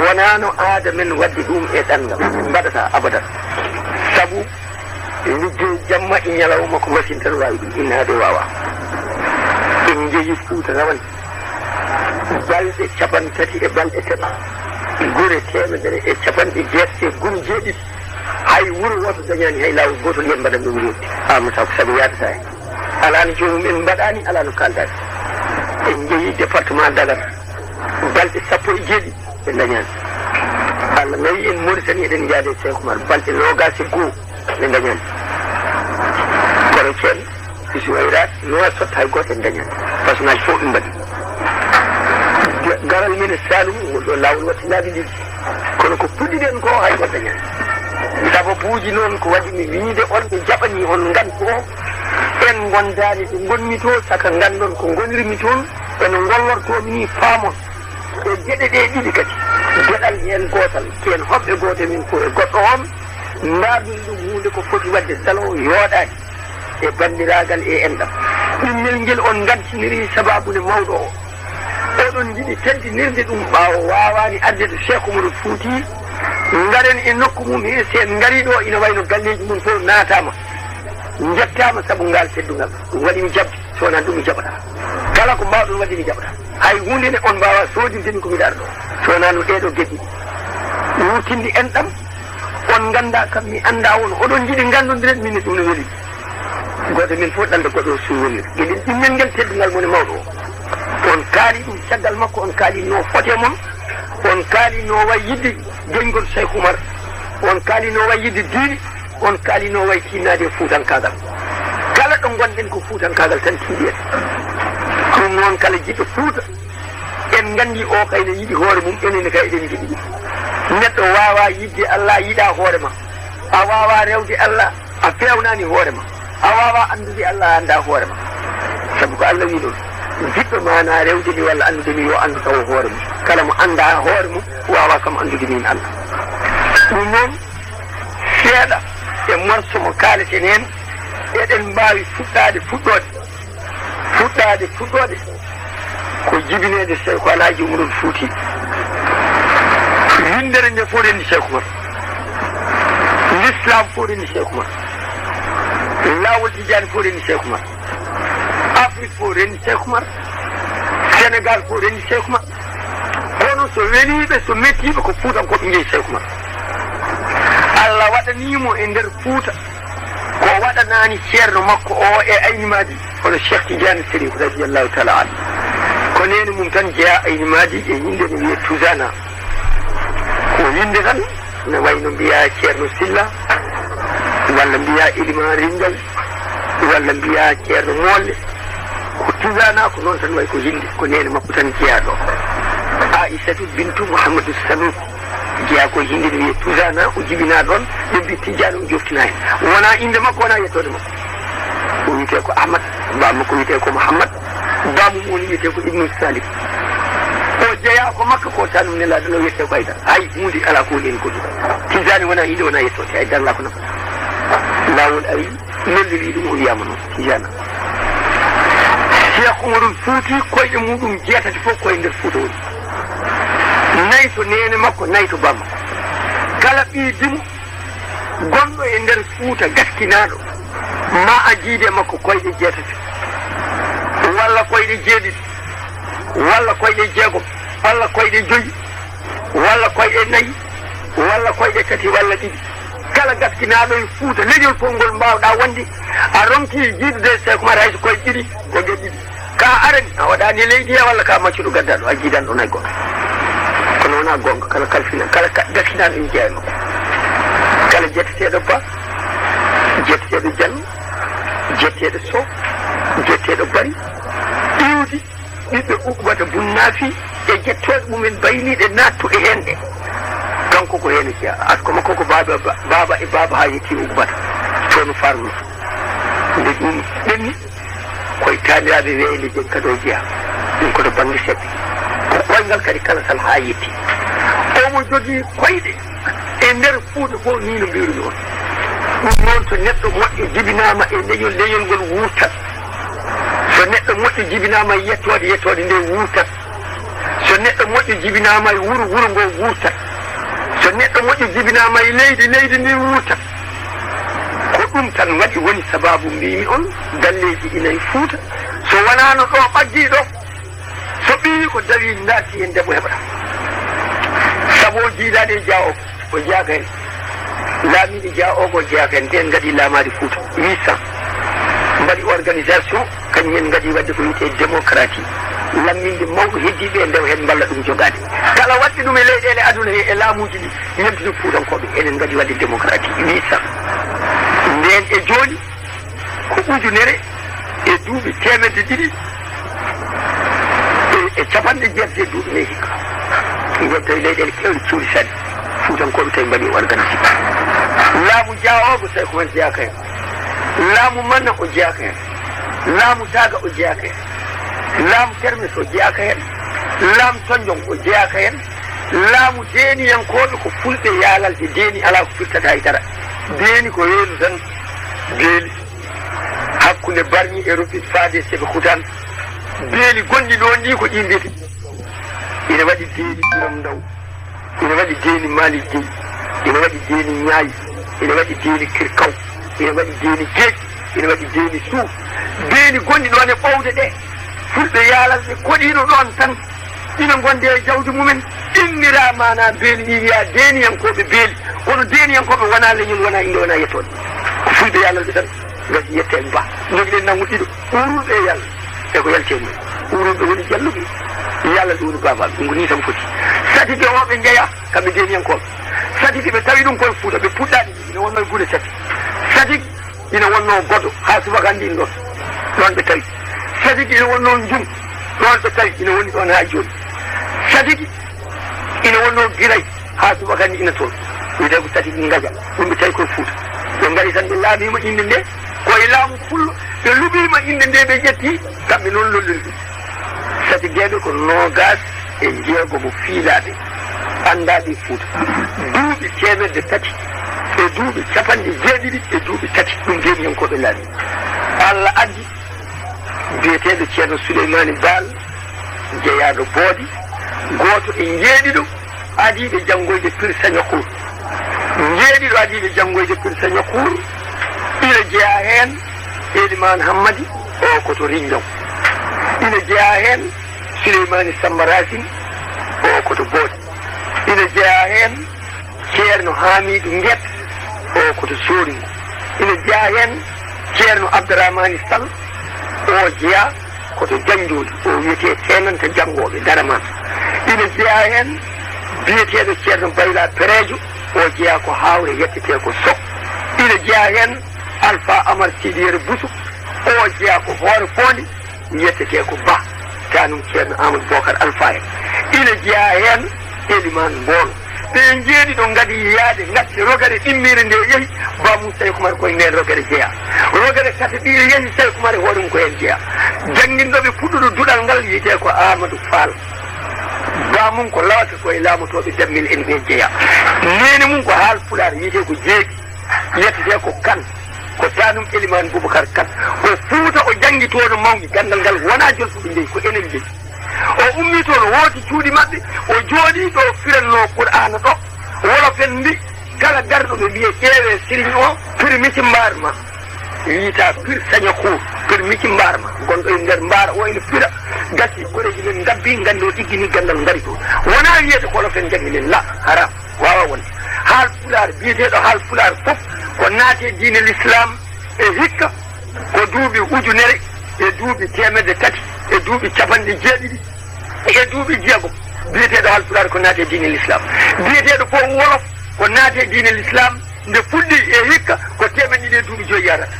wonano aada men wadde ɗum e ɗanngal mbaɗata abada sabu liggey jamma e ñalawma ko machine tan wawi ɗum innaade wawa en jeeyi fuuta rawani balɗe capan tati e balɗe tati gure temedere e capanɗe jeette gum jeeɗiɗi hay wuro woto dañani hay lawol gotol yen mbaɗa ɗum ruude amata ko sabi yadata hen ala no jomum en mbaɗani ala no kaldani en jeeyi département dagat balɗe sappo e jeeɗiɗi ɓe dañan allah nawi en mori tan eɗen jaade cheikh oumar balɗe nogasi goo ɓe dañan kono ceen isumawirat noa sotta hay gooto en dañan façonnage fof ɗum mbaɗi garal mine salum woɗo lawol watti laabi ɗiɗi kono ko puɗɗiɗen ko hay gooto e dañan sababuji noon ko waɗi mi wiide on ɓe jaɓani on ngandu o en gondani ɓe gonmi to saka ngandon ko gonrimi toon ene ngollortomi ni faamon ɗo geɗe ɗe ɗiɗi kadi gaɗal hen gotal keen hoɓɓe goote min fo e goɗɗo on mbaɗum ɗum hunde ko foti wadde salo yooɗani e bandiragal e enɗam ɗummel ngel on gantiniri sababude mawɗo o oɗon jiɗi tentinirde ɗum ɓawo wawani arde to cheikhu muɗo fuuti ngaren e nokku mum he sen ngari ɗo ina wayno galleji mum fo naatama jettama saabu ngal teddugal ɗum waɗimi jabdi sowona ɗum mi jaɓata kala ko mbawɗon waɗimi jaɓata hay hunde nde on mbawa soodindin ko mbiɗaɗo ɗo sowona no ɗeɗo geɗi wurtindi en ɗam on ganda kam mi anda won oɗon jiiɗi gandodiren minne ɗum ne woni goto min fof ɗanda goɗɗo suwonir geɗen ɗimmel ngel teddugal mone mawɗo o on kaali ɗum caggal makko on kaali no fote mon on kaali no way yidde joygol cheikh oumar on kaali no way yidde diiɗi on kaali no way tinnade futankagal kala ɗo gonɗen ko futankagal tan tiiɗi en ɗum noon kala jiɗɗo suuta en nganndi o kayne yiɗi hoore mum enene kay eɗen jiɗi ɗum neɗɗo waawa yidde allah yiɗa hoore ma a waawa rewde allah a feewnaani hoore ma a waawa anndude allah annda hoore ma sabu ko allah wii ɗon jiɗɗo maana rewde mi walla anndude mi yo anndu taw hoore mum kala mo annda hoore mum waawa kam anndude min allah ɗum noon seeɗa e morso mo kaaleten heen eɗen mbaawi fuɗɗaade fuɗɗoode fuɗɗade fuɗɗode ko jibinede ko alaji umrol fuuti windere nde fof renndi cheikh oumar l'islam fof renndi cheikh oumar lawol tidiani fof renndi cheikh oumar afrique fof renndi cheikh oumar sénégal fof renndi cheikh oumar kono so weniɓe so mettiɓe ko fuutankoɓe jeeyi cheikh oumar allah waɗanimo e nder fuuta o waɗanani ceerno makko o e aynimaji hono cheikh tidiane séri radiallahu taala an ko neni mum tan jeeya aynimaji e yinde no wiye tousana ko yinde tan ne wayno mbiya ceerno silla walla mbiya ilima ringal walla mbiya ceerno molle ko tousana ko noon tan way ko yinde ko nene makko tan jeeya ɗo aissatu bintu mouhamadou sanouk jeya koye yimɓe ɗe wiye toujana o jibina ɗon ɓe mbi tijani o joftina hen wona inde makko wona yettode makko o wiyete ko ahmad bam makko wiyete ko mouhammad bamum woni wiyete ko ibnu salim o jeeya ko makka ko tan um nela ɗon o wiyete ko ayda hay hunde ala ko wolihen goɗɗuɗa tijani wona inde wona yettode ay darla ko nafata lawol ari nelliri ɗum o wiyama noon tijana sheikh omaru fouti koyɗe muɗum jeetati fof koye nder fouta woni naytu nene mako naytu bamma kala ɓiidimo gonɗo e nder futa gaskinaɗo ma a jiide makko koyɗe jeetati walla koyɗe jeeɗiɗi walla koyɗe jeegom walla koyɗe joyi walla koyɗe nayi walla koyɗe tati walla ɗiɗi kala gaskinaɗo e fuuta leñol fol ngol mbawɗa wonde a ronki jiidude so ko mata hayso koye ɗiɗi ko ɗiɗi ka arani a waɗani leydi he walla ka maccuɗo gaddaɗo a jiidan ɗo nayi goto wona gonga kala kalfina kala gasinaɗo ene jeyano kala jetteteɗo ba jetteteɗo jallo jetteɗo so jetteɗo bari ɗiwdi ɓiɓɓe uɓata bunnaafi e jettoɗo ɗumen bayniɗe nattuɗe hen ɗe kanko ko hene jeeya asko makko ko baba baba e baba ha yetti ubbata tono farno nde ni ɗenni koye taaniraɓe weyle jen kadi o jeeya ko koto bangi seɓɓe koygal kadi kala sal ha yetti omo jogii koyɗe e nder fuuɗe fof ni no mbiru noon ɗum noon to neɗɗo moƴƴo jibinama e leyol leyol ngol wurtat so neɗɗo moƴƴo jibinama e yettoode yettoode nde wurtat so neɗɗo moƴƴo jibinama e wuro wuro ngo wurtat so neɗɗo moƴƴo jibinama e leydi leydi ndi wurtat ko ɗum tan waɗi woni sababu mbimi on galleji inayi e fuuta so wonano ɗo ɓaggiɗo to ɓiri ko dawi naati hen debbo heɓata sabu jiilaade jea o o jeyaka hen laamiɗe jea o ko jeyaka hen nden ngaɗi laamaade fouta huit cent mbaɗi organisation kañum hen ngaɗi wadde ko wiyete démocratie lamminde mawɓe heddiɓe e ndew hen mballa ɗum jogaade kala waɗɗe ɗum e leyɗele aduna he e laamuji ɗi ñamtude fuutankoɓe enen ngaɗi wadde démocratie huit cent nden e jooni ko ujunere e duuɓe temedde ɗiɗi e capanɗe jeetati e duuɓi mexique ɗum woni tawi leyɗele kewɗe cuuri saɗi ko men jeyaka hen laamu manna termis ko ala ko firtata haydara deni ko yelu tan deeli hakkunde barni e rufi faade seɓe kutan. beeli gonɗi ɗo ndi ko ƴindete ene waɗi deeni ɓiram ndaw ene waɗi deeni maali dey ene waɗi deeni ñaay ene waɗi deeni kirkaw ene waɗi deeni geeƴ ene waɗi deeni suuf beeni gonɗi ɗoon e ɓowde ɗe fulɓe yaalanɓe koɗino ɗoon tan ina gonde e jawdi mumen innira mana beeli ɗi wiya deeniyankoɓe beeli kono deeniyankoɓe wona leñol wona inde wona yettoɗe ko fulɓe yaalanɓe tan gadi yettee ba jogɗen nangu ɗiɗo ɓurulɓe yaalla 这个要证明，我们单位证明，你来了我们不管，我们你怎么处理？沙特的货物应该呀，咱们今天就扣。沙特的被塞维隆扣了，富达被富达，你又不能够接受。沙特，你又不能够搞到，哈苏瓦甘迪弄，弄不成。沙特，你又不能够进，弄不成。你又不能够拿钱，沙特，你又不能够进来，哈苏瓦甘迪弄不成。你再把沙特的弄过来，我们才能够富。从那里上不来，你们你们呢？koye laamu fullo ɓe luɓima inde nde ɓe ƴetti kamɓe noon lollinɗum sati gueɗe ko nogas e jeego mo fiilaɓe andaɗi e fuuta duuɓi temedde tati e duuɓi capanɗe jeeɗiɗi e duuɓi tati ɗum jeeniyankoɓe laami allah addi mbiyeteɗo ceeno souleymani baal jeeyaɗo booɗi gooto e jeeɗiɗo adiɓe janngoyde pirsañakour jeeɗiɗo adiɓe janngoyde pirsañakour ina jeya heen eelimani hammadi o koto rinjaw ina jeya heen suleymani sambarasin o koto booti ina jeya heen ceerno haamiɗu get o koto sooringo ina jeya heen ceerno abdourahmani sall o jeya koto janjooli o wiyete tenanta janngooɓe daraman ina jeya heen biyeteɗo ceerno bayla pérejo o jeya ko hawre yettete ko sok ina jeya heen alpha amar siɗiyere busu o jeeya ko hoore fooni yettete ko ba tanum ceerno amadou bocar alpha en ina jeeya heen eliman mboono ɓe jeeɗi ɗo ngadi yaade ngatde rogare ɗimmiri nde yehi bamum tawi kumare koye nden rogare jeeya rogare kate ɗiri yehi tawi kumare hoore mum ko heen jeeya jangginɗoɓe puɗɗuɗo duɗal ngal yiyete ko amadou fall bamum ko lawata koye laamotoɓe dammil en ɓe jeeya neni mum ko haal pulaar yiyete ko jeegi yettete ko kane ko danum elimane boubacar kat ko fuuta o janngi toono mawgi ganndal ngal wonaa jolfuɓe ndey ko enen ndey o ummi toon wooti cuuɗi maɓɓe o jooɗii ɗo firannoo qur'ana ɗo wolofen ndi kala garɗo ɗo wiye ƴeewee sirigne o pir miti mbaar ma wiitaa pir saña kuur pir miti mbaar ma gonɗo e ndeer mbaara o ene fira gasi koreji men ndabbi ngannde o ɗigginii ganndal ngari toon wonaa wiyeede kolofen jangi nen la haram waawa wonde haal fulaar biyeteeɗo haal fulaar fof ko naati e diine l'islam e hikka ko duuɓi ujunere e duuɓi temedde tati e duuɓi capanɗe jeeɗiɗi e duuɓi jeego biyeteeɗo haal fulaar ko naati e diine l'islam biyeteeɗo fof wolof ko naati e diine l'islam nde fuɗɗi e hikka ko temedɗiɗi e duuɓi joyi yarata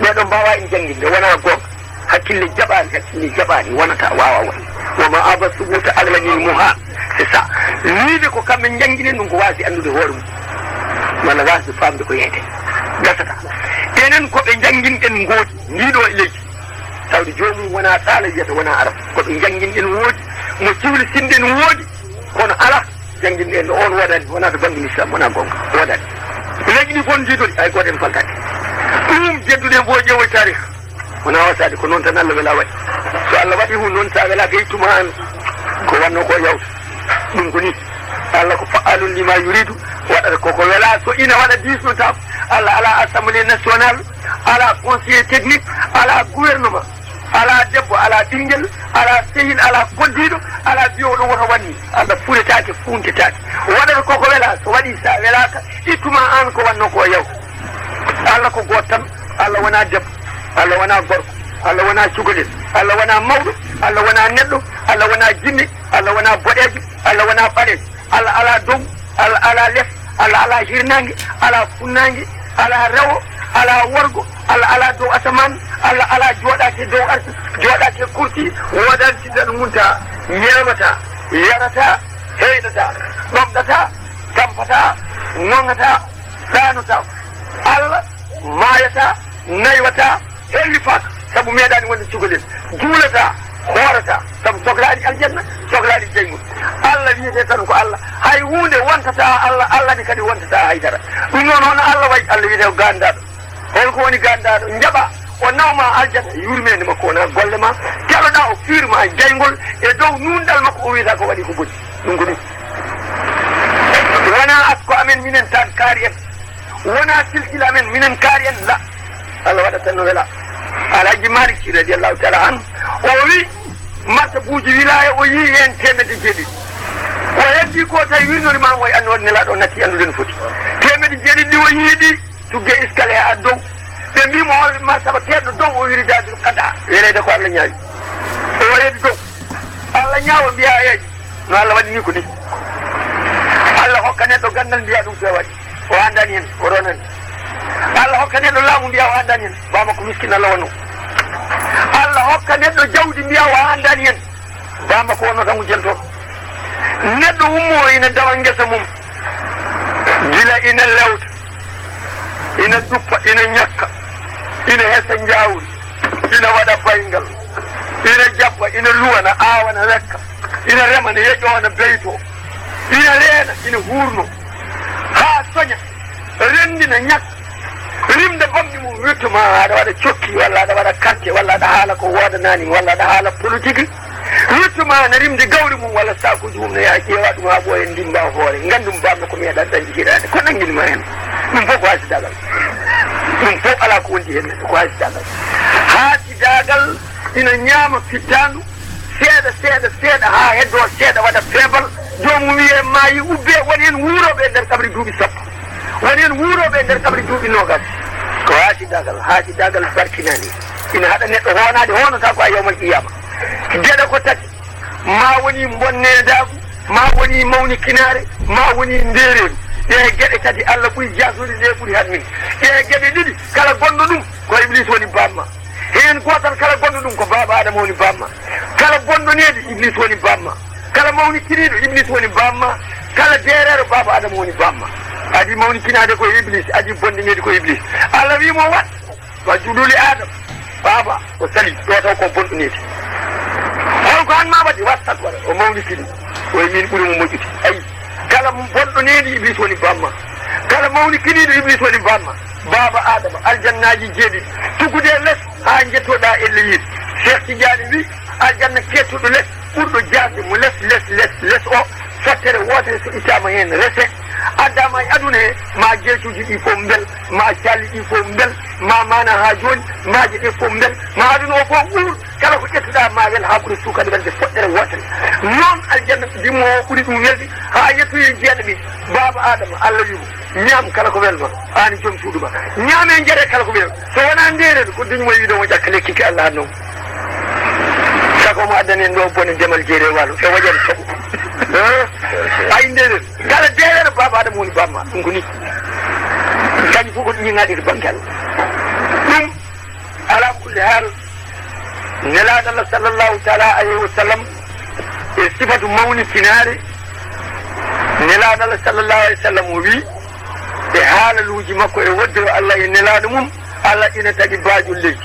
ɓeeɗo mbawa en jangginde wona goonga hakille jaɓani hakkille jaɓani wonata wawa won woma aba subuta almanil muha c'est ça wiide ko kamɓe jangguini ɗum ko wasdi andude hoore mum walla wasdi famde ko yeyde gasata enen koɓe jangguinɗen gooti ndiɗo e leydi tawde jomum wona taala wiyata wona arab koɓe jangguinɗen woodi mo civlisinɗen woodi kono ala jangguinɗen on waɗani wona to banggue l'islam wona gonga waɗani leydi ndi fon jiidori hay goto en faltaki ɗum jeddude mbo ƴeewoy tarih wona o ko noon tan allah wela waɗi so allah waɗi hun noon sa welaka yittuma an ko wanno ko yawta ɗum ko ni allah ko fa'alun lima yuridu waɗata koko wela so ina waɗa disno disnotaf allah ala assemblé national ala conseiller technique ala gouvernement ala debbo ala ɓinguel ala sehil ala koddiɗo ala biyo ɗo woto wanni allah fuɗetake funtetake waɗata koko wela so waɗi sa welaka ittuma an ko wanno ko yaw allah ko goot tan allah wona debbo allah wona gorko allah wona cukalel allah wona mawɗo allah wona neɗɗo allah wona jinne allah wona boɗejo allah wona ɓalejo allah ala dow allah ala less allah ala hirnangue ala funnague ala rewo ala worgo allah ala dow asaman allah ala jooɗake dow arsa jooɗake kurti wodanti tan munta ñamata yarata heyɗata ɗomɗata tampata ŋoŋata ɗanota allah mayata naywata helli pak sabu meeɗani wonde cukalel duulata hoorata sabu sohlaaɗi aljanna sohlaaɗi jayngol allah wiyete tan ko allah hay huunde wontata allah allah ni kadi wontata haydara ɗum noon hono allah wayi allah wiyete ko gandaɗo holko woni gandaɗo jaɓa o nawma aljanna yurmede makko wona golle ma keɗoɗa o firma e jayngol e dow nunɗal makko o wiyeta ko waɗi ko boni ɗum koni wona asko amen minen tan kaari en wona silkila amen minen kaari en la allah waɗata no wela alhaji maliki radiallahu taala an o wi masabuji wilaya o yii hen temedde jeeɗiɗi o heddi ko tawi wirnori ma woy annowaɗi nelaɗo natti andude no foti temedde jeeɗiɗi ɗi o yiiɗi tugge iskale ha dow ɓe mbimo ma saba teɗɗo dow o wiridade kada welede ko allah ñaawi o waɗede dow allah ñaawa mbiya eeƴi no allah waɗi ni ko ni allah hokka neɗɗo gandal mbiya ɗum so o andani hen o ronani allah hokka neɗɗo laamu mbiya o anndani hen bama ko allah wonno allah hokka neɗɗo jawdi mbiya o anndani hen bama ko wonno tan ko jelto neɗɗo ummo ina dawa ngesa mum gila ina lewta ina duppa ina ñakka ina hesa njawri ina waɗa baygal ina jabba ina luwana awana wekka ina remana yeƴoona beyto ina reena ina huurno haa soña renndina ñakka rimde bamɗi mum wittoma aɗa waɗa cokki walla aɗa waɗa quartier walla aɗa haala ko wodananima walla aɗa haala politique wittuma ne rimde gawri mum walla sakuji mum ne yaha ƴeewa ɗum ha ɓooya ndimba hoore gandum bamno ko meeɗa dañde hiɗade ko ɗanginima hen ɗum fof ko hasidagal ɗum fof ala ko wondi hen ko hasidagal hasidagal ina ñaama fittandu seeɗa seeɗa seeɗa ha heddo seeɗa waɗa feebal jomum wiye maayi ubbe woni hen wuuroɓe e nder kabri duuɓi sappo wonen wuuroɓe nder kamri duuɓi nogas ko haasi dagal haasi dagal ina haɗa neɗɗo honade honota ko a yawmal qiyama geɗa ko tati ma woni bonnedagu ma woni mawni kinare ma woni ndereru ɗe geɗe tati allah ɓuuri jasude nde ɓuuri hatmin ɗe geɗe ɗiɗi kala gonɗo ɗum ko iblis woni bamma hen gotal kala gonɗo ɗum ko baba adama woni bamma kala bonɗoneɗo iblis woni bamma kala mawni kiniɗo iblise woni bamma kala derero baaba adama woni bamma adi mawnitinade ko iblis adi bondinede ko iblis allah wimo wat wa jululi adam baba o sali ɗo taw ko bonɗunede holko an ma waɗi wat tan waɗa o mawnitini oye min ɓuuri mo moƴƴude ayi kala bonɗonede iblis woni bamma kala mawni kiniɗo iblis woni bamma baba adama aljannaji jeeɗiɗi tugude less ha jettoɗa elle yiid cheikh tidiani wi aljanna kettuɗo less ɓurɗo jasde mo less less less less o fettere wootere so ittama hen rese addama e aduna he ma jeetuji ɗi fof mbel ma calli ɗi fof mbel ma mana ha joni maje ɗe fof mbel ma aduna o fof ɓuur kala ko ƴettuɗa ma wel ha ɓuuri suukade welde foɗɗere wootere noon aljanna dimmo o ɓuuri ɗum welde ha yettoye jeeɗaɓi baba adama allah yimo ñaam kala ko welma an joom suuɗuma ñaame jeere kala ko wel so wona nderen ko duñumo mo ƴakka lekkiki allah hannomo sago mo addani en ɗo bone ndemal jeere walo e waƴere soɓo Eh? ay ndeden kala deeɗeno baba adama woni bamma ɗum ko ni kañum fof koɗ ñiŋaɗe to banque allah ɗum ala kulle hal nelaɗo allah sallllahu taala alayhi wa sallam e sifatu mawni finaare nelaɗo allah sallllahu alih wa sallam o wii e haalaluuji makko e waddiro allah e nelaɗo mum allah ina tagi baajol leydi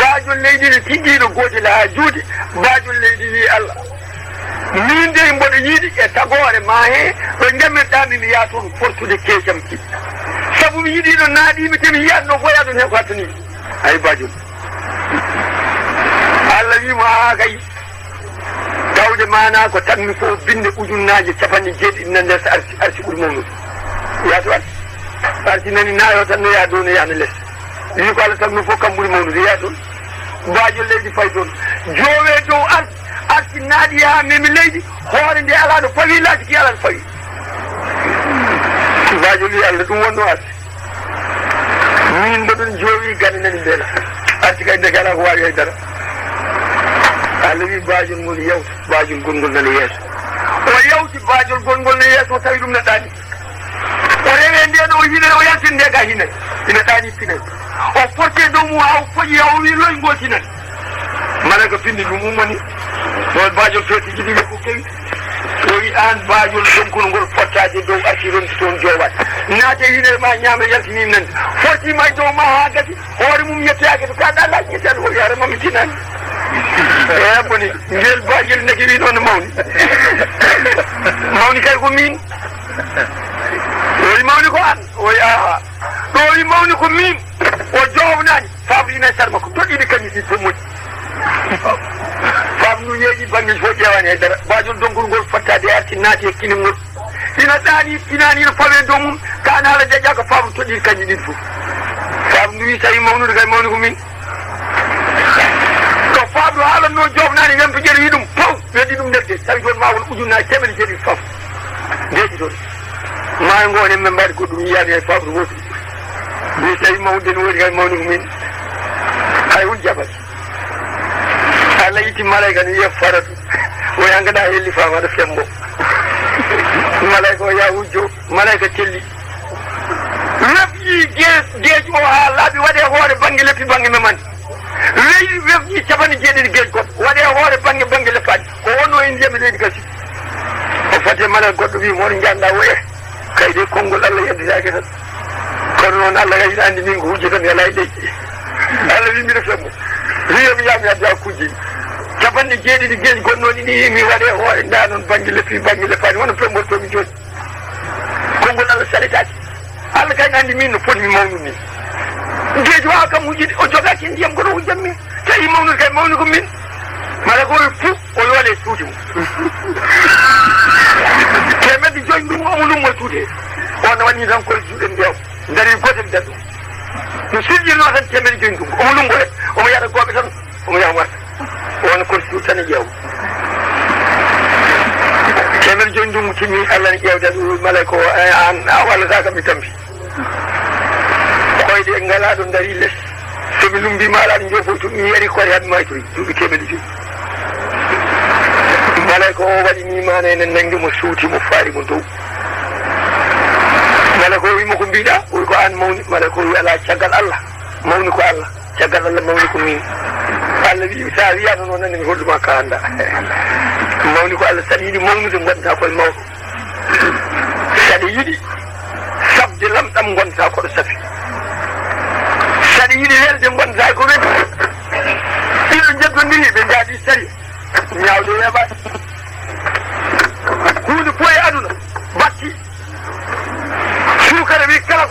baajol leydi ne tiggiino gootel haa juuɗe baajol leydi wii allah min de mboɗo yiiɗi e tagore ma he ɗo ndemetami mi yaa toon fortude keecam ki sabu mi yiɗi no naaɗimi te mi yiyatno foya ɗum hen ko hattanimi ay bajum allah wimo haa kay tawde mana ko tanmi fof binde ujunnaji capanɗe jeeɗiɗi nan nder so arsi arsi ɓuuri mawnude yaato an arsi nani naayo tan no yaa dow no yaano less wi ko allah tan no fof kam ɓuuri mawnude yaa toon baajol leydi fay toon joowe dow arsi arti naaɗi yaha memi leydi hoore nde alaa no fawi laatiki alaa no fawi tubajo wi allah ɗum wonno arti min mboɗon joowi gane nani mbeela arti kay ndeke alaa ko waawi haydara allah wi baajol ngol yewta baajol gongol nana yeeso o yawti baajol gongol no yeeso o tawi ɗum no ɗaani o rewe nden o hinani o yaltin ndega hinani ina ɗaani tinani o forte dow mum haa o foƴi haa o wi loyngol tinani mana ko pindi ɗum ummani ɗon bajol feetiji ɗiɗi ko kewi towi an baajol donkol ngol fottaade dow assurance toon joowat naate hine ma ñaama yaltini nan fotima e dow ma haa gati hoore mum yettaake to kaa ɗaala yettaade hoore yaara mami tinani eyi boni ngel baajel neke wi noon mawni mawni kay ko min oyi mawni ko an oyi aha ɗo wi mawni ko min o joownaani faablina sarma ko toɗɗiɗi kañum si to moƴƴi famnuyeji bannin fof ƴewan e dara bajol donngol ngol fottade arti naati e kiningol ina ɗaani tinanino fawe dow mum ka an haala jaƴƴa ko faamu toɗɗir kañƴi ɗin fof faamu wi tawi mawnude kay mawni ko min ko faamdu haalanno jofnani wemto ƴeɗo yi ɗum pow weddi ɗum nderde tawi toon ma won ujunnaji temeɗe jeeɗi foof ndeeƴi toon maayo ngo enen min mbaɗi goɗɗum yiyani hay faamdu wotu wi tawi mawnude no woni kay mawni ko min hay hol jaɓat Allah yitti malaika ni yeffaratu o yangada helli fa waɗa fembo malaika o ya wujjo malaika telli wefƴi geeji o ha laaɓi waɗe hoore banggue leppi banggue memani weyi wefƴi capanɗe jeeɗiɗi geeji goɗɗo waɗe hoore banggue banggue leppaji ko wonno e ndiyam e leydi gasi o fati malaika goɗɗo wi mono janɗa o e kayde konngol allah yeddetake tan kono noon allah kadi andi min ko hujje tan ala e leydi allah wi mbiɗa fembo wiyomi yaami addi hakkuji capanɗe jeeɗiɗi geeji gonnoɗi ɗi mi waɗe hoore nda noon banggue lefi banggue lefani wono mi joni konngol allah saɗetaki allah kay anndi min no fotmi mawnude ni geeji wawa kam ujude o jogaki e ndiyam goto hujjat min tawi mawnude kay mawni ko min mala ko oyo fuu o yoole suudi mum temedde joyi ndum omo lummo suude on waɗi tan koye juuɗe mbiyaw daari gotel dat ɗum no sirjirno tan temedde joyi ɗum omo lumbo de omo yaɗa gooɓe tan omo yaha warta wona korsiu tan e ƴeewa temedde joyi ndungu timmi allah ne ƴeewde ɗum malayka o an a wallata kam mi tampi koyde en ngala ɗo dari less somi lumbi maɗa ɗo jofoy tum mi yari koore hatmi maytori duuɓi temedde joyi malayka o waɗi mimana enen nanndi mo suuti mo faari mo dow mala ko wimo ko mbiɗa ɓuri ko an mawni mala ko wi ala caggal allah mawni ko allah caggal allah mawni ko min allah wi sa wiyata noon nani mi holluma ka anda mawni ko allah saɗa yiɗi mawnude gonta koye mawɗo saɗa yiɗi sabde lamɗam gonta koɗo safi saɗa yiɗi welde gonta ko weddi ɗiɗo jeddodiri ɓe jaadi sari ñawde weɓani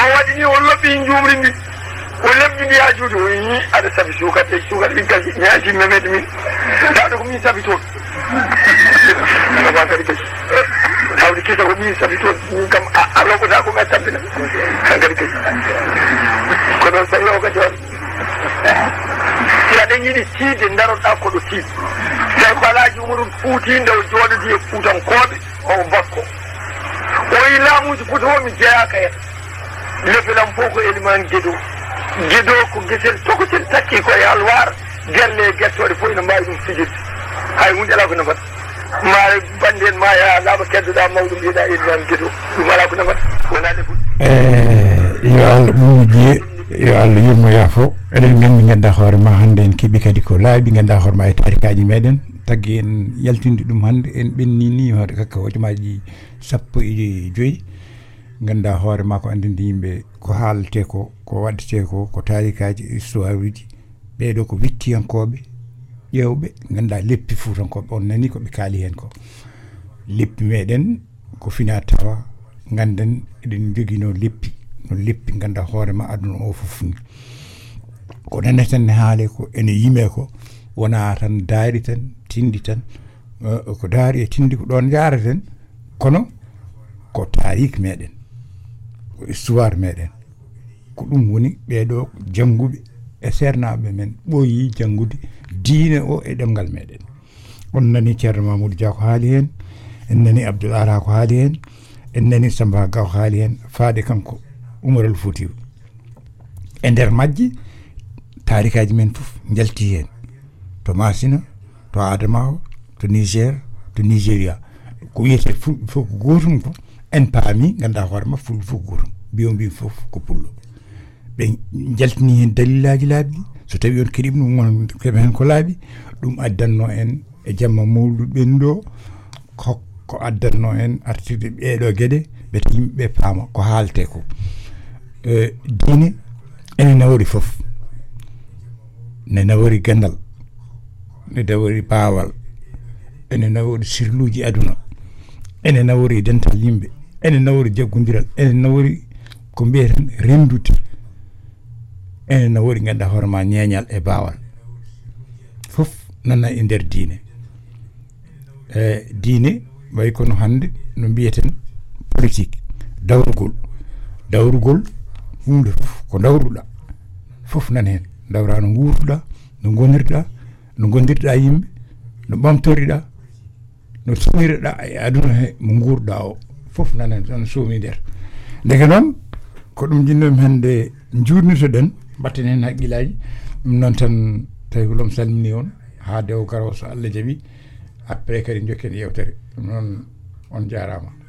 ko waɗini on lobɓi jumri ndi ko lebbi ndi ha juuti o yi aɗa sabi sukate sukate ɗin kasi ñaasi memede min dawɗo ko min sabi toon aba kadi kasi hawde kisa ko mi sabi toon min kam a loɓota ko mi a sabbina kadi kasi ko noon sawi o kadi on si aɗen yiɗi tiide daroɗa koɗo tiid tawi ko alaji umuɗum fuutinde o jooɗodi e fuutankoɓe o bakko o yi laamuji foti o mi jeeyaka en nefilam fof ko éliman gueɗo gueɗo ko guesel toko sen takki koye alwar guerle guettode fof ene mbawi ɗum fijirde hay hunde ala ko nafata ma bande en ma ya laaɓa keddoɗa mawɗo mbiyeɗa éliman gueɗo ɗum ala ko nafata wona ɗe eh, yo allah ɓuuƴe yo allah yurmoya fo eɗen gandi ganduɗa hoore ma hannde en keeɓi kadi ko laaɓi ganduɗa hoore ma e tarikaji meɗen taggi en yaltinde ɗum hannde en ɓenni ni hoore kakka hojomaji sappo e joyi ganda hoore ma ko andinde yimɓe ko haalate ko ko waddete ko ko tarikaji histoire uji ɓeɗo ko wittiyankoɓe ƴewɓe ganda leppi fuutankoɓe on nani koɓe kaali hen ko leppi meɗen ko fina tawa ganden eɗen joguino leppi no leppi ganda hoore ma aduna o fofni ko naneten haale ko ene yime ko wona tan daari tan tindi tan e, e, ko daari e tindi ko ɗon jaraten kono ko tarik meɗen histoire e meɗen ko ɗum woni ɓeeɗo jannguɓe e sernaɓe men ɓooyi janngude diine o e ɗemgal meɗen on nani ceerno mamoudou dia ko haali hen en nani abdoul ara ko haali hen en nani samba ga ko haali hen faade kanko umaral fotiw e nder majji tarikaji men fof jalti hen to masina to adamawa to niger to nigéria ko wiyete fof gotum ko en paami ganda hoorema fulɓe fof goto mbiyo mbimi fof ko pullo ɓe jaltini hen dalilaji laaɓɗi so tawi on keɗima ɗum won keɓe hen ko laaɓi ɗum addanno en e jamma mawlu ɓenndo ko addanno en artirde ɗeɗo gueɗe bete yimɓeɓe paama ko haalte ko e, diine ene nawori fof ne nawori gandal ne nawori baawal ene nawori sirluji aduna ene nawori dental yimɓe ene nawori jaggondiral ene nawori ko mbiyeten rendude ene nawori ganduɗa hoore ma ñeeñal e baawal fof nana e nder diine e diine way kono hannde no mbiyeten politique dawrugol dawrugol hunde fof ko dawruɗa fof nan hen dawra no guurduɗa no gonirɗa no gondirɗa yimɓe no ɓamtoriɗa no tinireɗa e aduna he mo guurɗa o fof nanen ɗon suumi nder ndeke noon ko ɗum jinnomi hannde jurnitoɗen mbatten heen haqqillaji ɗum noon tan tawi holom salmini on haa dewo garawo so allah jaɓi après kadi jokken yewtere ɗum noon on jaarama